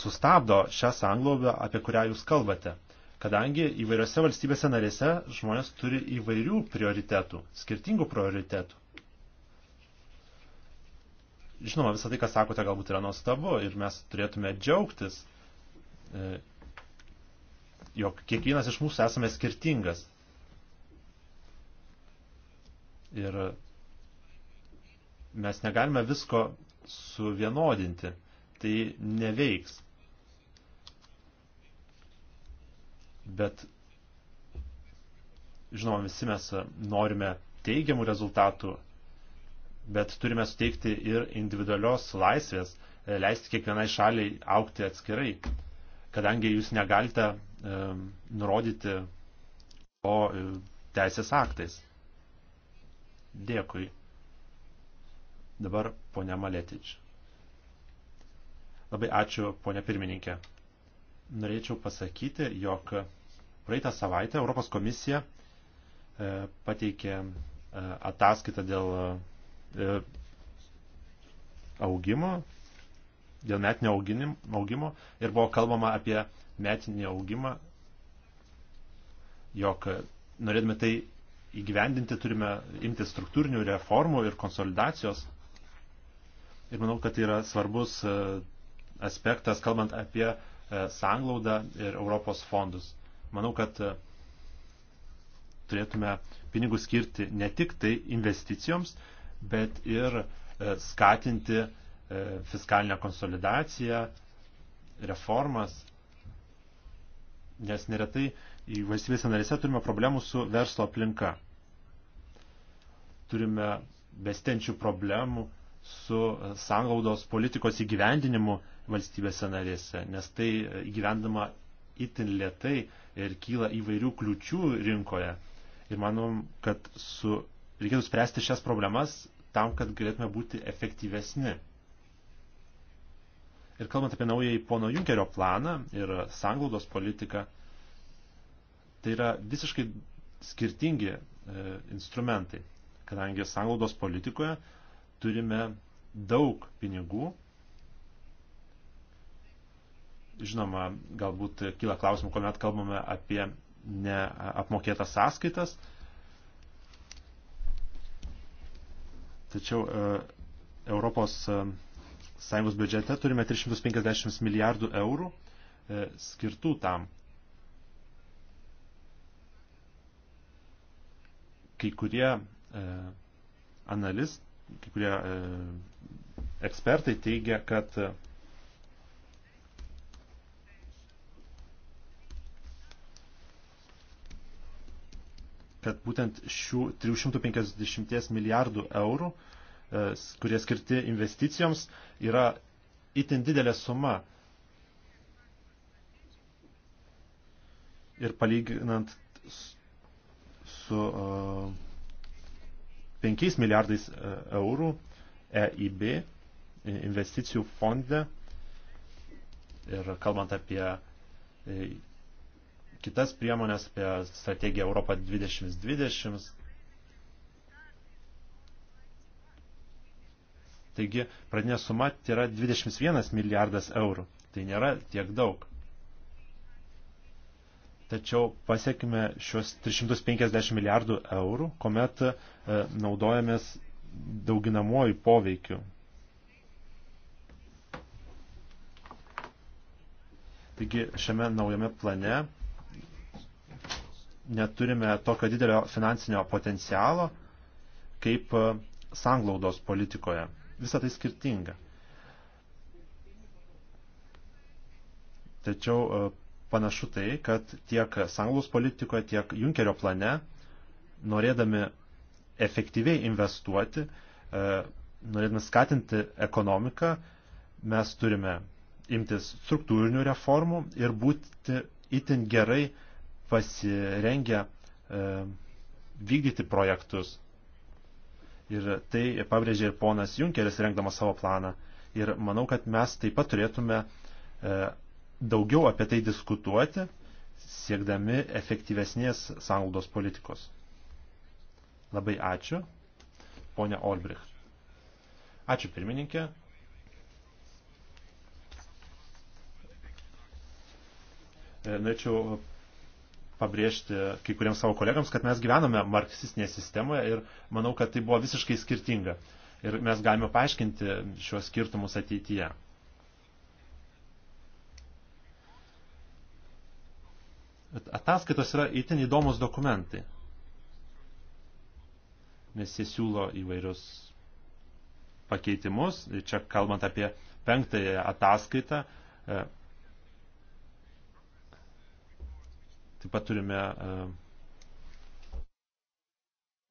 sustabdo šią sanglobę, apie kurią jūs kalbate kadangi įvairiose valstybėse narėse žmonės turi įvairių prioritetų, skirtingų prioritetų. Žinoma, visą tai, ką sakote, galbūt yra nuostabu ir mes turėtume džiaugtis, e, jog kiekvienas iš mūsų esame skirtingas. Ir mes negalime visko suvienodinti. Tai neveiks. bet žinoma, visi mes norime teigiamų rezultatų, bet turime suteikti ir individualios laisvės, e, leisti kiekvienai šaliai aukti atskirai, kadangi jūs negalite e, nurodyti o e, teisės aktais. Dėkui. Dabar ponia Maletič. Labai ačiū, ponia pirmininkė. Norėčiau pasakyti, jog Praeitą savaitę Europos komisija e, pateikė e, ataskaitą dėl e, augimo, dėl metinio augimo ir buvo kalbama apie metinį augimą, jog norėdami tai įgyvendinti turime imti struktūrinių reformų ir konsolidacijos. Ir manau, kad tai yra svarbus aspektas, kalbant apie sanglaudą ir Europos fondus. Manau, kad e, turėtume pinigus skirti ne tik tai investicijoms, bet ir e, skatinti e, fiskalinę konsolidaciją, reformas, nes neretai į valstybės analise turime problemų su verslo aplinka. Turime bestenčių problemų su sanglaudos politikos įgyvendinimu valstybės narėse, nes tai įgyvendama itin lietai ir kyla įvairių kliučių rinkoje. Ir manom, kad su, reikėtų spręsti šias problemas tam, kad galėtume būti efektyvesni. Ir kalbant apie naująjį pono Junkerio planą ir sanglaudos politiką, tai yra visiškai skirtingi e, instrumentai, kadangi sanglaudos politikoje turime daug pinigų Žinoma, galbūt kyla klausimų, kuomet kalbame apie neapmokėtas sąskaitas. Tačiau e, Europos e, Sąjungos biudžete turime 350 milijardų eurų e, skirtų tam. Kai kurie analist, kai kurie ekspertai teigia, kad kad būtent šių 350 milijardų eurų, e, kurie skirti investicijoms, yra itin didelė suma. Ir palyginant su 5 e, milijardais e, eurų EIB investicijų fonde ir kalbant apie kitas priemonės apie strategiją Europą 2020. Taigi, pradinė suma tai yra 21 milijardas eurų. Tai nėra tiek daug. Tačiau pasiekime šios 350 milijardų eurų, kuomet e, naudojamės dauginamuoju poveikiu. Taigi šiame naujame plane neturime tokio didelio finansinio potencialo kaip e, sanglaudos politikoje. Visą tai skirtinga. Tačiau e, panašu tai, kad tiek sanglaudos politikoje, tiek Junkerio plane, norėdami efektyviai investuoti, e, norėdami skatinti ekonomiką, mes turime imtis struktūrinių reformų ir būti itin gerai pasirengę e, vykdyti projektus. Ir tai pabrėžė ir ponas Junkeris rengdamas savo planą. Ir manau, kad mes taip pat turėtume e, daugiau apie tai diskutuoti, siekdami efektyvesnės sąnaudos politikos. Labai ačiū, ponia Olbrich. Ačiū pirmininkė. E, norėčiau pabrėžti kai kuriems savo kolegams, kad mes gyvename marksistinėje sistemoje ir manau, kad tai buvo visiškai skirtinga. Ir mes galime paaiškinti šios skirtumus ateityje. Ataskaitos yra itin įdomus dokumentai, nes jie siūlo įvairius pakeitimus. Ir čia kalbant apie penktąją ataskaitą, e, Taip pat turime e,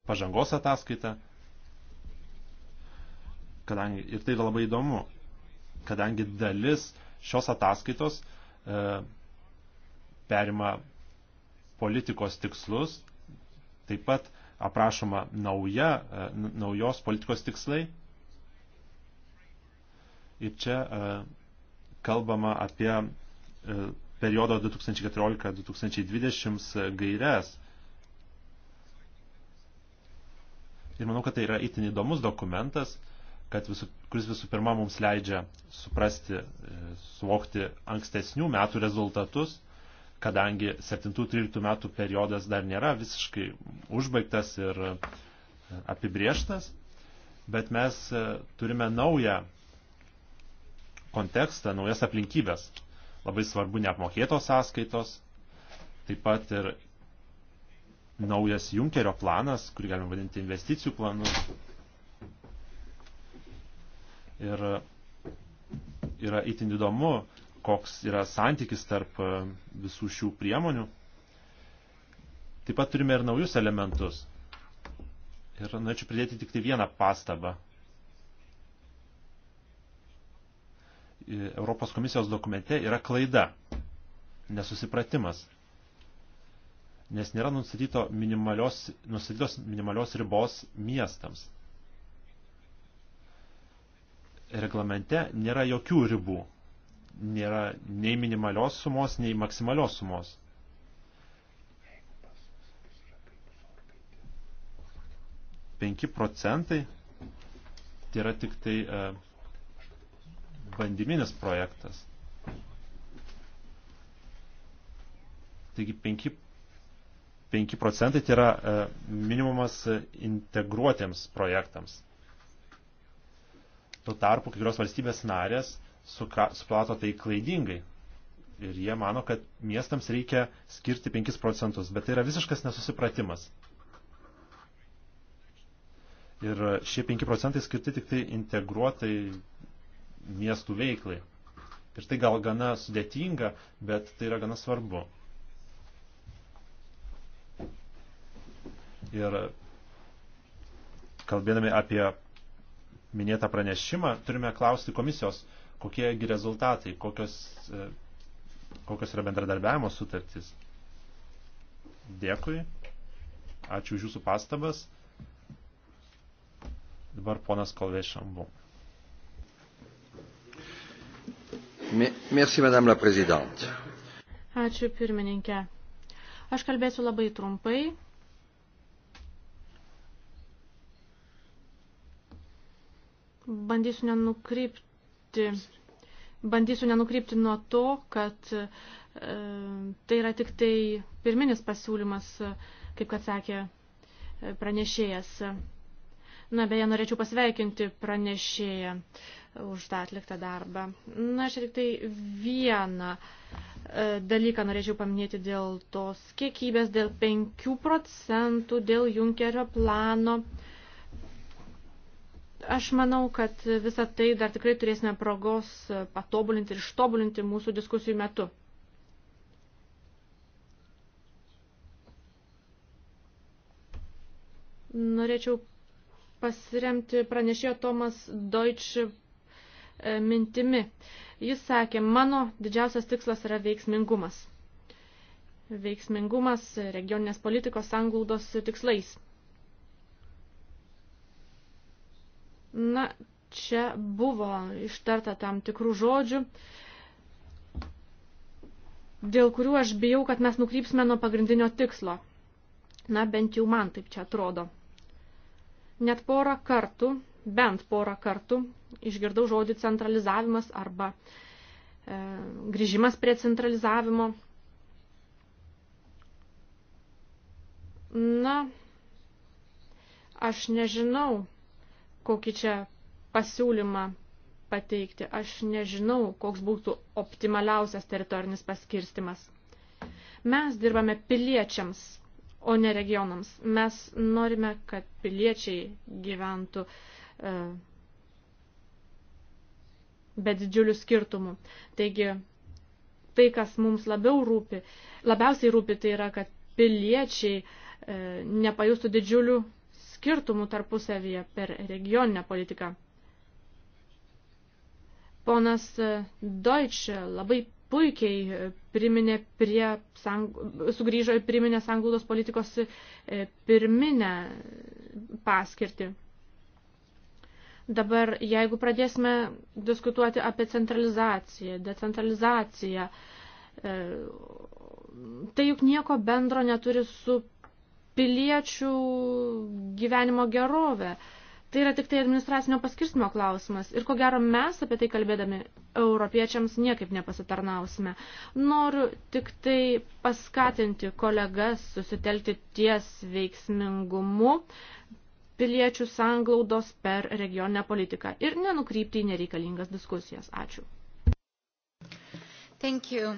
pažangos ataskaitą, kadangi, ir tai yra labai įdomu, kadangi dalis šios ataskaitos e, perima politikos tikslus, taip pat aprašoma nauja, e, naujos politikos tikslai. Ir čia e, kalbama apie e, periodo 2014-2020 gairias. Ir manau, kad tai yra itin įdomus dokumentas, kad visų, kuris visų pirma mums leidžia suprasti, e, suvokti ankstesnių metų rezultatus, kadangi 7-13 metų periodas dar nėra visiškai užbaigtas ir e, apibrieštas, bet mes e, turime naują kontekstą, naujas aplinkybės, Labai svarbu neapmokėtos sąskaitos, taip pat ir naujas Junkerio planas, kurį galime vadinti investicijų planu. Ir yra itin įdomu, koks yra santykis tarp e, visų šių priemonių. Taip pat turime ir naujus elementus. Ir norėčiau pridėti tik tai vieną pastabą. Europos komisijos dokumente yra klaida, nesusipratimas, nes nėra nustatyto minimalios, nustatytos minimalios ribos miestams. Reglamente nėra jokių ribų, nėra nei minimalios sumos, nei maksimalios sumos. Penki procentai tai yra tik tai uh, bandyminis projektas. Taigi 5, 5 procentai tai yra e, minimumas e, integruotiems projektams. Tuo tarpu kai kurios valstybės narės suplato tai klaidingai. Ir jie mano, kad miestams reikia skirti 5 procentus, bet tai yra visiškas nesusipratimas. Ir šie 5 procentai skirti tik tai integruotai miestų veiklai. Ir tai gal gana sudėtinga, bet tai yra gana svarbu. Ir kalbėdami apie minėtą pranešimą, turime klausti komisijos, kokiegi rezultatai, kokios, e, kokios yra bendradarbiavimo sutartys. Dėkui. Ačiū už jūsų pastabas. Dabar ponas Kolvė Šambu. Merci, Madame la Présidente. Ačiū, pirmininkė. Aš kalbėsiu labai trumpai. Bandysiu nenukrypti, bandysiu nenukrypti nuo to, kad e, tai yra tik tai pirminis pasiūlymas, kaip kad sakė e, pranešėjas. Na, beje, norėčiau pasveikinti pranešėją. E, už tą atliktą darbą. Na, aš tik tai vieną e, dalyką norėčiau paminėti dėl tos kiekybės, dėl 5 procentų, dėl Junkerio plano. Aš manau, kad visą tai dar tikrai turėsime progos patobulinti ir ištobulinti mūsų diskusijų metu. Norėčiau pasiremti pranešėjo Tomas Deutsch E, mintimi. Jis sakė, mano didžiausias tikslas yra veiksmingumas. Veiksmingumas regioninės politikos sanglaudos tikslais. Na, čia buvo ištarta tam tikrų žodžių, dėl kurių aš bijau, kad mes nukrypsime nuo pagrindinio tikslo. Na, bent jau man taip čia atrodo. Net porą kartų bent porą kartų išgirdau žodį centralizavimas arba e, grįžimas prie centralizavimo. Na, aš nežinau, kokį čia pasiūlymą pateikti. Aš nežinau, koks būtų optimaliausias teritorinis paskirstimas. Mes dirbame piliečiams, o ne regionams. Mes norime, kad piliečiai gyventų E, be didžiulių skirtumų. Taigi, tai, kas mums labiau rūpi, labiausiai rūpi, tai yra, kad piliečiai e, nepajustų didžiulių skirtumų tarpusavyje per regioninę politiką. Ponas e, Deutsch labai puikiai priminė prie, sang, sugrįžo ir priminė sanglaudos politikos pirminę paskirtį. Dabar, jeigu pradėsime diskutuoti apie centralizaciją, decentralizaciją, e, tai juk nieko bendro neturi su piliečių gyvenimo gerovė. Tai yra tik tai administracinio paskirstimo klausimas. Ir ko gero mes apie tai kalbėdami europiečiams niekaip nepasitarnausime. Noriu tik tai paskatinti kolegas susitelkti ties veiksmingumu, piliečių sanglaudos per regioninę politiką ir nenukrypti į nereikalingas diskusijas. Ačiū. Thank you.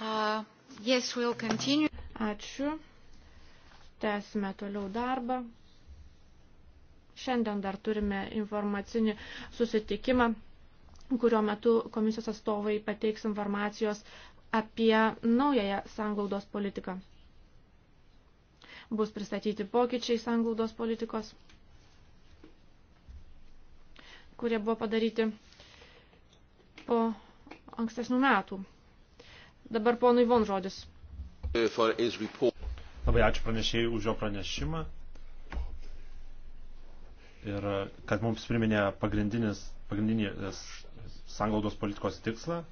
Uh, yes, we'll continue. Ačiū. Tęsime toliau darbą. Šiandien dar turime informacinį susitikimą, kurio metu komisijos atstovai pateiks informacijos apie naująją sanglaudos politiką bus pristatyti pokyčiai sanglaudos politikos, kurie buvo padaryti po ankstesnių metų. Dabar ponui Von žodis. Labai ačiū pranešėjai už jo pranešimą ir kad mums priminė pagrindinės sanglaudos politikos tikslą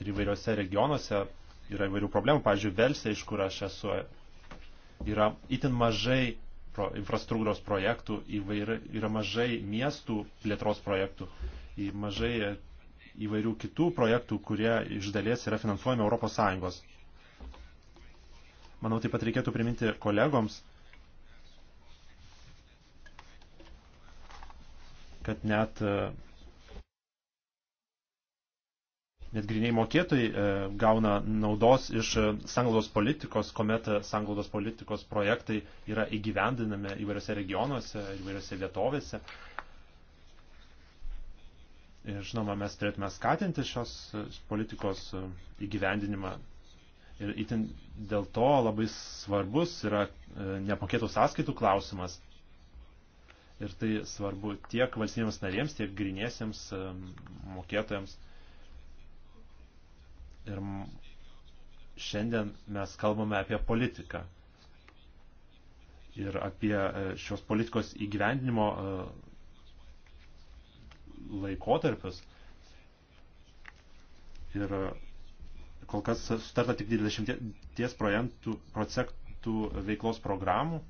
ir įvairiose regionuose yra įvairių problemų. Pavyzdžiui, Velsė, iš kur aš esu, yra itin mažai pro, infrastruktūros projektų, įvair, yra mažai miestų plėtros projektų, mažai įvairių kitų projektų, kurie iš dalies yra finansuojami Europos Sąjungos. Manau, taip pat reikėtų priminti kolegoms, kad net uh, net griniai mokėtojai e, gauna naudos iš e, sanglaudos politikos, kuomet e, sanglaudos politikos projektai yra įgyvendinami įvairiose regionuose, įvairiose vietovėse. Ir žinoma, mes turėtume skatinti šios politikos įgyvendinimą. Ir itin dėl to labai svarbus yra nepakėtų sąskaitų klausimas. Ir tai svarbu tiek valstybėms narėms, tiek griniesiems mokėtojams Ir šiandien mes kalbame apie politiką. Ir apie e, šios politikos įgyvendinimo e, laikotarpius. Ir e, kol kas sutarta tik 20 procentų veiklos programų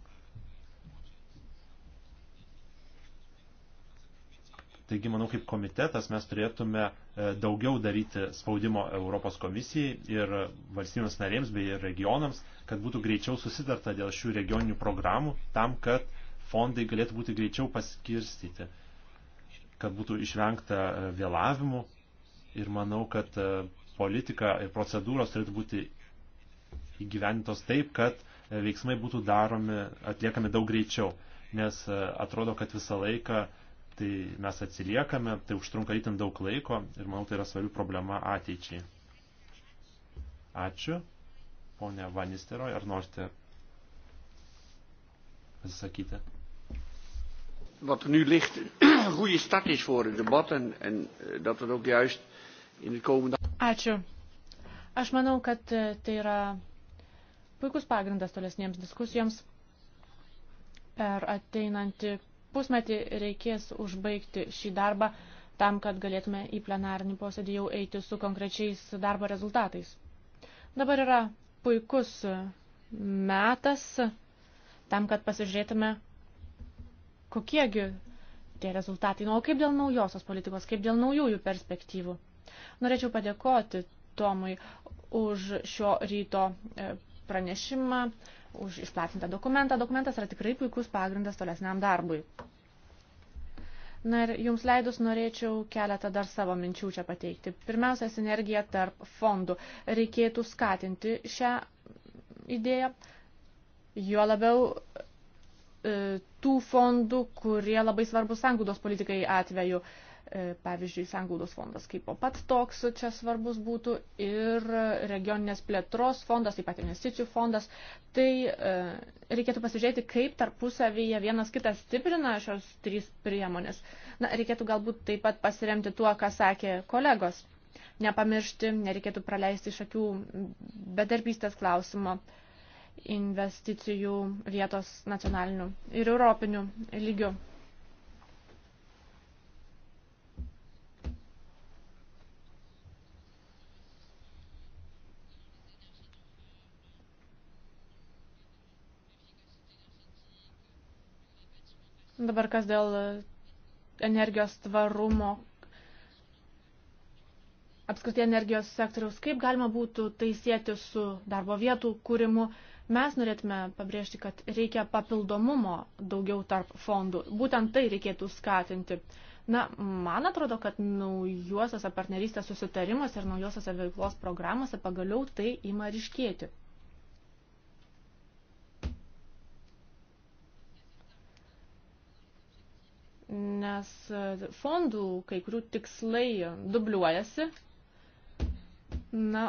Taigi, manau, kaip komitetas mes turėtume e, daugiau daryti spaudimo Europos komisijai ir valstybėms narėms bei regionams, kad būtų greičiau susidarta dėl šių regioninių programų, tam, kad fondai galėtų būti greičiau paskirstyti, kad būtų išvengta e, vėlavimų ir manau, kad e, politika ir procedūros turėtų būti įgyvenintos taip, kad veiksmai būtų daromi, atliekami daug greičiau, nes atrodo, kad visą laiką uh, tai mes atsiliekame, tai užtrunka itin daug laiko ir manau tai yra svarbi problema ateičiai. Ačiū, ponė Vanisteroj, ar norite pasisakyti? Wat er nu ligt, een goede start is voor het debat en, en eh, dat het ook juist in het komende. Ačiū. Aš manau, kad eh, tai yra puikus pagrindas tolesniems diskusijoms per ateinantį pusmetį reikės užbaigti šį darbą tam, kad galėtume į plenarinį posėdį jau eiti su konkrečiais darbo rezultatais. Dabar yra puikus metas tam, kad pasižiūrėtume, kokiegi tie rezultatai. Na, o kaip dėl naujosios politikos, kaip dėl naujųjų perspektyvų? Norėčiau padėkoti Tomui už šio ryto e, pranešimą, už išplatintą dokumentą. Dokumentas yra tikrai puikus pagrindas tolesniam darbui. Na ir jums leidus norėčiau keletą dar savo minčių čia pateikti. Pirmiausia, sinergija tarp fondų. Reikėtų skatinti šią idėją. Jo labiau e, tų fondų, kurie labai svarbus sangudos politikai atveju. E, E, pavyzdžiui, Sanglaudos fondas kaip o pats toks čia svarbus būtų ir regioninės plėtros fondas, taip pat investicijų fondas. Tai e, reikėtų pasižiūrėti, kaip tarpusavyje vienas kitas stiprina šios trys priemonės. Na, reikėtų galbūt taip pat pasiremti tuo, ką sakė kolegos. Nepamiršti, nereikėtų praleisti iš akių bedarbystės klausimo investicijų vietos nacionalinių ir europinių lygių. Dabar kas dėl e, energijos tvarumo, apskritai energijos sektoriaus, kaip galima būtų tai sėti su darbo vietų kūrimu. Mes norėtume pabrėžti, kad reikia papildomumo daugiau tarp fondų. Būtent tai reikėtų skatinti. Na, man atrodo, kad naujuosiuose partnerystės susitarimuose ir naujuosiuose veiklos programuose pagaliau tai ima ryškėti. nes e, fondų kai kurių tikslai dubliuojasi. Na,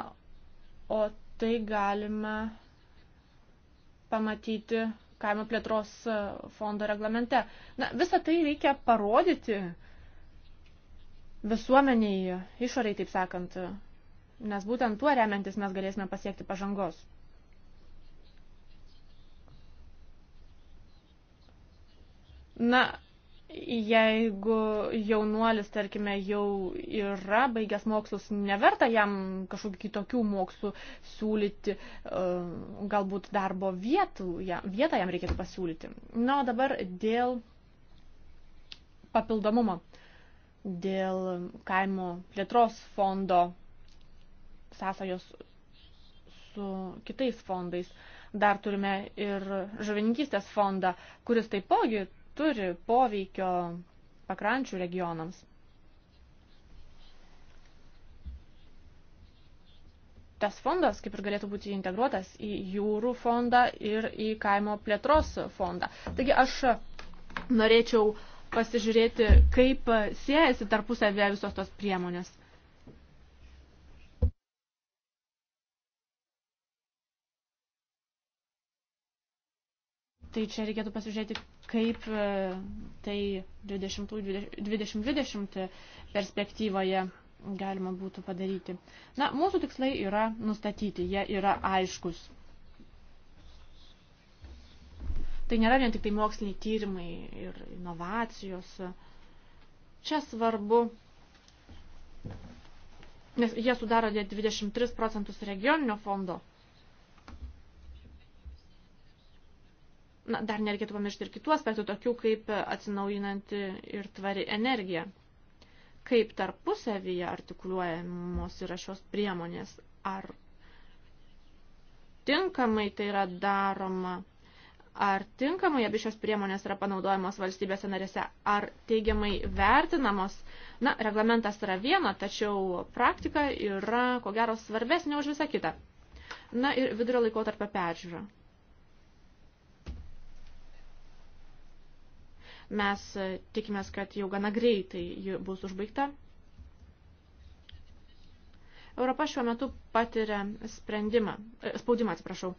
o tai galime pamatyti kaimo plėtros e, fondo reglamente. Na, visą tai reikia parodyti visuomeniai, išoriai, taip sakant, nes būtent tuo remiantis mes galėsime pasiekti pažangos. Na, jeigu jaunuolis, tarkime, jau yra baigęs mokslus, neverta jam kažkokių kitokių mokslų siūlyti, uh, galbūt darbo vietų, vietą jam reikėtų pasiūlyti. Na, o dabar dėl papildomumo, dėl kaimo plėtros fondo sąsajos su kitais fondais. Dar turime ir žuvininkystės fondą, kuris taipogi turi poveikio pakrančių regionams. Tas fondas kaip ir galėtų būti integruotas į jūrų fondą ir į kaimo plėtros fondą. Taigi aš norėčiau pasižiūrėti, kaip siejasi tarpusavėje visos tos priemonės. Tai čia reikėtų pasižiūrėti, kaip e, tai 2020 perspektyvoje galima būtų padaryti. Na, mūsų tikslai yra nustatyti, jie yra aiškus. Tai nėra vien tik tai moksliniai tyrimai ir inovacijos. Čia svarbu, nes jie sudaro 23 procentus regioninio fondo Na, dar nereikėtų pamiršti ir kitų aspektų, tokių kaip atsinaujinanti ir tvari energija. Kaip tarpusavyje artikuliuojamos yra šios priemonės, ar tinkamai tai yra daroma, ar tinkamai abi šios priemonės yra panaudojamos valstybėse narėse, ar teigiamai vertinamos. Na, reglamentas yra viena, tačiau praktika yra, ko gero, svarbesnė už visą kitą. Na ir vidurio laiko tarp peržiūrą. Mes e, tikimės, kad jau gana greitai ji bus užbaigta. Europa šiuo metu patiria sprendimą, e, spaudimą, atsiprašau.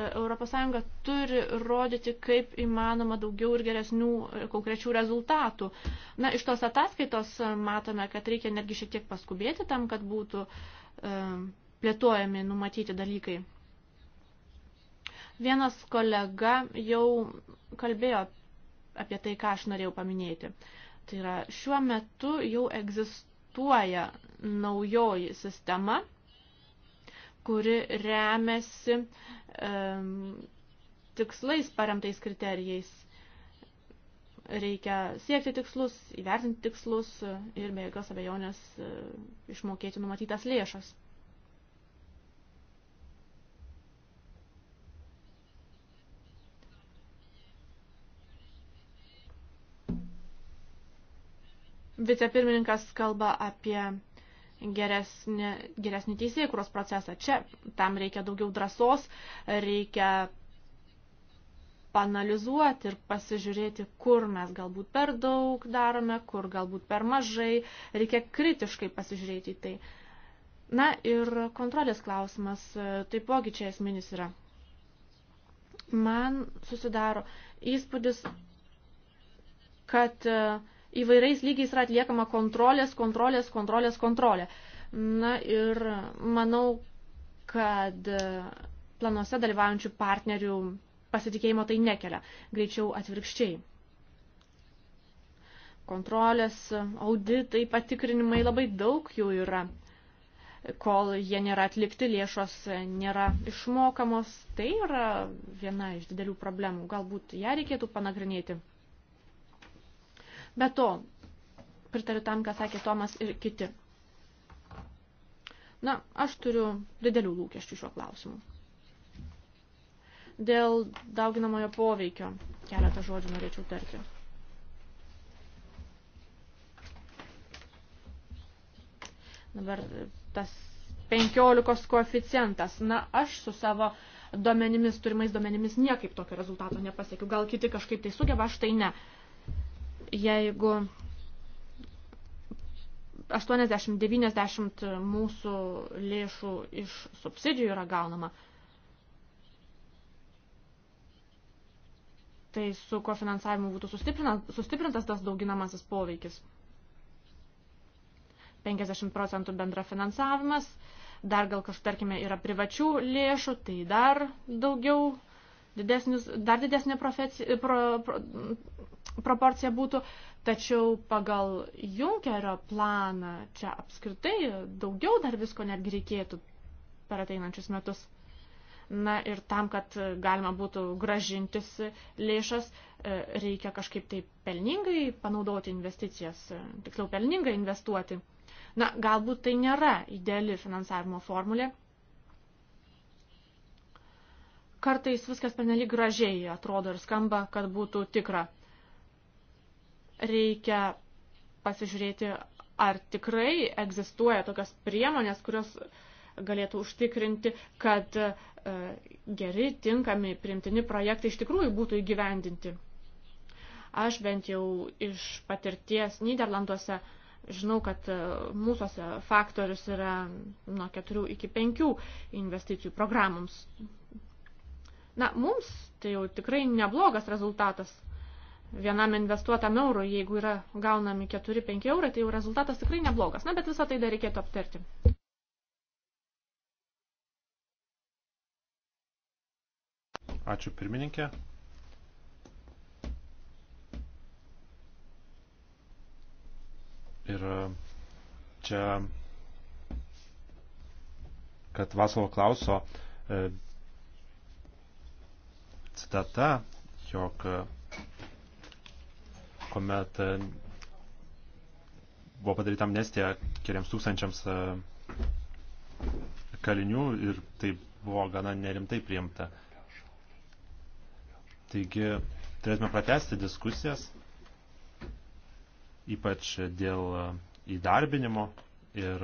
ES turi rodyti kaip įmanoma daugiau ir geresnių e, konkrečių rezultatų. Na, iš tos ataskaitos matome, kad reikia netgi šiek tiek paskubėti tam, kad būtų plėtojami numatyti dalykai. Vienas kolega jau kalbėjo apie tai, ką aš norėjau paminėti. Tai yra, šiuo metu jau egzistuoja naujoji sistema, kuri remiasi um, tikslais paremtais kriterijais. Reikia siekti tikslus, įvertinti tikslus ir be jokios abejonės e, išmokėti numatytas lėšas. vicepirmininkas kalba apie geresnį, geresnį teisėkuros procesą. Čia tam reikia daugiau drąsos, reikia panalizuoti ir pasižiūrėti, kur mes galbūt per daug darome, kur galbūt per mažai. Reikia kritiškai pasižiūrėti į tai. Na ir kontrolės klausimas e, taipogi čia esminis yra. Man susidaro įspūdis, kad uh, įvairiais lygiais yra atliekama kontrolės, kontrolės, kontrolės, kontrolė. Na ir manau, kad planuose dalyvaujančių partnerių pasitikėjimo tai nekelia, greičiau atvirkščiai. Kontrolės, auditai, patikrinimai labai daug jų yra. Kol jie nėra atlikti, lėšos nėra išmokamos, tai yra viena iš didelių problemų. Galbūt ją reikėtų panagrinėti. Be to, pritariu tam, ką sakė Tomas ir kiti. Na, aš turiu didelių lūkesčių šiuo klausimu. Dėl dauginamojo poveikio keletą žodžių norėčiau tarti. Dabar tas 15 koeficientas. Na, aš su savo duomenimis, turimais duomenimis niekaip tokio rezultato nepasiekiu. Gal kiti kažkaip tai sugeba, aš tai ne. Uh, jeigu 80-90 mūsų lėšų iš subsidijų yra gaunama, tai su kofinansavimu būtų sustiprintas tas dauginamasis poveikis. 50 procentų bendra finansavimas, dar gal kažkur, tarkime, yra privačių lėšų, tai dar daugiau, didesnis, dar didesnė profeci, pro, pro, proporcija būtų, tačiau pagal Junkerio planą čia apskritai daugiau dar visko netgi reikėtų per ateinančius metus. Na ir tam, kad galima būtų gražintis lėšas, e, reikia kažkaip tai pelningai panaudoti investicijas, e, tiksliau pelningai investuoti. Na, galbūt tai nėra ideali finansavimo formulė. Kartais viskas pernelyg gražiai atrodo ir skamba, kad būtų tikra reikia pasižiūrėti, ar tikrai egzistuoja tokios priemonės, kurios galėtų užtikrinti, kad e, geri, tinkami, primtini projektai iš tikrųjų būtų įgyvendinti. Aš bent jau iš patirties Niderlanduose žinau, kad e, mūsųse faktorius yra nuo 4 iki 5 investicijų programoms. Na, mums tai jau tikrai neblogas rezultatas vienam investuotam eurui, jeigu yra gaunami 4-5 eurai, tai jau rezultatas tikrai neblogas. Na, bet visą tai dar reikėtų aptarti. Ačiū pirmininkė. Ir e, čia, kad Vasalo klauso e, citata, jog kuomet e, buvo padaryta amnestija keliams tūkstančiams e, kalinių ir tai buvo gana nerimtai priimta. Taigi, turėtume pratesti diskusijas, ypač dėl įdarbinimo ir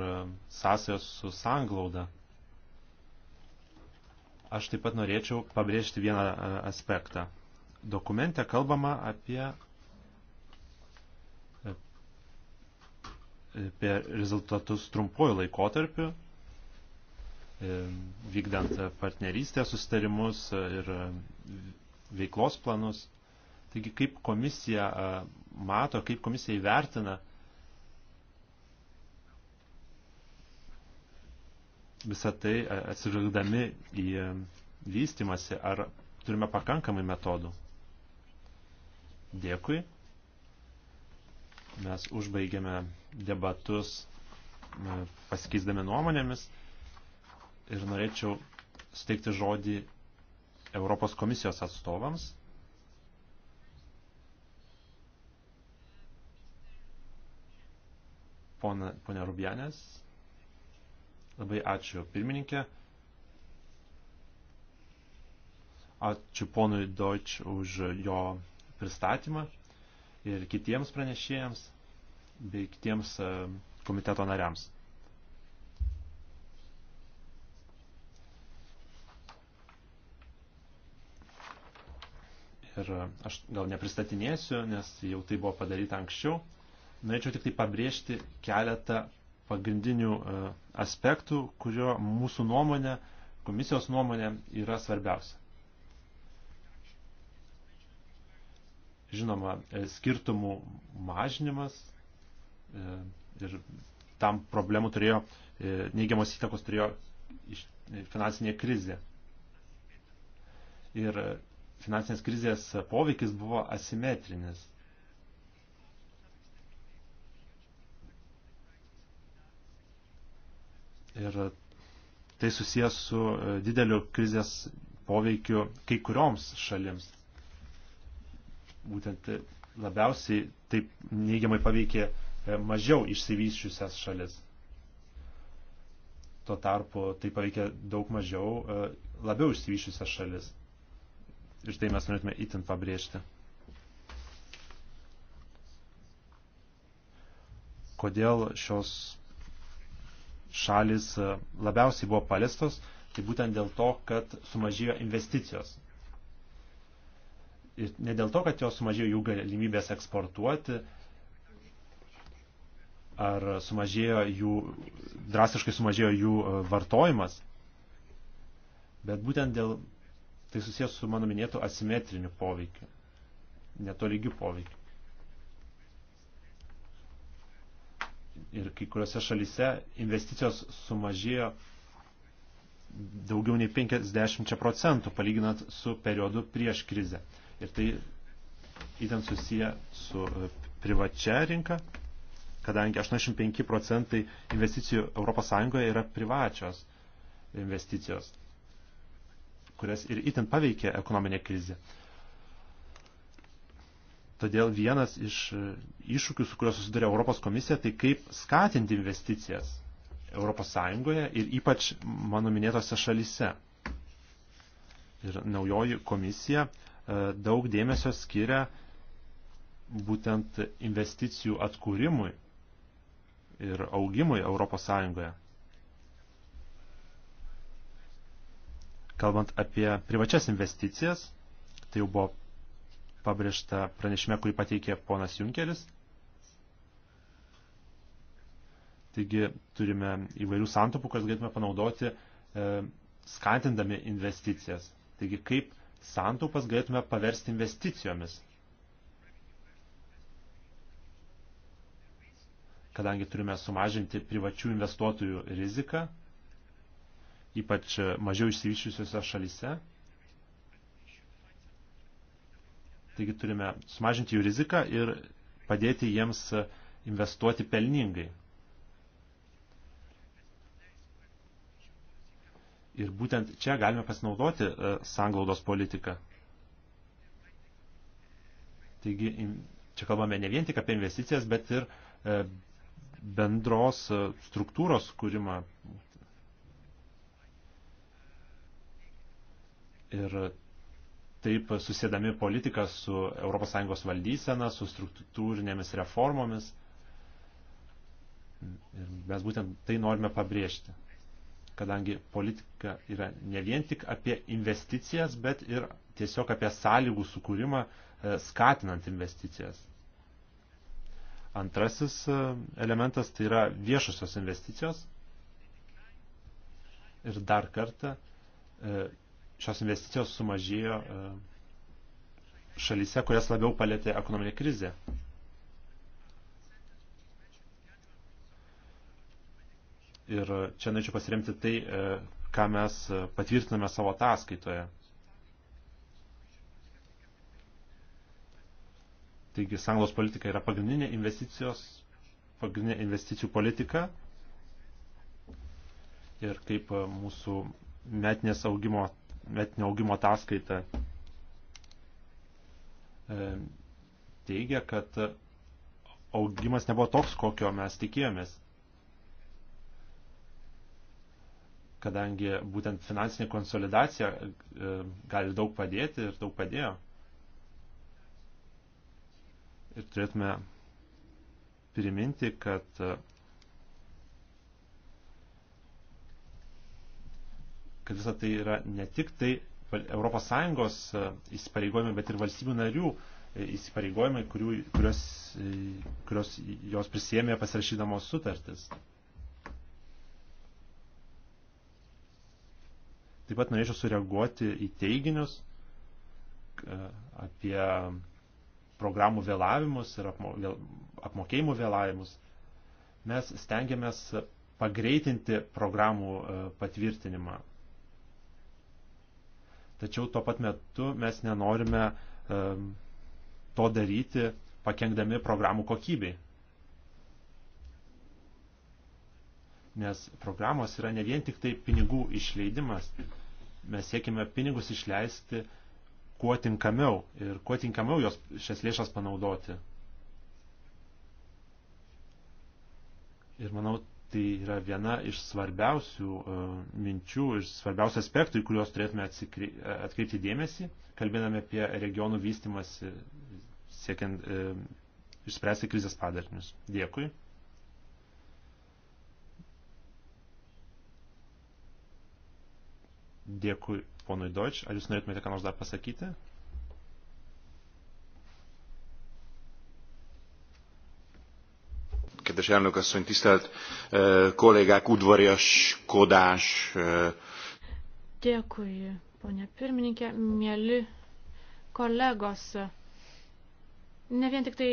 sąsajos su sanglauda. Aš taip pat norėčiau pabrėžti vieną e, aspektą. Dokumente kalbama apie apie rezultatus trumpuoju laikotarpiu, e, vykdant partnerystę sustarimus ir veiklos planus. Taigi, kaip komisija mato, kaip komisija įvertina visą tai atsižvelgdami į vystimasi, ar turime pakankamai metodų. Dėkui. Mes užbaigėme debatus e, pasikeisdami nuomonėmis ir norėčiau suteikti žodį Europos komisijos atstovams. Pone, pone Rubianės, labai ačiū pirmininkė. Ačiū ponui Deutsch už jo pristatymą ir kitiems pranešėjams bei kitiems e, komiteto nariams. Ir e, aš gal nepristatinėsiu, nes jau tai buvo padaryta anksčiau. Norėčiau tik tai pabrėžti keletą pagrindinių e, aspektų, kurio mūsų nuomonė, komisijos nuomonė yra svarbiausia. Žinoma, e, skirtumų mažinimas e, ir tam problemų turėjo, e, neigiamos įtakos turėjo finansinė krizė. Ir finansinės krizės poveikis buvo asimetrinis. Ir tai susijęs su dideliu krizės poveikiu kai kurioms šalims būtent e, labiausiai taip neigiamai paveikė e, mažiau išsivysčiusias šalis. Tuo tarpu tai paveikia daug mažiau e, labiau išsivyščiusias šalis. Ir tai mes norėtume itin pabrėžti. Kodėl šios šalis labiausiai buvo paliestos, tai būtent dėl to, kad sumažėjo investicijos ne dėl to, kad jos sumažėjo jų galimybės eksportuoti ar sumažėjo jų, drastiškai sumažėjo jų e, vartojimas, bet būtent dėl tai susijęs su mano minėtu asimetriniu poveikiu, netolygiu poveikiu. Ir kai kuriuose šalyse investicijos sumažėjo daugiau nei 50 procentų palyginant su periodu prieš krizę. Ir tai įtent susiję su e, privačia rinka, kadangi 85 procentai investicijų ES yra privačios investicijos, kurias ir įtent paveikė ekonominė krizė. Todėl vienas iš e, iššūkių, su kuriuo susiduria Europos komisija, tai kaip skatinti investicijas Europos Sąjungoje ir ypač mano minėtose šalise. Ir naujoji komisija E, daug dėmesio skiria būtent investicijų atkūrimui ir augimui Europos Sąjungoje. Kalbant apie privačias investicijas, tai jau buvo pabrėžta pranešime, kurį pateikė ponas Junkeris. Taigi turime įvairių santopų, kas galėtume panaudoti e, skatindami investicijas. Taigi kaip santaupas galėtume paversti investicijomis. Kadangi turime sumažinti privačių investuotojų riziką, ypač mažiau išsivyščiusiuose šalyse, taigi turime sumažinti jų riziką ir padėti jiems investuoti pelningai. Ir būtent čia galime pasinaudoti e, sanglaudos politiką. Taigi, čia kalbame ne vien tik apie investicijas, bet ir e, bendros e, struktūros kūrimą. Ir taip susėdami politiką su ES valdysena, su struktūrinėmis reformomis. Ir mes būtent tai norime pabrėžti kadangi politika yra ne vien tik apie investicijas, bet ir tiesiog apie sąlygų sukūrimą e, skatinant investicijas. Antrasis e, elementas tai yra viešosios investicijos. Ir dar kartą e, šios investicijos sumažėjo šalyse, kurias labiau palėtė ekonominė krizė. Ir čia norėčiau pasiremti tai, e, ką mes e, patvirtiname savo ataskaitoje. Taigi, sanglos politika yra pagrindinė investicijos, pagrindinė investicijų politika. Ir kaip e, mūsų metinės augimo, metinio augimo ataskaita teigia, kad augimas nebuvo toks, kokio mes tikėjomės. kadangi būtent finansinė konsolidacija e, gali daug padėti ir daug padėjo. Ir turėtume priminti, kad e, kad visą tai yra ne tik tai ES e, įsipareigojimai, bet ir valstybių narių įsipareigojimai, kurių, kurios, kurios jos prisėmė pasirašydamos sutartis. Taip pat norėčiau sureaguoti į teiginius apie programų vėlavimus ir apmokėjimų vėlavimus. Mes stengiamės pagreitinti programų e, patvirtinimą. Tačiau tuo pat metu mes nenorime e, to daryti pakengdami programų kokybei. nes programos yra ne vien tik tai pinigų išleidimas. Mes siekime pinigus išleisti kuo tinkamiau ir kuo tinkamiau jos šias lėšas panaudoti. Ir manau, tai yra viena iš svarbiausių uh, minčių, iš svarbiausių aspektų, į kuriuos turėtume atsikri, atkreipti dėmesį, kalbėdami apie regionų vystimąsi siekiant uh, išspręsti krizės padarinius. Dėkui. Dėkui ponui Deutsch. Ar jūs norėtumėte ką nors dar pasakyti? Kedves elnök asszony, tisztelt e, kollégák, udvariaskodás. E. Dėkui, ponė pirmininkė, mėly kolegos. Ne vien tik tai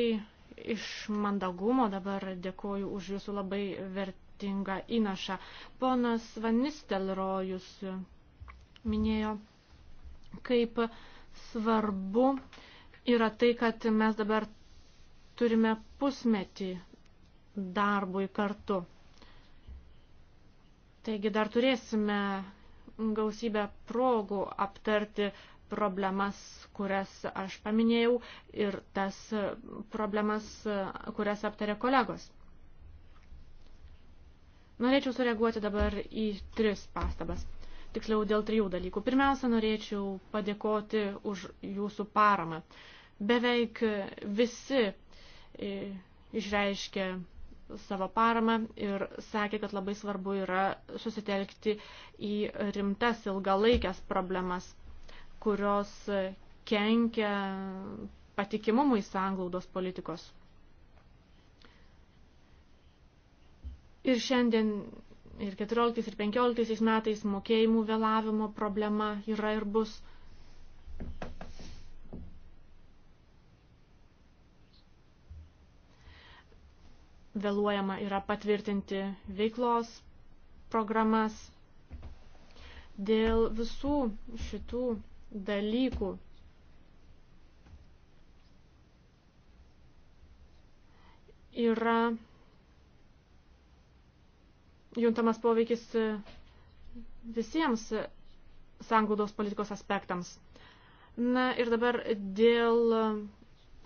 iš mandagumo dabar dėkoju už jūsų labai vertingą įnašą. Ponas Vanistelrojus. Rojus minėjo, kaip svarbu yra tai, kad mes dabar turime pusmetį darbui kartu. Taigi dar turėsime gausybę progų aptarti problemas, kurias aš paminėjau ir tas problemas, kurias aptarė kolegos. Norėčiau sureaguoti dabar į tris pastabas tiksliau dėl trijų dalykų. Pirmiausia, norėčiau padėkoti už jūsų paramą. Beveik visi e, išreiškė savo paramą ir sakė, kad labai svarbu yra susitelkti į rimtas ilgalaikės problemas, kurios kenkia patikimumui sanglaudos politikos. Ir šiandien ir 14 ir 15 metais mokėjimų vėlavimo problema yra ir bus. Vėluojama yra patvirtinti veiklos programas. Dėl visų šitų dalykų yra juntamas poveikis e, visiems sanglaudos politikos aspektams. Na ir dabar dėl e,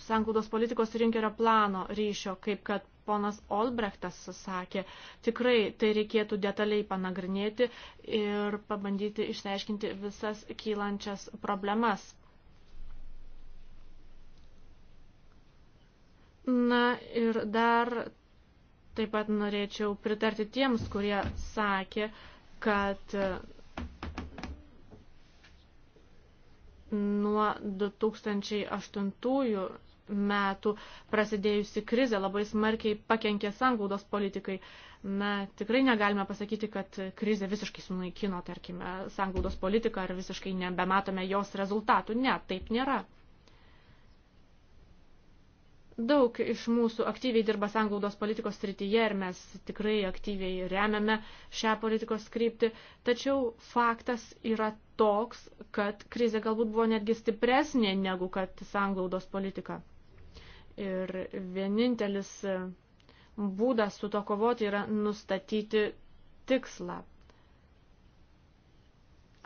sanglaudos politikos rinkerio plano ryšio, kaip kad ponas Olbrechtas sakė, tikrai tai reikėtų detaliai panagrinėti ir pabandyti išsiaiškinti visas kylančias problemas. Na ir dar Taip pat norėčiau pritarti tiems, kurie sakė, kad e, nuo 2008 metų prasidėjusi krizė labai smarkiai pakenkė sanglaudos politikai. Na, tikrai negalime pasakyti, kad krizė visiškai sunaikino, tarkime, sanglaudos politiką ar visiškai nebematome jos rezultatų. Ne, taip nėra. Daug iš mūsų aktyviai dirba sanglaudos politikos srityje ir mes tikrai aktyviai remiame šią politikos kryptį, tačiau faktas yra toks, kad krizė galbūt buvo netgi stipresnė negu kad sanglaudos politika. Ir vienintelis e, būdas su to kovoti yra nustatyti tikslą.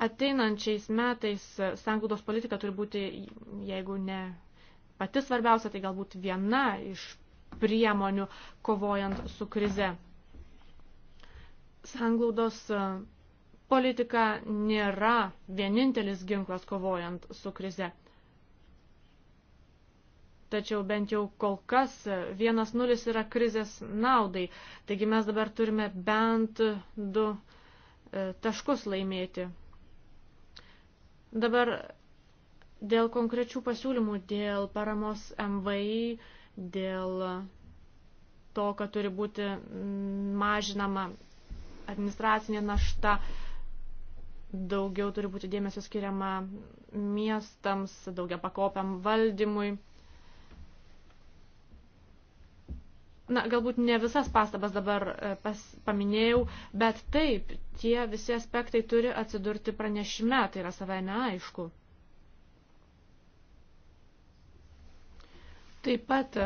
Ateinančiais metais sanglaudos politika turi būti, jeigu ne pati svarbiausia, tai galbūt viena iš priemonių kovojant su krize. Sanglaudos e, politika nėra vienintelis ginklas kovojant su krize. Tačiau bent jau kol kas vienas nulis yra krizės naudai. Taigi mes dabar turime bent du e, taškus laimėti. Dabar Dėl konkrečių pasiūlymų, dėl paramos MVI, dėl to, kad turi būti mažinama administracinė našta, daugiau turi būti dėmesio skiriama miestams, daugia pakopiam valdymui. na, galbūt ne visas pastabas dabar e, pas, paminėjau, bet taip, tie visi aspektai turi atsidurti pranešime, tai yra savai neaišku. Taip pat e,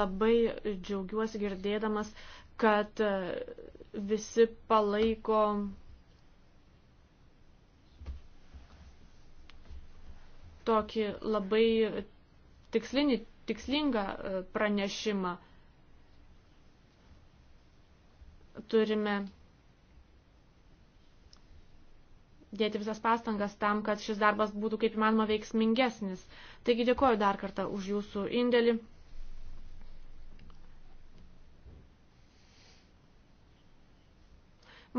labai džiaugiuosi girdėdamas, kad e, visi palaiko tokį labai tikslinį, tikslingą e, pranešimą. Turime dėti visas pastangas tam, kad šis darbas būtų kaip įmanoma veiksmingesnis. Taigi dėkuoju dar kartą už jūsų indėlį.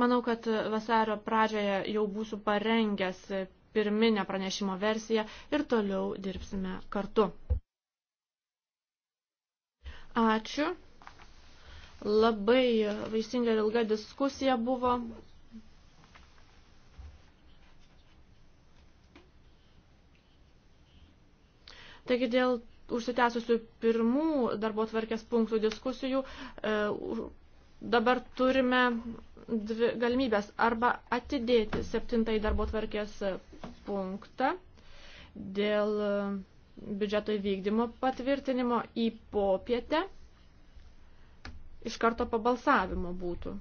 Manau, kad vasario pradžioje jau būsiu parengęs pirminę pranešimo versiją ir toliau dirbsime kartu. Ačiū. Labai vaisinga ir ilga diskusija buvo. Taigi dėl užsitęsusių pirmų darbo tvarkės punktų diskusijų e, dabar turime dvi galimybės arba atidėti septintąjį darbo tvarkės punktą dėl e, biudžeto įvykdymo patvirtinimo į popietę iš karto pabalsavimo būtų.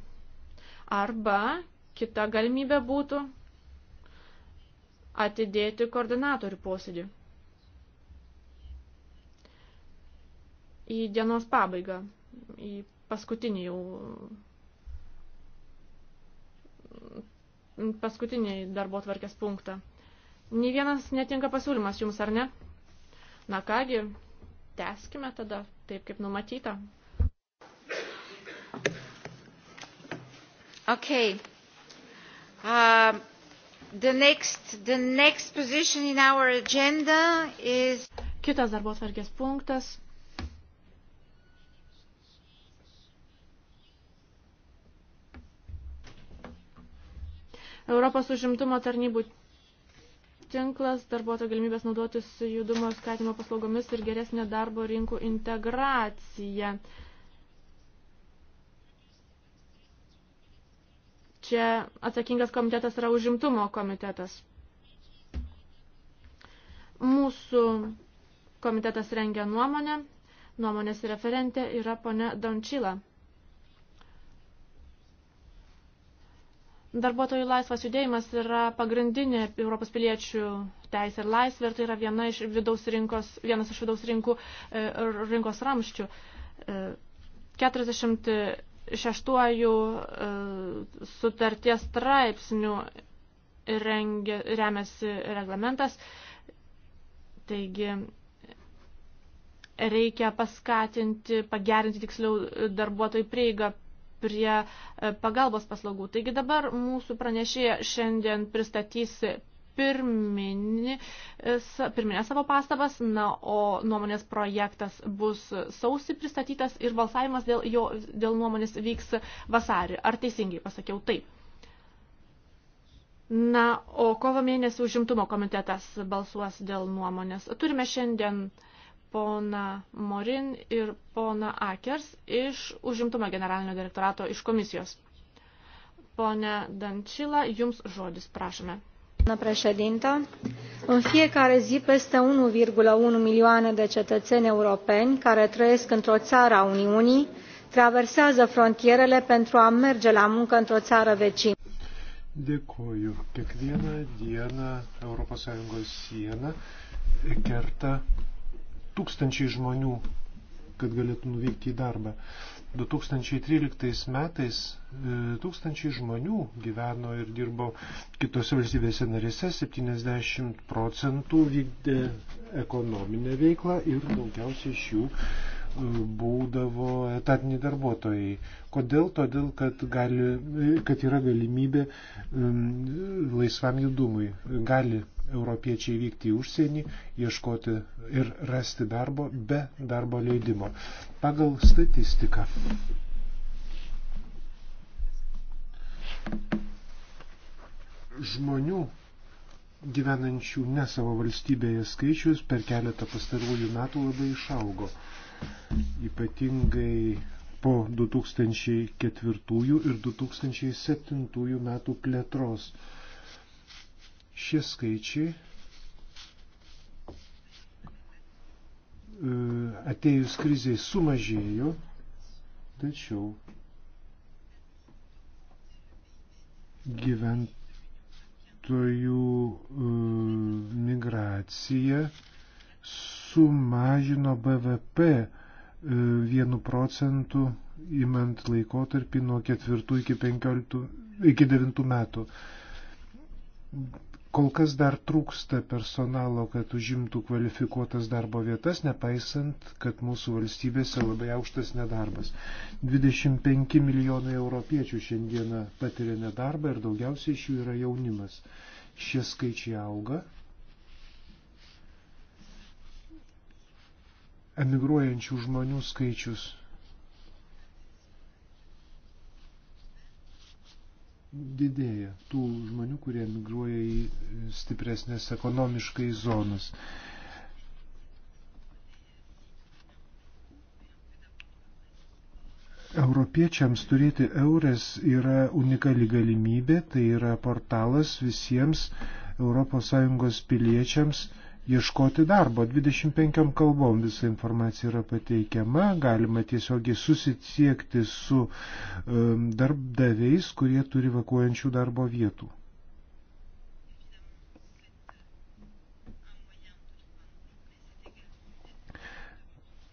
Arba kita galimybė būtų atidėti koordinatorių posėdį. į dienos pabaigą, į paskutinį jau paskutinį darbo tvarkės punktą. Nį vienas netinka pasiūlymas jums, ar ne? Na kągi, teskime tada, taip kaip numatyta. Okay. Uh, the next, the next position in our agenda is... Kitas darbo tvarkės punktas – Europos užimtumo tarnybų tinklas, darbuotojų galimybės naudotis judumo skatimo paslaugomis ir geresnė darbo rinkų integracija. Čia atsakingas komitetas yra užimtumo komitetas. Mūsų komitetas rengia nuomonę, nuomonės referentė yra ponia Dončila. Darbuotojų laisvas judėjimas yra pagrindinė Europos piliečių teisė ir laisvė ir tai yra viena iš vidaus rinkos, vienas iš vidaus rinkų, e, rinkos ramščių. 46 e, e, sutarties straipsnių rengia, remiasi reglamentas, taigi reikia paskatinti, pagerinti tiksliau darbuotojų prieigą prie e, pagalbos paslaugų. Taigi dabar mūsų pranešėja šiandien pristatys pirminį, e, pirminę savo pastabas, na, o nuomonės projektas bus sausi pristatytas ir balsavimas dėl, jo, dėl nuomonės vyks vasarį. Ar teisingai pasakiau taip? Na, o kovo mėnesį užimtumo komitetas balsuos dėl nuomonės. Turime šiandien uh, pona Morin ir pona Akers iš užimtumo generalinio direktorato iš komisijos. Pone Dancila, jums žodis, prašome. Doamna președintă, în fiecare zi peste 1,1 milioane de cetățeni europeni care trăiesc într-o țară a Uniunii traversează frontierele pentru a merge la muncă într-o țară vecină. Dėkuoju. Kiekvieną dieną ES sieną kerta tūkstančiai žmonių, kad galėtų nuvykti į darbą. 2013 metais e, tūkstančiai žmonių gyveno ir dirbo kitose valstybėse narėse, 70 procentų vykdė ekonominę veiklą ir daugiausiai iš jų e, būdavo etatiniai darbuotojai. Kodėl? Todėl, kad, gali, kad yra galimybė laisvam judumui. Gali europiečiai vykti į užsienį, ieškoti ir rasti darbo be darbo leidimo. Pagal statistiką. Žmonių gyvenančių ne savo valstybėje skaičius per keletą pastarųjų metų labai išaugo. Ypatingai po 2004 ir 2007 metų plėtros. Šie skaičiai e, atėjus kriziai sumažėjo, tačiau gyventojų e, migracija sumažino BVP e, vienu procentu įmant laikotarpį nuo ketvirtų iki, iki devintų metų. Kol kas dar trūksta personalo, kad užimtų kvalifikuotas darbo vietas, nepaisant, kad mūsų valstybėse labai aukštas nedarbas. 25 milijonai europiečių šiandieną patiria nedarbą ir daugiausiai iš jų yra jaunimas. Šie skaičiai auga. Emigruojančių žmonių skaičius didėja tų žmonių, kurie migruoja į stipresnės ekonomiškai zonas. Europiečiams turėti eurės yra unikali galimybė, tai yra portalas visiems ES piliečiams, ieškoti darbo. 25 kalbom visa informacija yra pateikiama, galima tiesiogiai susisiekti su um, darbdaviais, kurie turi vakuojančių darbo vietų.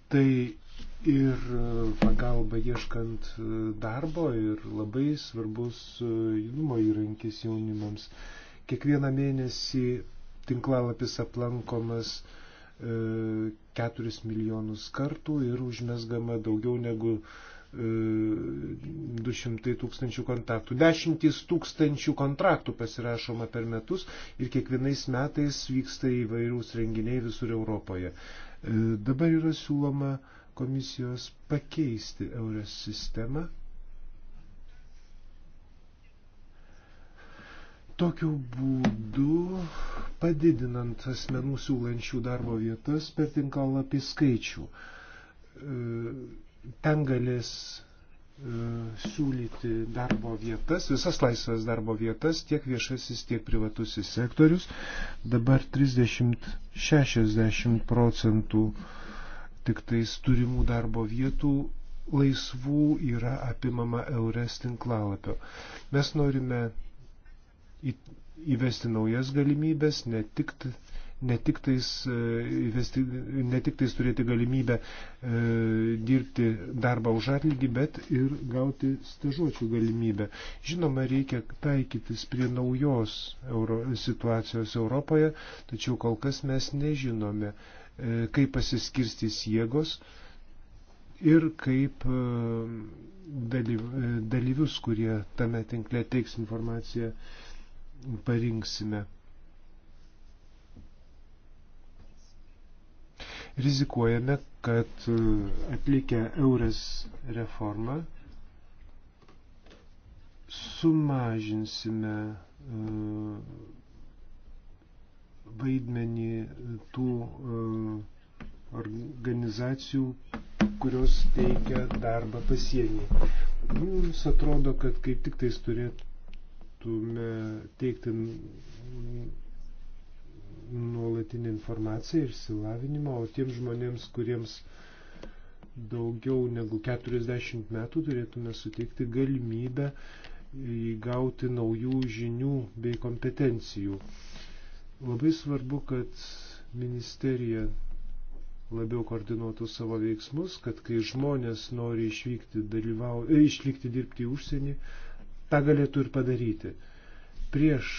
Tai ir uh, pagalba ieškant uh, darbo ir labai svarbus uh, judumo įrankis jaunimams. Kiekvieną mėnesį tinklalapis aplankomas 4 e, milijonus kartų ir užmesgama daugiau negu 200 e, tūkstančių kontaktų. Dešimtys tūkstančių kontraktų pasirašoma per metus ir kiekvienais metais vyksta įvairūs renginiai visur Europoje. E, dabar yra siūloma komisijos pakeisti Eures sistemą Tokiu būdu padidinant asmenų siūlančių darbo vietas per tinklalapį skaičių. E, ten galės e, siūlyti darbo vietas, visas laisvas darbo vietas, tiek viešasis, tiek privatusis sektorius. Dabar 30-60 procentų tik tais turimų darbo vietų laisvų yra apimama eures tinklalapio. Mes norime įvesti naujas galimybės, ne tik, ne tik, tais, e, įvesti, ne tik tais turėti galimybę e, dirbti darbą už atlygį, bet ir gauti stažuočių galimybę. Žinoma, reikia taikytis prie naujos euro, situacijos Europoje, tačiau kol kas mes nežinome, e, kaip pasiskirstys jėgos ir kaip e, e, dalyvius, kurie tame tinkle teiks informaciją, parinksime. Rizikuojame, kad e, atlikę eurės reformą sumažinsime e, vaidmenį tų e, organizacijų, kurios teikia darbą pasienyje. Jums atrodo, kad kaip tik tais turėtų turėtume teikti nuolatinę informaciją ir silavinimą, o tiems žmonėms, kuriems daugiau negu 40 metų turėtume suteikti galimybę įgauti naujų žinių bei kompetencijų. Labai svarbu, kad ministerija labiau koordinuotų savo veiksmus, kad kai žmonės nori išvykti, dalyvau, e, išlikti dirbti į užsienį, tą galėtų ir padaryti. Prieš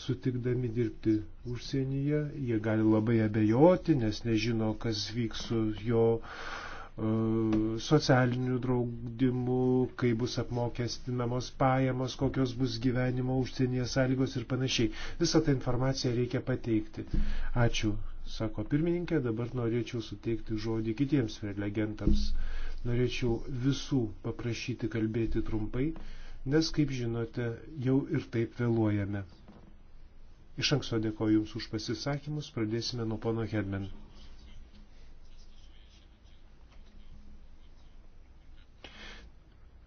sutikdami dirbti užsienyje, jie gali labai abejoti, nes nežino, kas vyks su jo e, socialiniu draudimu, kaip bus apmokestinamos pajamos, kokios bus gyvenimo užsienyje sąlygos ir panašiai. Visą tą informaciją reikia pateikti. Ačiū, sako pirmininkė, dabar norėčiau suteikti žodį kitiems prelegentams. Norėčiau visų paprašyti kalbėti trumpai nes, kaip žinote, jau ir taip vėluojame. Iš anksto dėkoju Jums už pasisakymus, pradėsime nuo pono Hedmen.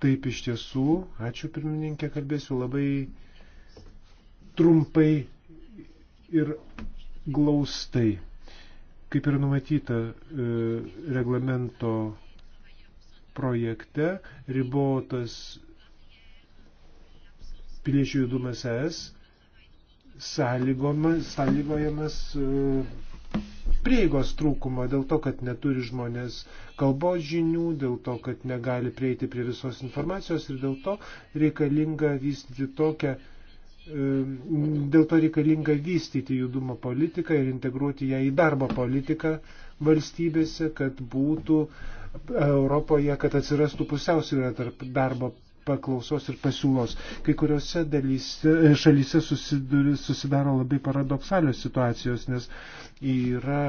Taip iš tiesų, ačiū pirmininkė, kalbėsiu labai trumpai ir glaustai. Kaip ir numatyta e, reglamento projekte, ribotas piliečių judumas ES sąlygojamas e, prieigos trūkumo dėl to, kad neturi žmonės kalbos žinių, dėl to, kad negali prieiti prie visos informacijos ir dėl to reikalinga vystyti tokią e, Dėl to reikalinga vystyti judumo politiką ir integruoti ją į darbo politiką valstybėse, kad būtų Europoje, kad atsirastų pusiausvyrą tarp darbo paklausos ir pasiūlos. Kai kuriuose dalyse, e, šalyse susidaro labai paradoksalios situacijos, nes yra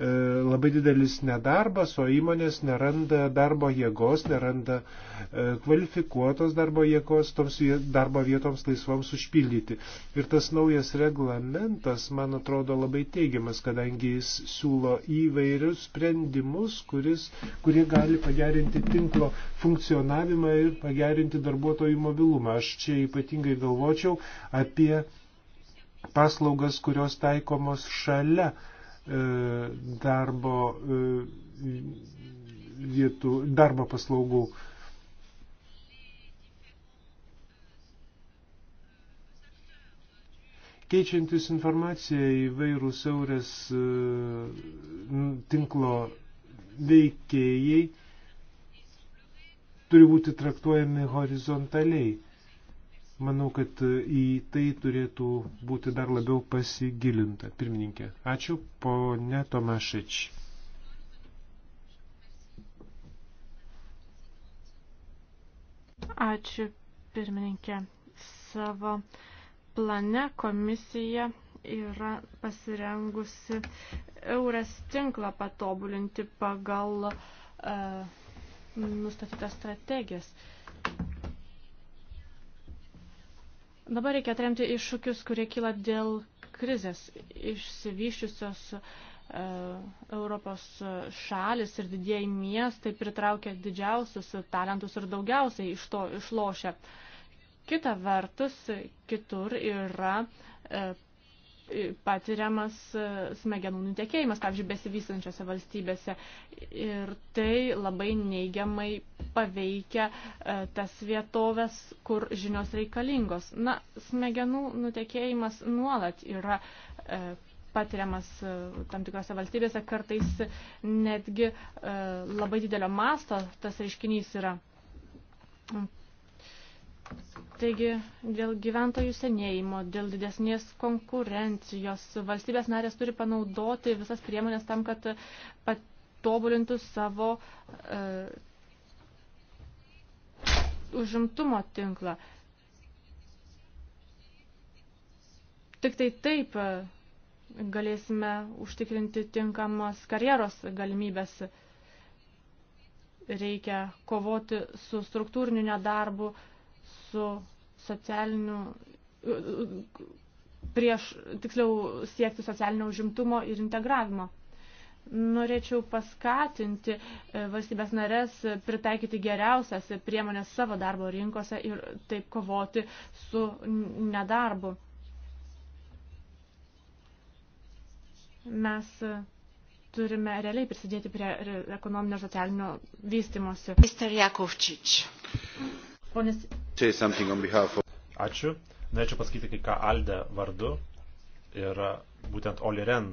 E, labai didelis nedarbas, o įmonės neranda darbo jėgos, neranda e, kvalifikuotos darbo jėgos toms darbo vietoms laisvoms užpildyti. Ir tas naujas reglamentas, man atrodo, labai teigiamas, kadangi jis siūlo įvairius sprendimus, kuris, kurie gali pagerinti tinklo funkcionavimą ir pagerinti darbuotojų mobilumą. Aš čia ypatingai galvočiau apie paslaugas, kurios taikomos šalia E, darbo e, vietų, darbo paslaugų. Keičiantis informaciją įvairūs eurės e, tinklo veikėjai turi būti traktuojami horizontaliai. Manau, kad e, į tai turėtų būti dar labiau pasigilinta. Pirmininkė, ačiū, ponė Tomašič. Ačiū, pirmininkė. Savo plane komisija yra pasirengusi eurės tinklą patobulinti pagal uh, nustatytas strategijas. Uh, Dabar reikia atremti iššūkius, kurie kyla dėl krizės išsivyščiusios e, Europos šalis ir didieji miestai pritraukia didžiausius talentus ir daugiausiai iš to išlošia. Kita vertus, kitur yra e, patiriamas e, smegenų nutekėjimas, pavyzdžiui, besivystančiose valstybėse. Ir tai labai neigiamai paveikia e, tas vietovės, kur žinios reikalingos. Na, smegenų nutekėjimas nuolat yra e, patiriamas tam tikrose valstybėse, kartais netgi labai didelio masto tas reiškinys yra. Taigi dėl gyventojų senėjimo, dėl didesnės konkurencijos valstybės narės turi panaudoti visas priemonės tam, kad patobulintų savo uh, užimtumo tinklą. Tik tai taip e, galėsime užtikrinti tinkamas karjeros galimybės. Reikia kovoti su struktūriniu nedarbu, uh, su socialiniu prieš, tiksliau, siekti socialinio užimtumo ir integravimo. Norėčiau paskatinti e, valstybės narės pritaikyti geriausias priemonės savo darbo rinkose ir taip kovoti su nedarbu. Mes turime realiai prisidėti prie ekonominio socialinio vystimosi. Mr. Jakovčič. Ponis... Ačiū. Norėčiau pasakyti kai ką Alde vardu ir būtent Oliren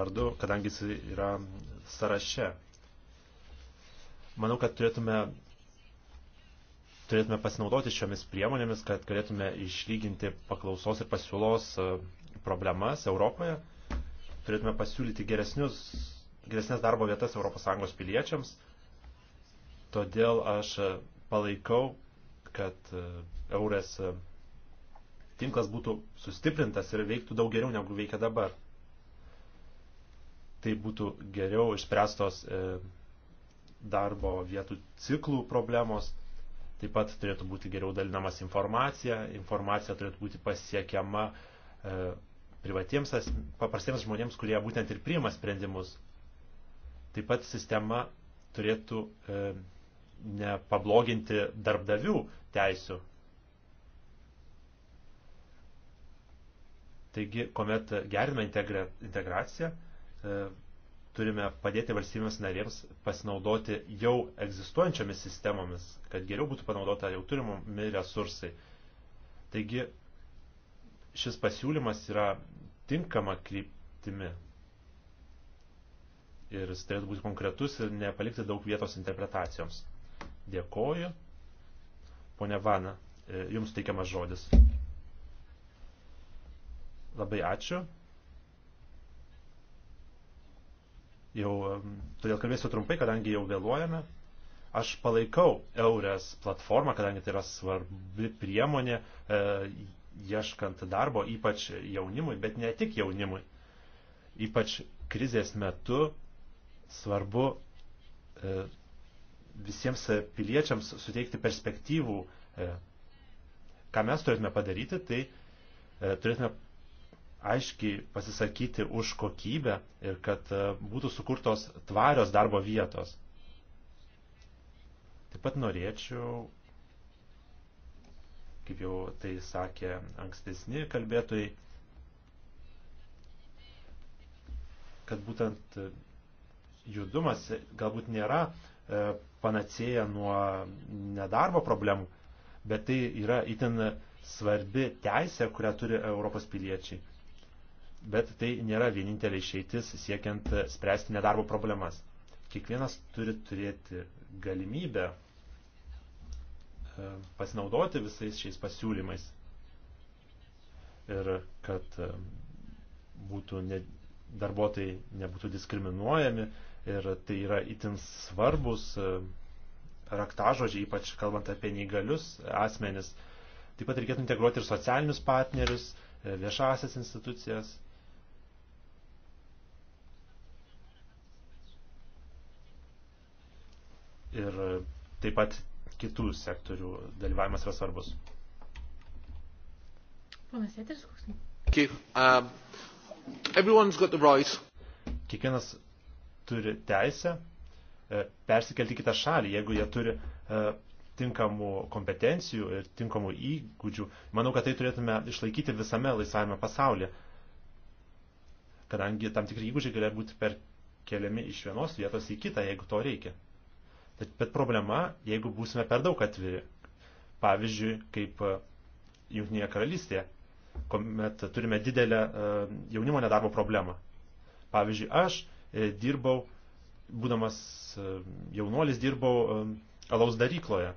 vardu, kadangi jis yra sąraše. Manau, kad turėtume, turėtume pasinaudoti šiomis priemonėmis, kad galėtume išlyginti paklausos ir pasiūlos e, problemas Europoje. Turėtume pasiūlyti geresnius, geresnės darbo vietas ES piliečiams. Todėl aš palaikau kad e, eurės e, tinklas būtų sustiprintas ir veiktų daug geriau negu veikia dabar. Tai būtų geriau išspręstos e, darbo vietų ciklų problemos, taip pat turėtų būti geriau dalinamas informacija, informacija turėtų būti pasiekiama privatiems, paprastiems žmonėms, kurie būtent ir priima sprendimus. Taip pat sistema turėtų nepabloginti darbdavių teisių. Taigi, kuomet gerime integra integraciją, e, turime padėti valstybėms narėms pasinaudoti jau egzistuojančiomis sistemomis, kad geriau būtų panaudota jau turimami resursai. Taigi, šis pasiūlymas yra tinkama kryptimi. Ir jis turėtų būti konkretus ir nepalikti daug vietos interpretacijoms. Dėkoju. Pone Vana, e, jums teikiamas žodis. Labai ačiū. Jau todėl kalbėsiu trumpai, kadangi jau vėluojame. Aš palaikau Eures platformą, kadangi tai yra svarbi priemonė e, ieškant darbo, ypač jaunimui, bet ne tik jaunimui. Ypač krizės metu svarbu e, visiems e, piliečiams suteikti perspektyvų, e, ką mes turėtume padaryti, tai e, turėtume aiškiai pasisakyti už kokybę ir kad būtų sukurtos tvarios darbo vietos. Taip pat norėčiau, kaip jau tai sakė ankstesni kalbėtojai, kad būtent judumas galbūt nėra E, panacėja nuo nedarbo problemų, bet tai yra itin svarbi teisė, kurią turi Europos piliečiai. Bet tai nėra vienintelė išeitis siekiant spręsti nedarbo problemas. Kiekvienas turi turėti galimybę e, pasinaudoti visais šiais pasiūlymais ir kad e, būtų ne, darbuotojai nebūtų diskriminuojami, ir tai yra itin svarbus e, raktažodžiai, ypač kalbant apie neįgalius asmenis. Taip pat reikėtų integruoti ir socialinius partnerius, e, viešasias institucijas. Ir e, taip pat kitų sektorių dalyvavimas yra svarbus. Ponas Jėteris, koks? Um, Kiekvienas turi teisę e, persikelti kitą šalį, jeigu jie turi e, tinkamų kompetencijų ir tinkamų įgūdžių. Manau, kad tai turėtume išlaikyti visame laisvame pasaulyje, kadangi tam tikri įgūdžiai galėtų būti perkeliami iš vienos vietos į kitą, jeigu to reikia. Bet, bet problema, jeigu būsime per daug atviri. Pavyzdžiui, kaip e, Junktinėje karalystėje, kuomet turime didelę jaunimo nedarbo problemą. Pavyzdžiui, aš E, dirbau, būdamas e, jaunuolis dirbau e, alaus darykloje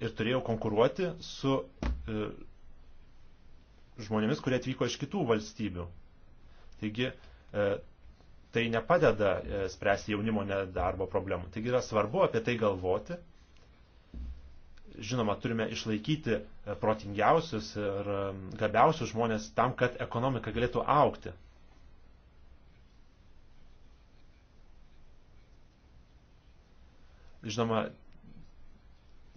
ir turėjau konkuruoti su žmonėmis, kurie atvyko iš kitų valstybių. Taigi, tai nepadeda spręsti jaunimo nedarbo problemų. Taigi yra svarbu apie tai galvoti. Žinoma, turime išlaikyti protingiausius ir gabiausius žmonės tam, kad ekonomika galėtų aukti. žinoma,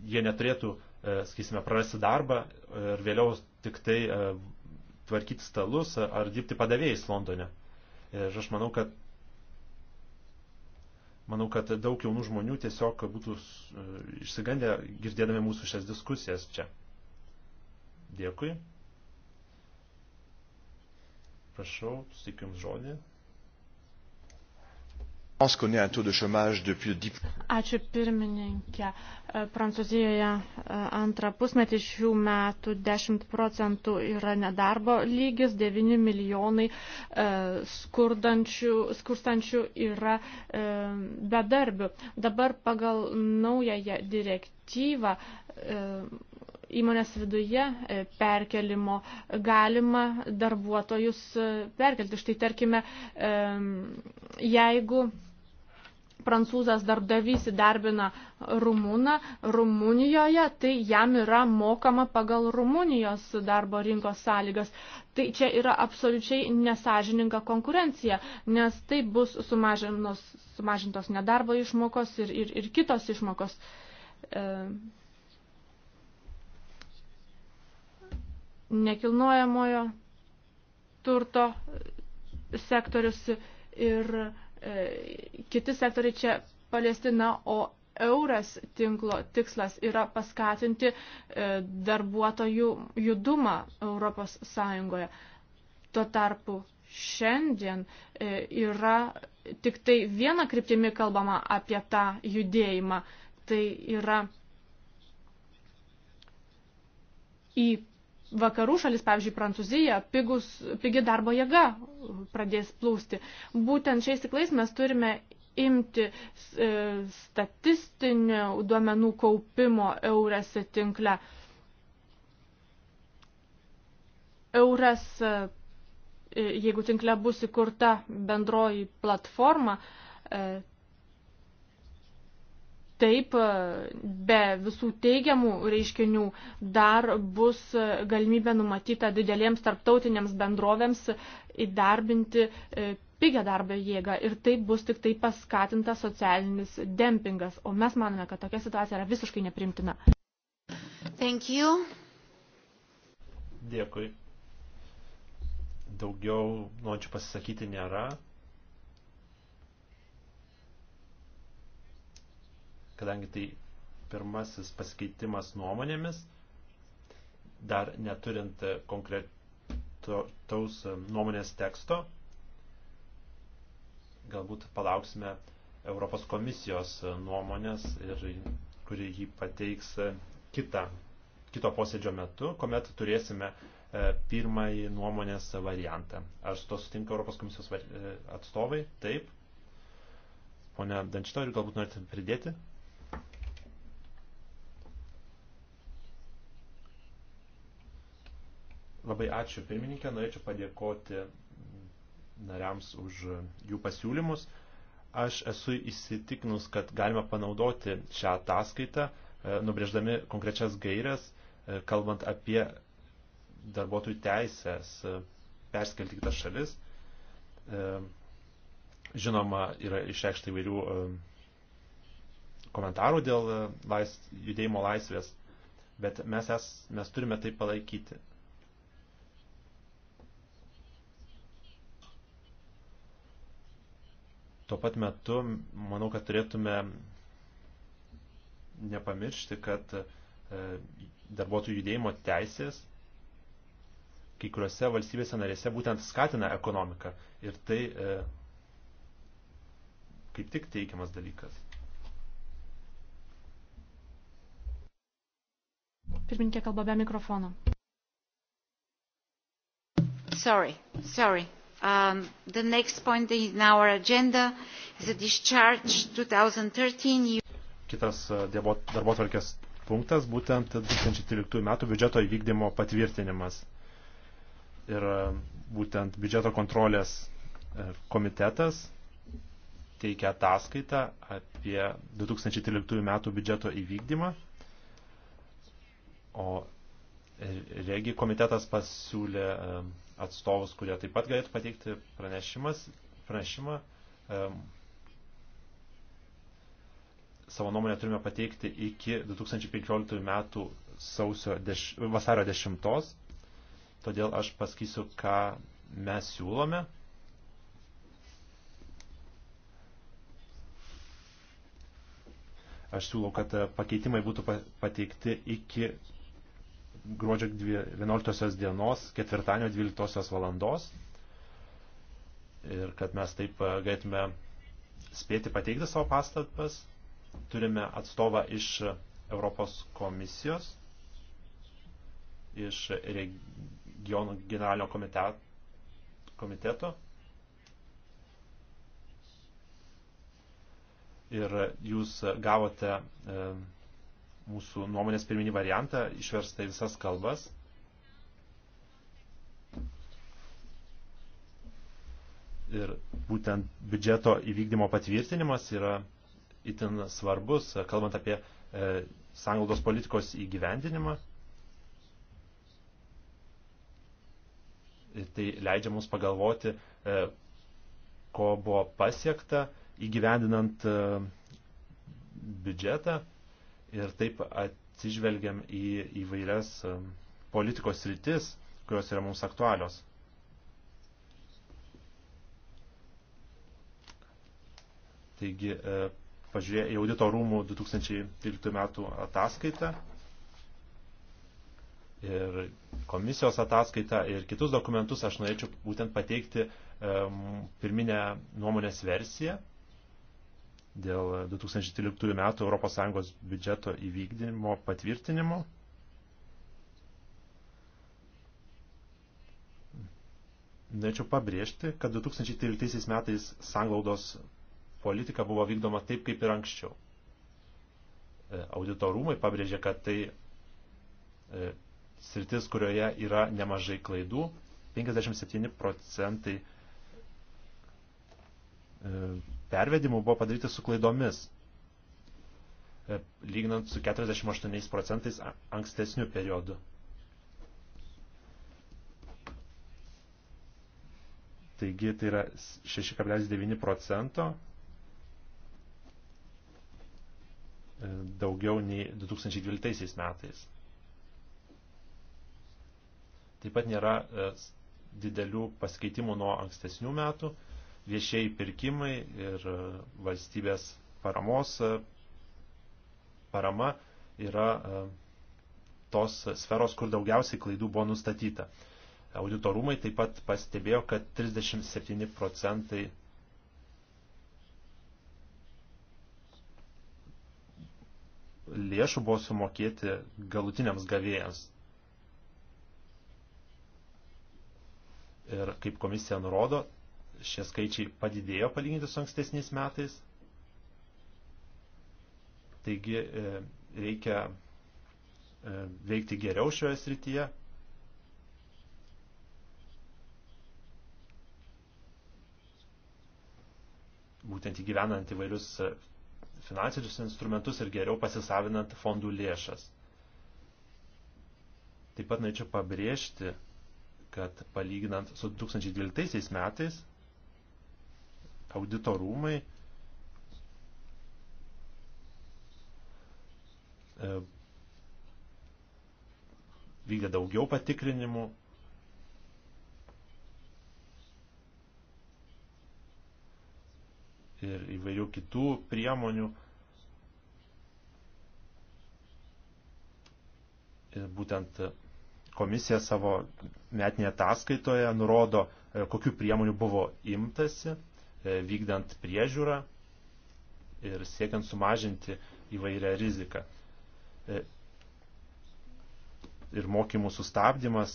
jie neturėtų, e, sakysime, prarasti darbą ir vėliau tik tai e, tvarkyti stalus ar dirbti padavėjais Londone. Ir aš manau, kad Manau, kad daug jaunų žmonių tiesiog būtų e, išsigandę girdėdami mūsų šias diskusijas čia. Dėkui. Prašau, sutikiu Jums žodį. Ačiū pirmininkė. E, Prancūzijoje e, antrą pusmetį šių metų 10 procentų yra nedarbo lygis, 9 milijonai e, skurstančių yra bedarbių. Dabar pagal naująją direktyvą įmonės viduje perkelimo galima darbuotojus perkelti. Štai tarkime, jeigu prancūzas darbdavys įdarbina rumūną Rumunijoje, tai jam yra mokama pagal Rumunijos darbo rinkos sąlygas. Tai čia yra absoliučiai nesažininga konkurencija, nes tai bus sumažinos, sumažintos nedarbo išmokos ir, ir, ir kitos išmokos. E, nekilnojamojo turto sektorius ir E, kiti sektoriai čia Palestina, o euras tinklo tikslas yra paskatinti e, darbuotojų judumą Europos Sąjungoje. Tuo tarpu šiandien e, yra tik tai viena kryptimi kalbama apie tą judėjimą. Tai yra į vakarų šalis, pavyzdžiui, Prancūzija, pigus, pigi darbo jėga pradės plūsti. Būtent šiais tiklais mes turime imti e, statistinių duomenų kaupimo eures tinkle. Eures, e, jeigu tinkle bus įkurta bendroji platforma, e, Taip, be visų teigiamų reiškinių dar bus galimybė numatyta didelėms tarptautiniams bendrovėms įdarbinti e, pigę darbo jėgą ir taip bus tik tai paskatinta socialinis dempingas, o mes manome, kad tokia situacija yra visiškai neprimtina. Thank you. Dėkui. Daugiau norinčių pasisakyti nėra. kadangi tai pirmasis pasikeitimas nuomonėmis, dar neturint konkretaus nuomonės teksto, galbūt palauksime Europos komisijos nuomonės, ir, kuri jį pateiks kitą, kito posėdžio metu, kuomet turėsime e, pirmąjį nuomonės variantą. Ar su to sutinka Europos komisijos e, atstovai? Taip. Pone Dančito, ir galbūt norite pridėti? Labai ačiū pirmininkė, norėčiau padėkoti nariams už jų pasiūlymus. Aš esu įsitikinus, kad galima panaudoti šią ataskaitą, e, nubrėždami konkrečias gairias, e, kalbant apie darbuotojų teisės e, perskelti kitas šalis. Žinoma, yra išreikšta įvairių komentarų dėl lais, judėjimo laisvės, bet mes, es, mes turime tai palaikyti. Tuo pat metu, manau, kad turėtume nepamiršti, kad e, darbuotojų judėjimo teisės kai kuriuose valstybėse narėse būtent skatina ekonomiką ir tai e, kaip tik teikiamas dalykas. Pirmininkė kalba be mikrofono. Sorry, sorry. Um, the next point in our agenda is the discharge 2013. Kitas uh, darbotvarkės punktas būtent 2013 metų biudžeto įvykdymo patvirtinimas. Ir uh, būtent biudžeto kontrolės uh, komitetas teikia ataskaitą apie 2013 metų biudžeto įvykdymą. O E, regi komitetas pasiūlė e, atstovus, kurie taip pat galėtų pateikti pranešimas, pranešimą. E, savo nuomonę turime pateikti iki 2015 metų sausio deš, vasario 10. Todėl aš pasakysiu, ką mes siūlome. Aš siūlau, kad pakeitimai būtų pateikti iki gruodžio 11 dienos, ketvirtadienio 12 valandos. Ir kad mes taip e, galėtume spėti pateikti savo pastatbas, turime atstovą iš Europos komisijos, iš regionų generalinio komiteto, komiteto. Ir jūs gavote e, mūsų nuomonės pirminį variantą, išverstą į visas kalbas. Ir būtent biudžeto įvykdymo patvirtinimas yra itin svarbus, kalbant apie e, sąnaudos politikos įgyvendinimą. Ir tai leidžia mums pagalvoti, e, ko buvo pasiekta įgyvendinant e, biudžetą ir taip atsižvelgiam į įvairias um, politikos rytis, kurios yra mums aktualios. Taigi, e, pažiūrėję į audito rūmų 2013 metų ataskaitą ir komisijos ataskaitą ir kitus dokumentus, aš norėčiau būtent pateikti e, pirminę nuomonės versiją dėl 2013 metų ES biudžeto įvykdymo patvirtinimo. Norėčiau pabrėžti, kad 2013 metais sanglaudos politika buvo vykdoma taip, kaip ir anksčiau. E, auditorumai pabrėžė, kad tai e, sritis, kurioje yra nemažai klaidų, 57 procentai e, pervedimų buvo padaryti su klaidomis, e, lyginant su 48 procentais ankstesniu periodu. Taigi tai yra 6,9 procento e, daugiau nei 2012 metais. Taip pat nėra e, didelių paskaitimų nuo ankstesnių metų – viešieji pirkimai ir e, valstybės paramos e, parama yra e, tos sferos, kur daugiausiai klaidų buvo nustatyta. Auditorumai taip pat pastebėjo, kad 37 procentai lėšų buvo sumokėti galutiniams gavėjams. Ir kaip komisija nurodo, šie skaičiai padidėjo palyginti su ankstesniais metais. Taigi e, reikia e, veikti geriau šioje srityje. Būtent įgyvenant įvairius e, finansinius instrumentus ir geriau pasisavinant fondų lėšas. Taip pat norėčiau pabrėžti, kad palyginant su 2012 metais auditorumai e, vykdė daugiau patikrinimų. Ir įvairių kitų priemonių. Ir būtent komisija savo metinėje ataskaitoje nurodo, e, kokiu priemonių buvo imtasi E, vykdant priežiūrą ir siekiant sumažinti įvairią riziką. E, ir mokymų sustabdymas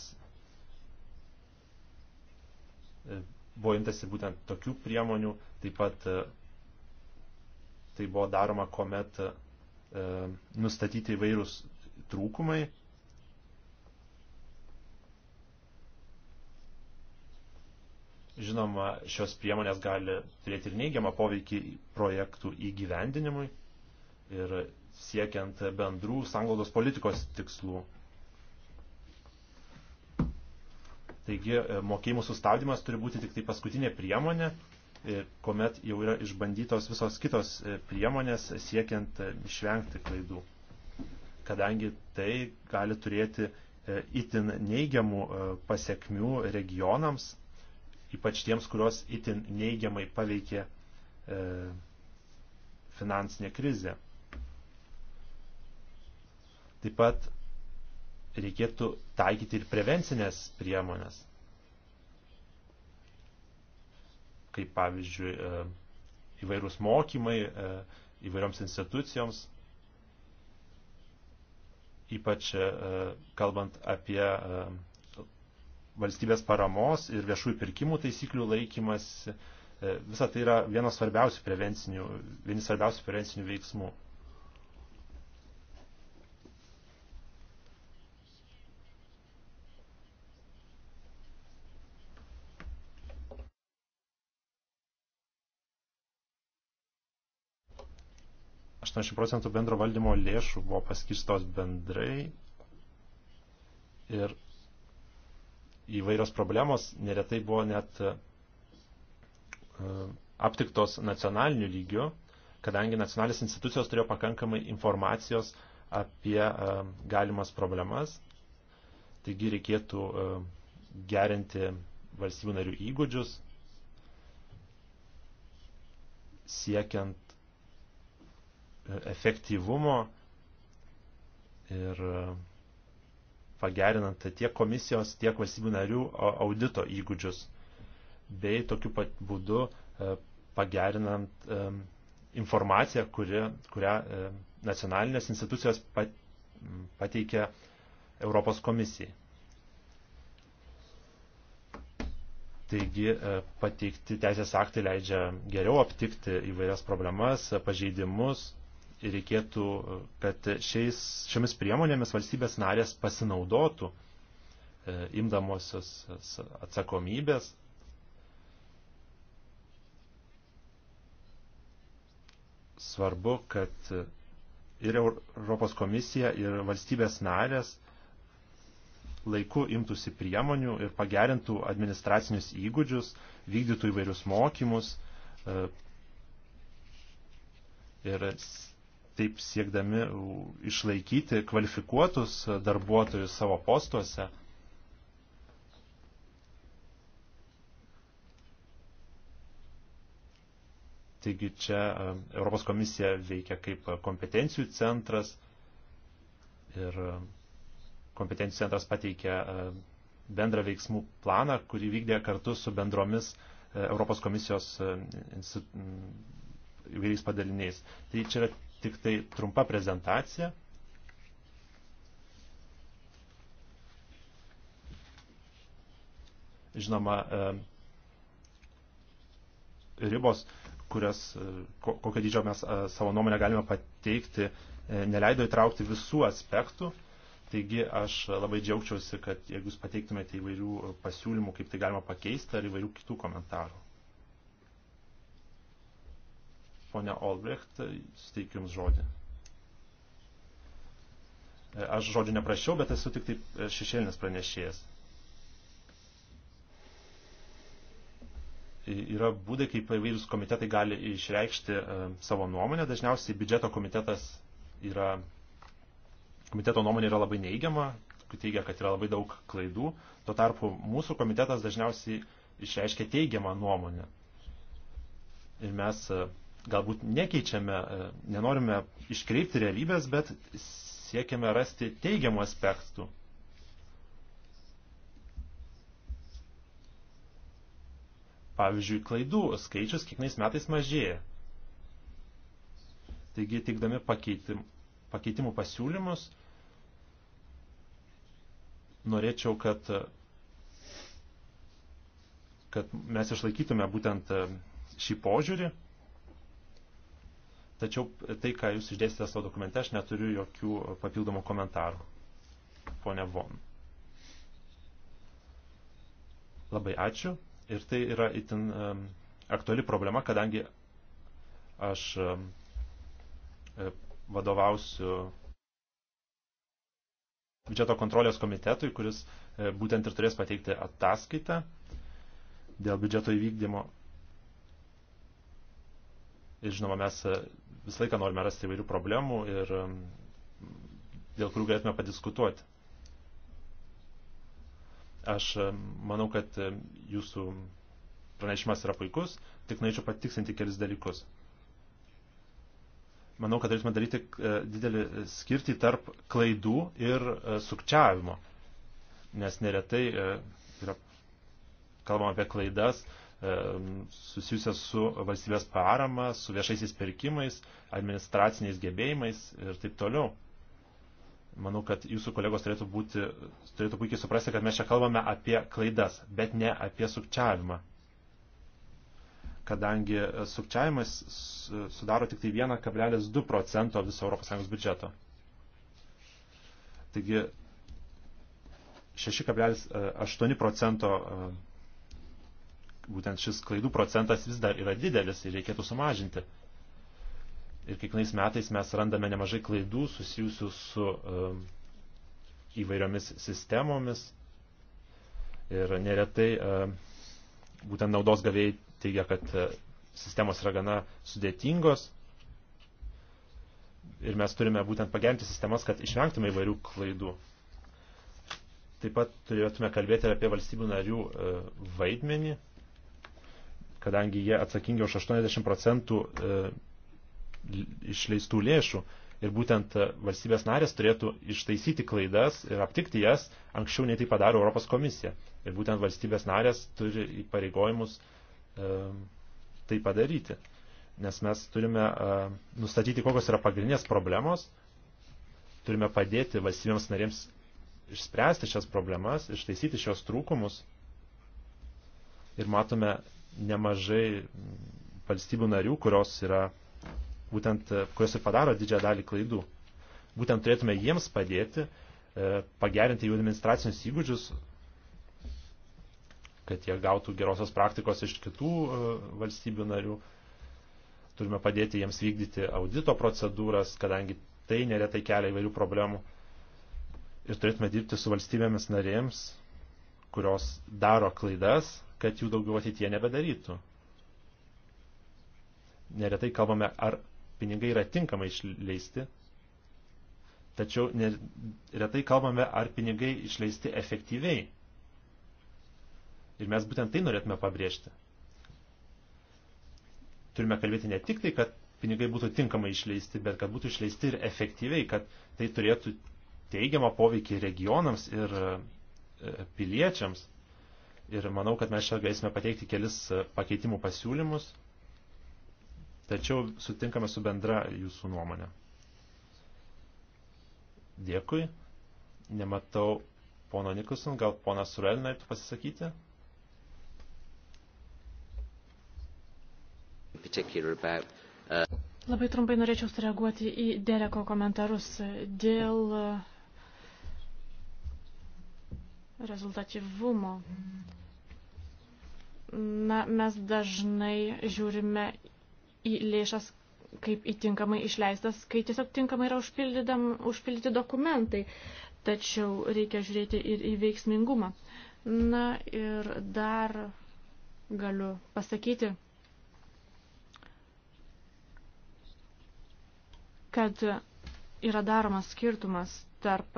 e, buvo imtasi būtent tokių priemonių, taip pat tai buvo daroma, kuomet nustatyti įvairūs trūkumai Žinoma, šios priemonės gali turėti ir neigiamą poveikį projektų įgyvendinimui ir siekiant bendrų sanglaudos politikos tikslų. Taigi e, mokėjimų sustabdymas turi būti tik tai paskutinė priemonė, e, kuomet jau yra išbandytos visos kitos e, priemonės siekiant išvengti klaidų, kadangi tai gali turėti itin neigiamų pasiekmių regionams ypač tiems, kurios itin neigiamai paveikė e, finansinė krizė. Taip pat reikėtų taikyti ir prevencinės priemonės, kaip pavyzdžiui e, įvairūs mokymai e, įvairioms institucijoms, ypač e, kalbant apie e, valstybės paramos ir viešųjų pirkimų taisyklių laikymas, e, visa tai yra vienas svarbiausių prevencinių, vienas svarbiausių prevencinių veiksmų. procentų bendro valdymo lėšų buvo paskirstos bendrai ir įvairios problemos neretai buvo net e, aptiktos nacionaliniu lygiu, kadangi nacionalinės institucijos turėjo pakankamai informacijos apie e, galimas problemas. Taigi reikėtų e, gerinti valstybių narių įgūdžius, siekiant efektyvumo ir pagerinant tiek komisijos, tiek valstybių narių audito įgūdžius, bei tokiu pat būdu e, pagerinant e, informaciją, kuri, kurią e, nacionalinės institucijos pateikia Europos komisijai. Taigi pateikti teisės aktai leidžia geriau aptikti įvairias problemas, pažeidimus, reikėtų, kad šiais, šiomis priemonėmis valstybės narės pasinaudotų e, imdamosios atsakomybės. Svarbu, kad ir Europos komisija, ir valstybės narės laiku imtųsi priemonių ir pagerintų administracinius įgūdžius, vykdytų įvairius mokymus e, ir taip siekdami išlaikyti kvalifikuotus darbuotojus savo postuose. Taigi čia e, Europos komisija veikia kaip kompetencijų centras ir e, kompetencijų centras pateikia e, bendrą veiksmų planą, kurį vykdė kartu su bendromis Europos komisijos įvairiais padaliniais. Tai čia yra tik tai trumpa prezentacija. Žinoma, e, ribos, kurias, e, kokio dydžio mes e, savo nuomonę galime pateikti, neleido įtraukti visų aspektų. Taigi aš labai džiaugčiausi, kad jeigu jūs pateiktumėte įvairių pasiūlymų, kaip tai galima pakeisti, ar įvairių kitų komentarų. Pone Olbrecht, suteikiu Jums žodį. E, aš žodžių neprašiau, bet esu tik taip e, šešėlinis pranešėjas. Yra būdai, kaip įvairūs komitetai gali išreikšti e, savo nuomonę. Dažniausiai biudžeto komitetas yra, komiteto nuomonė yra labai neįgiama, teigia, kad yra labai daug klaidų. Tuo tarpu mūsų komitetas dažniausiai išreiškia teigiamą nuomonę. Ir mes galbūt nekeičiame, e, nenorime iškreipti realybės, bet siekiame rasti teigiamų aspektų. Pavyzdžiui, klaidų skaičius kiekvienais metais mažėja. Taigi, teikdami pakeitim, pakeitimų pasiūlymus, norėčiau, kad, kad mes išlaikytume būtent e, šį požiūrį Tačiau tai, ką jūs išdėstėte savo dokumente, aš neturiu jokių papildomų komentarų. Pone Von. Labai ačiū. Ir tai yra itin um, aktuali problema, kadangi aš um, vadovausiu biudžeto kontrolės komitetui, kuris e, būtent ir turės pateikti ataskaitą dėl biudžeto įvykdymo. Ir žinoma, mes e, visą laiką norime rasti įvairių problemų ir um, dėl kurių galėtume padiskutuoti. Aš um, manau, kad um, jūsų pranešimas yra puikus, tik norėčiau patiksinti kelis dalykus. Manau, kad turėtume daryti uh, didelį skirtį tarp klaidų ir uh, sukčiavimo, nes neretai uh, yra kalbama apie klaidas, susijusias su valstybės parama, su viešaisiais pirkimais, administraciniais gebėjimais ir taip toliau. Manau, kad jūsų kolegos turėtų, būti, turėtų puikiai suprasti, kad mes čia kalbame apie klaidas, bet ne apie sukčiavimą. Kadangi sukčiavimas sudaro tik tai 1,2 procento viso ES biudžeto. Taigi 6,8 procento būtent šis klaidų procentas vis dar yra didelis ir reikėtų sumažinti. Ir kiekvienais metais mes randame nemažai klaidų susijusių su um, įvairiomis sistemomis. Ir neretai um, būtent naudos gavėjai teigia, kad uh, sistemos yra gana sudėtingos. Ir mes turime būtent pagerinti sistemas, kad išvengtume įvairių klaidų. Taip pat turėtume kalbėti ir apie valstybių narių uh, vaidmenį kadangi jie atsakingi už 80 procentų e, išleistų lėšų. Ir būtent e, valstybės narės turėtų ištaisyti klaidas ir aptikti jas, anksčiau netai padaro Europos komisija. Ir būtent valstybės narės turi įpareigojimus e, tai padaryti. Nes mes turime nustatyti, kokios yra pagrindinės problemos, turime padėti valstybėms narėms išspręsti šias problemas, ištaisyti šios trūkumus. Ir matome nemažai valstybių narių, kurios yra būtent, kurios ir padaro didžiąją dalį klaidų. Būtent turėtume jiems padėti, e, pagerinti jų administracinius įgūdžius, kad jie gautų gerosios praktikos iš kitų e, valstybių narių. Turime padėti jiems vykdyti audito procedūras, kadangi tai neretai kelia įvairių problemų. Ir turėtume dirbti su valstybėmis narėms, kurios daro klaidas kad jų daugiau ateitie nebedarytų. Neretai kalbame, ar pinigai yra tinkamai išleisti, tačiau neretai kalbame, ar pinigai išleisti efektyviai. Ir mes būtent tai norėtume pabrėžti. Turime kalbėti ne tik tai, kad pinigai būtų tinkamai išleisti, bet kad būtų išleisti ir efektyviai, kad tai turėtų teigiamą poveikį regionams ir e, piliečiams ir manau, kad mes čia galėsime pateikti kelis e, pakeitimų pasiūlymus, tačiau sutinkame su bendra jūsų nuomonė. Dėkui. Nematau pono Nikusin, gal ponas Surel norėtų pasisakyti? About, uh... Labai trumpai norėčiau sureaguoti į Dereko komentarus dėl e, rezultatyvumo. Mm na, mes dažnai žiūrime į lėšas kaip įtinkamai išleistas, kai tiesiog tinkamai yra užpildyti dokumentai, tačiau reikia žiūrėti ir į veiksmingumą. Na ir dar galiu pasakyti, kad yra daromas skirtumas tarp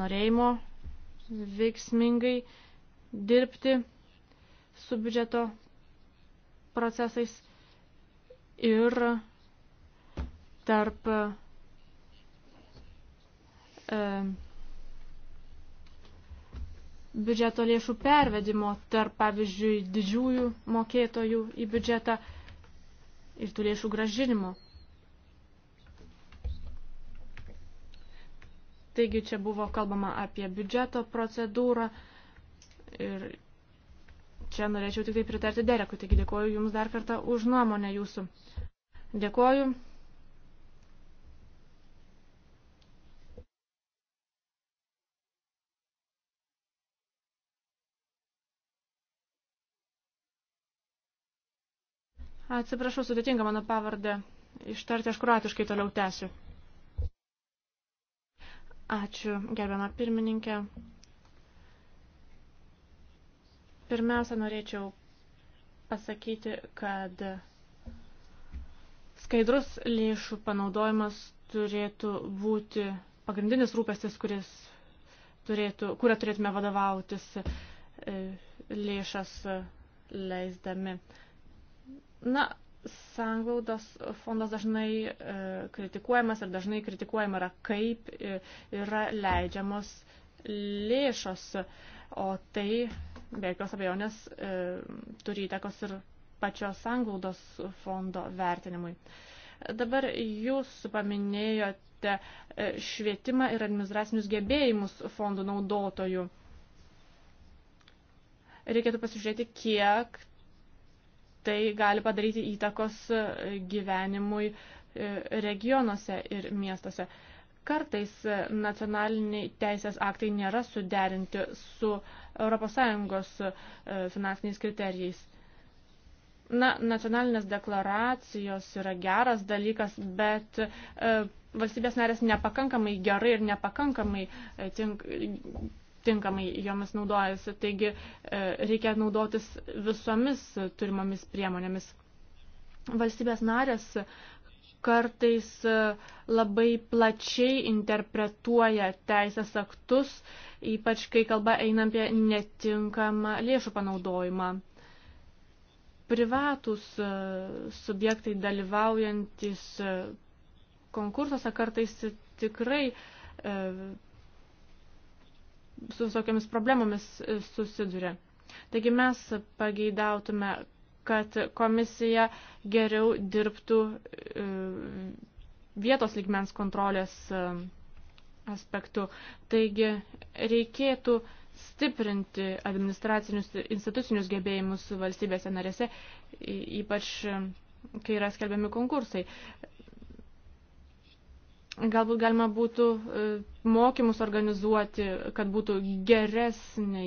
norėjimo veiksmingai dirbti su biudžeto procesais ir tarp e, biudžeto lėšų pervedimo tarp, pavyzdžiui, didžiųjų mokėtojų į biudžetą ir tų lėšų gražinimo. Taigi čia buvo kalbama apie biudžeto procedūrą ir Čia norėčiau tik tai pritarti Derekui, taigi dėkoju Jums dar kartą už nuomonę Jūsų. Dėkoju. Atsiprašau, sudėtinga mano pavardė. Ištarti aš kruatiškai toliau tęsiu. Ačiū, gerbiama pirmininkė. Pirmiausia, norėčiau pasakyti, kad skaidrus lėšų panaudojimas turėtų būti pagrindinis rūpestis, kuris turėtų, kurio turėtume vadovautis e, lėšas leisdami. Na, sanglaudos fondas dažnai e, kritikuojamas ir dažnai kritikuojama yra, kaip e, yra leidžiamos lėšos, o tai be jokios abejonės e, turi įtakos ir pačios sanglaudos fondo vertinimui. Dabar jūs paminėjote e, švietimą ir administracinius gebėjimus fondų naudotojų. Reikėtų pasižiūrėti, kiek tai gali padaryti įtakos e, gyvenimui e, regionuose ir miestuose. Kartais nacionaliniai teisės aktai nėra suderinti su ES e, finansiniais kriterijais. Na, nacionalinės deklaracijos yra geras dalykas, bet e, valstybės narės nepakankamai gerai ir nepakankamai e, tink, tinkamai jomis naudojasi. Taigi e, reikia naudotis visomis turimomis priemonėmis. Valstybės narės kartais e, labai plačiai interpretuoja teisės aktus, ypač kai kalba eina apie netinkamą lėšų panaudojimą. Privatus e, subjektai dalyvaujantis e, konkursuose kartais tikrai su visokiamis problemomis susiduria. Taigi mes pageidautume, kad komisija geriau dirbtų e, vietos ligmens kontrolės e, aspektu. Taigi reikėtų stiprinti administracinius institucinius gebėjimus valstybėse narėse, ypač e, kai yra skelbiami konkursai. Galbūt galima būtų e, mokymus organizuoti, kad būtų geresnė,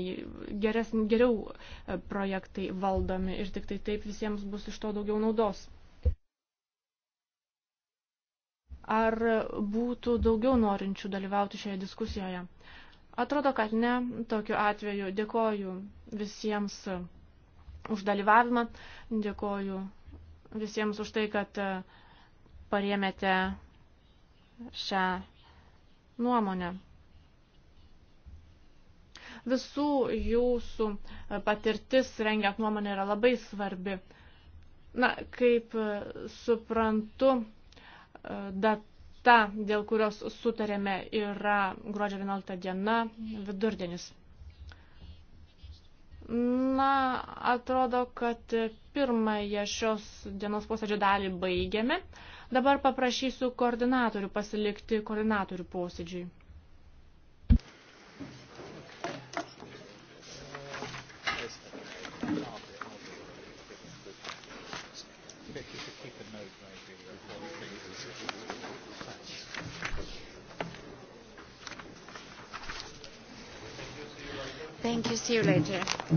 geresnė, geriau e, projektai valdomi ir tik tai taip visiems bus iš to daugiau naudos. Ar būtų daugiau norinčių dalyvauti šioje diskusijoje? Atrodo, kad ne. Tokiu atveju dėkoju visiems e, už dalyvavimą, dėkoju visiems už tai, kad parėmėte šią nuomonę. Visų jūsų patirtis rengiant nuomonę yra labai svarbi. Na, kaip suprantu, data, dėl kurios sutarėme, yra gruodžio 11 diena, vidurdienis. Na, atrodo, kad pirmąją šios dienos posėdžio dalį baigėme. Dabar paprašysiu koordinatorių pasilikti koordinatorių posėdžiui. Thank you. See you later.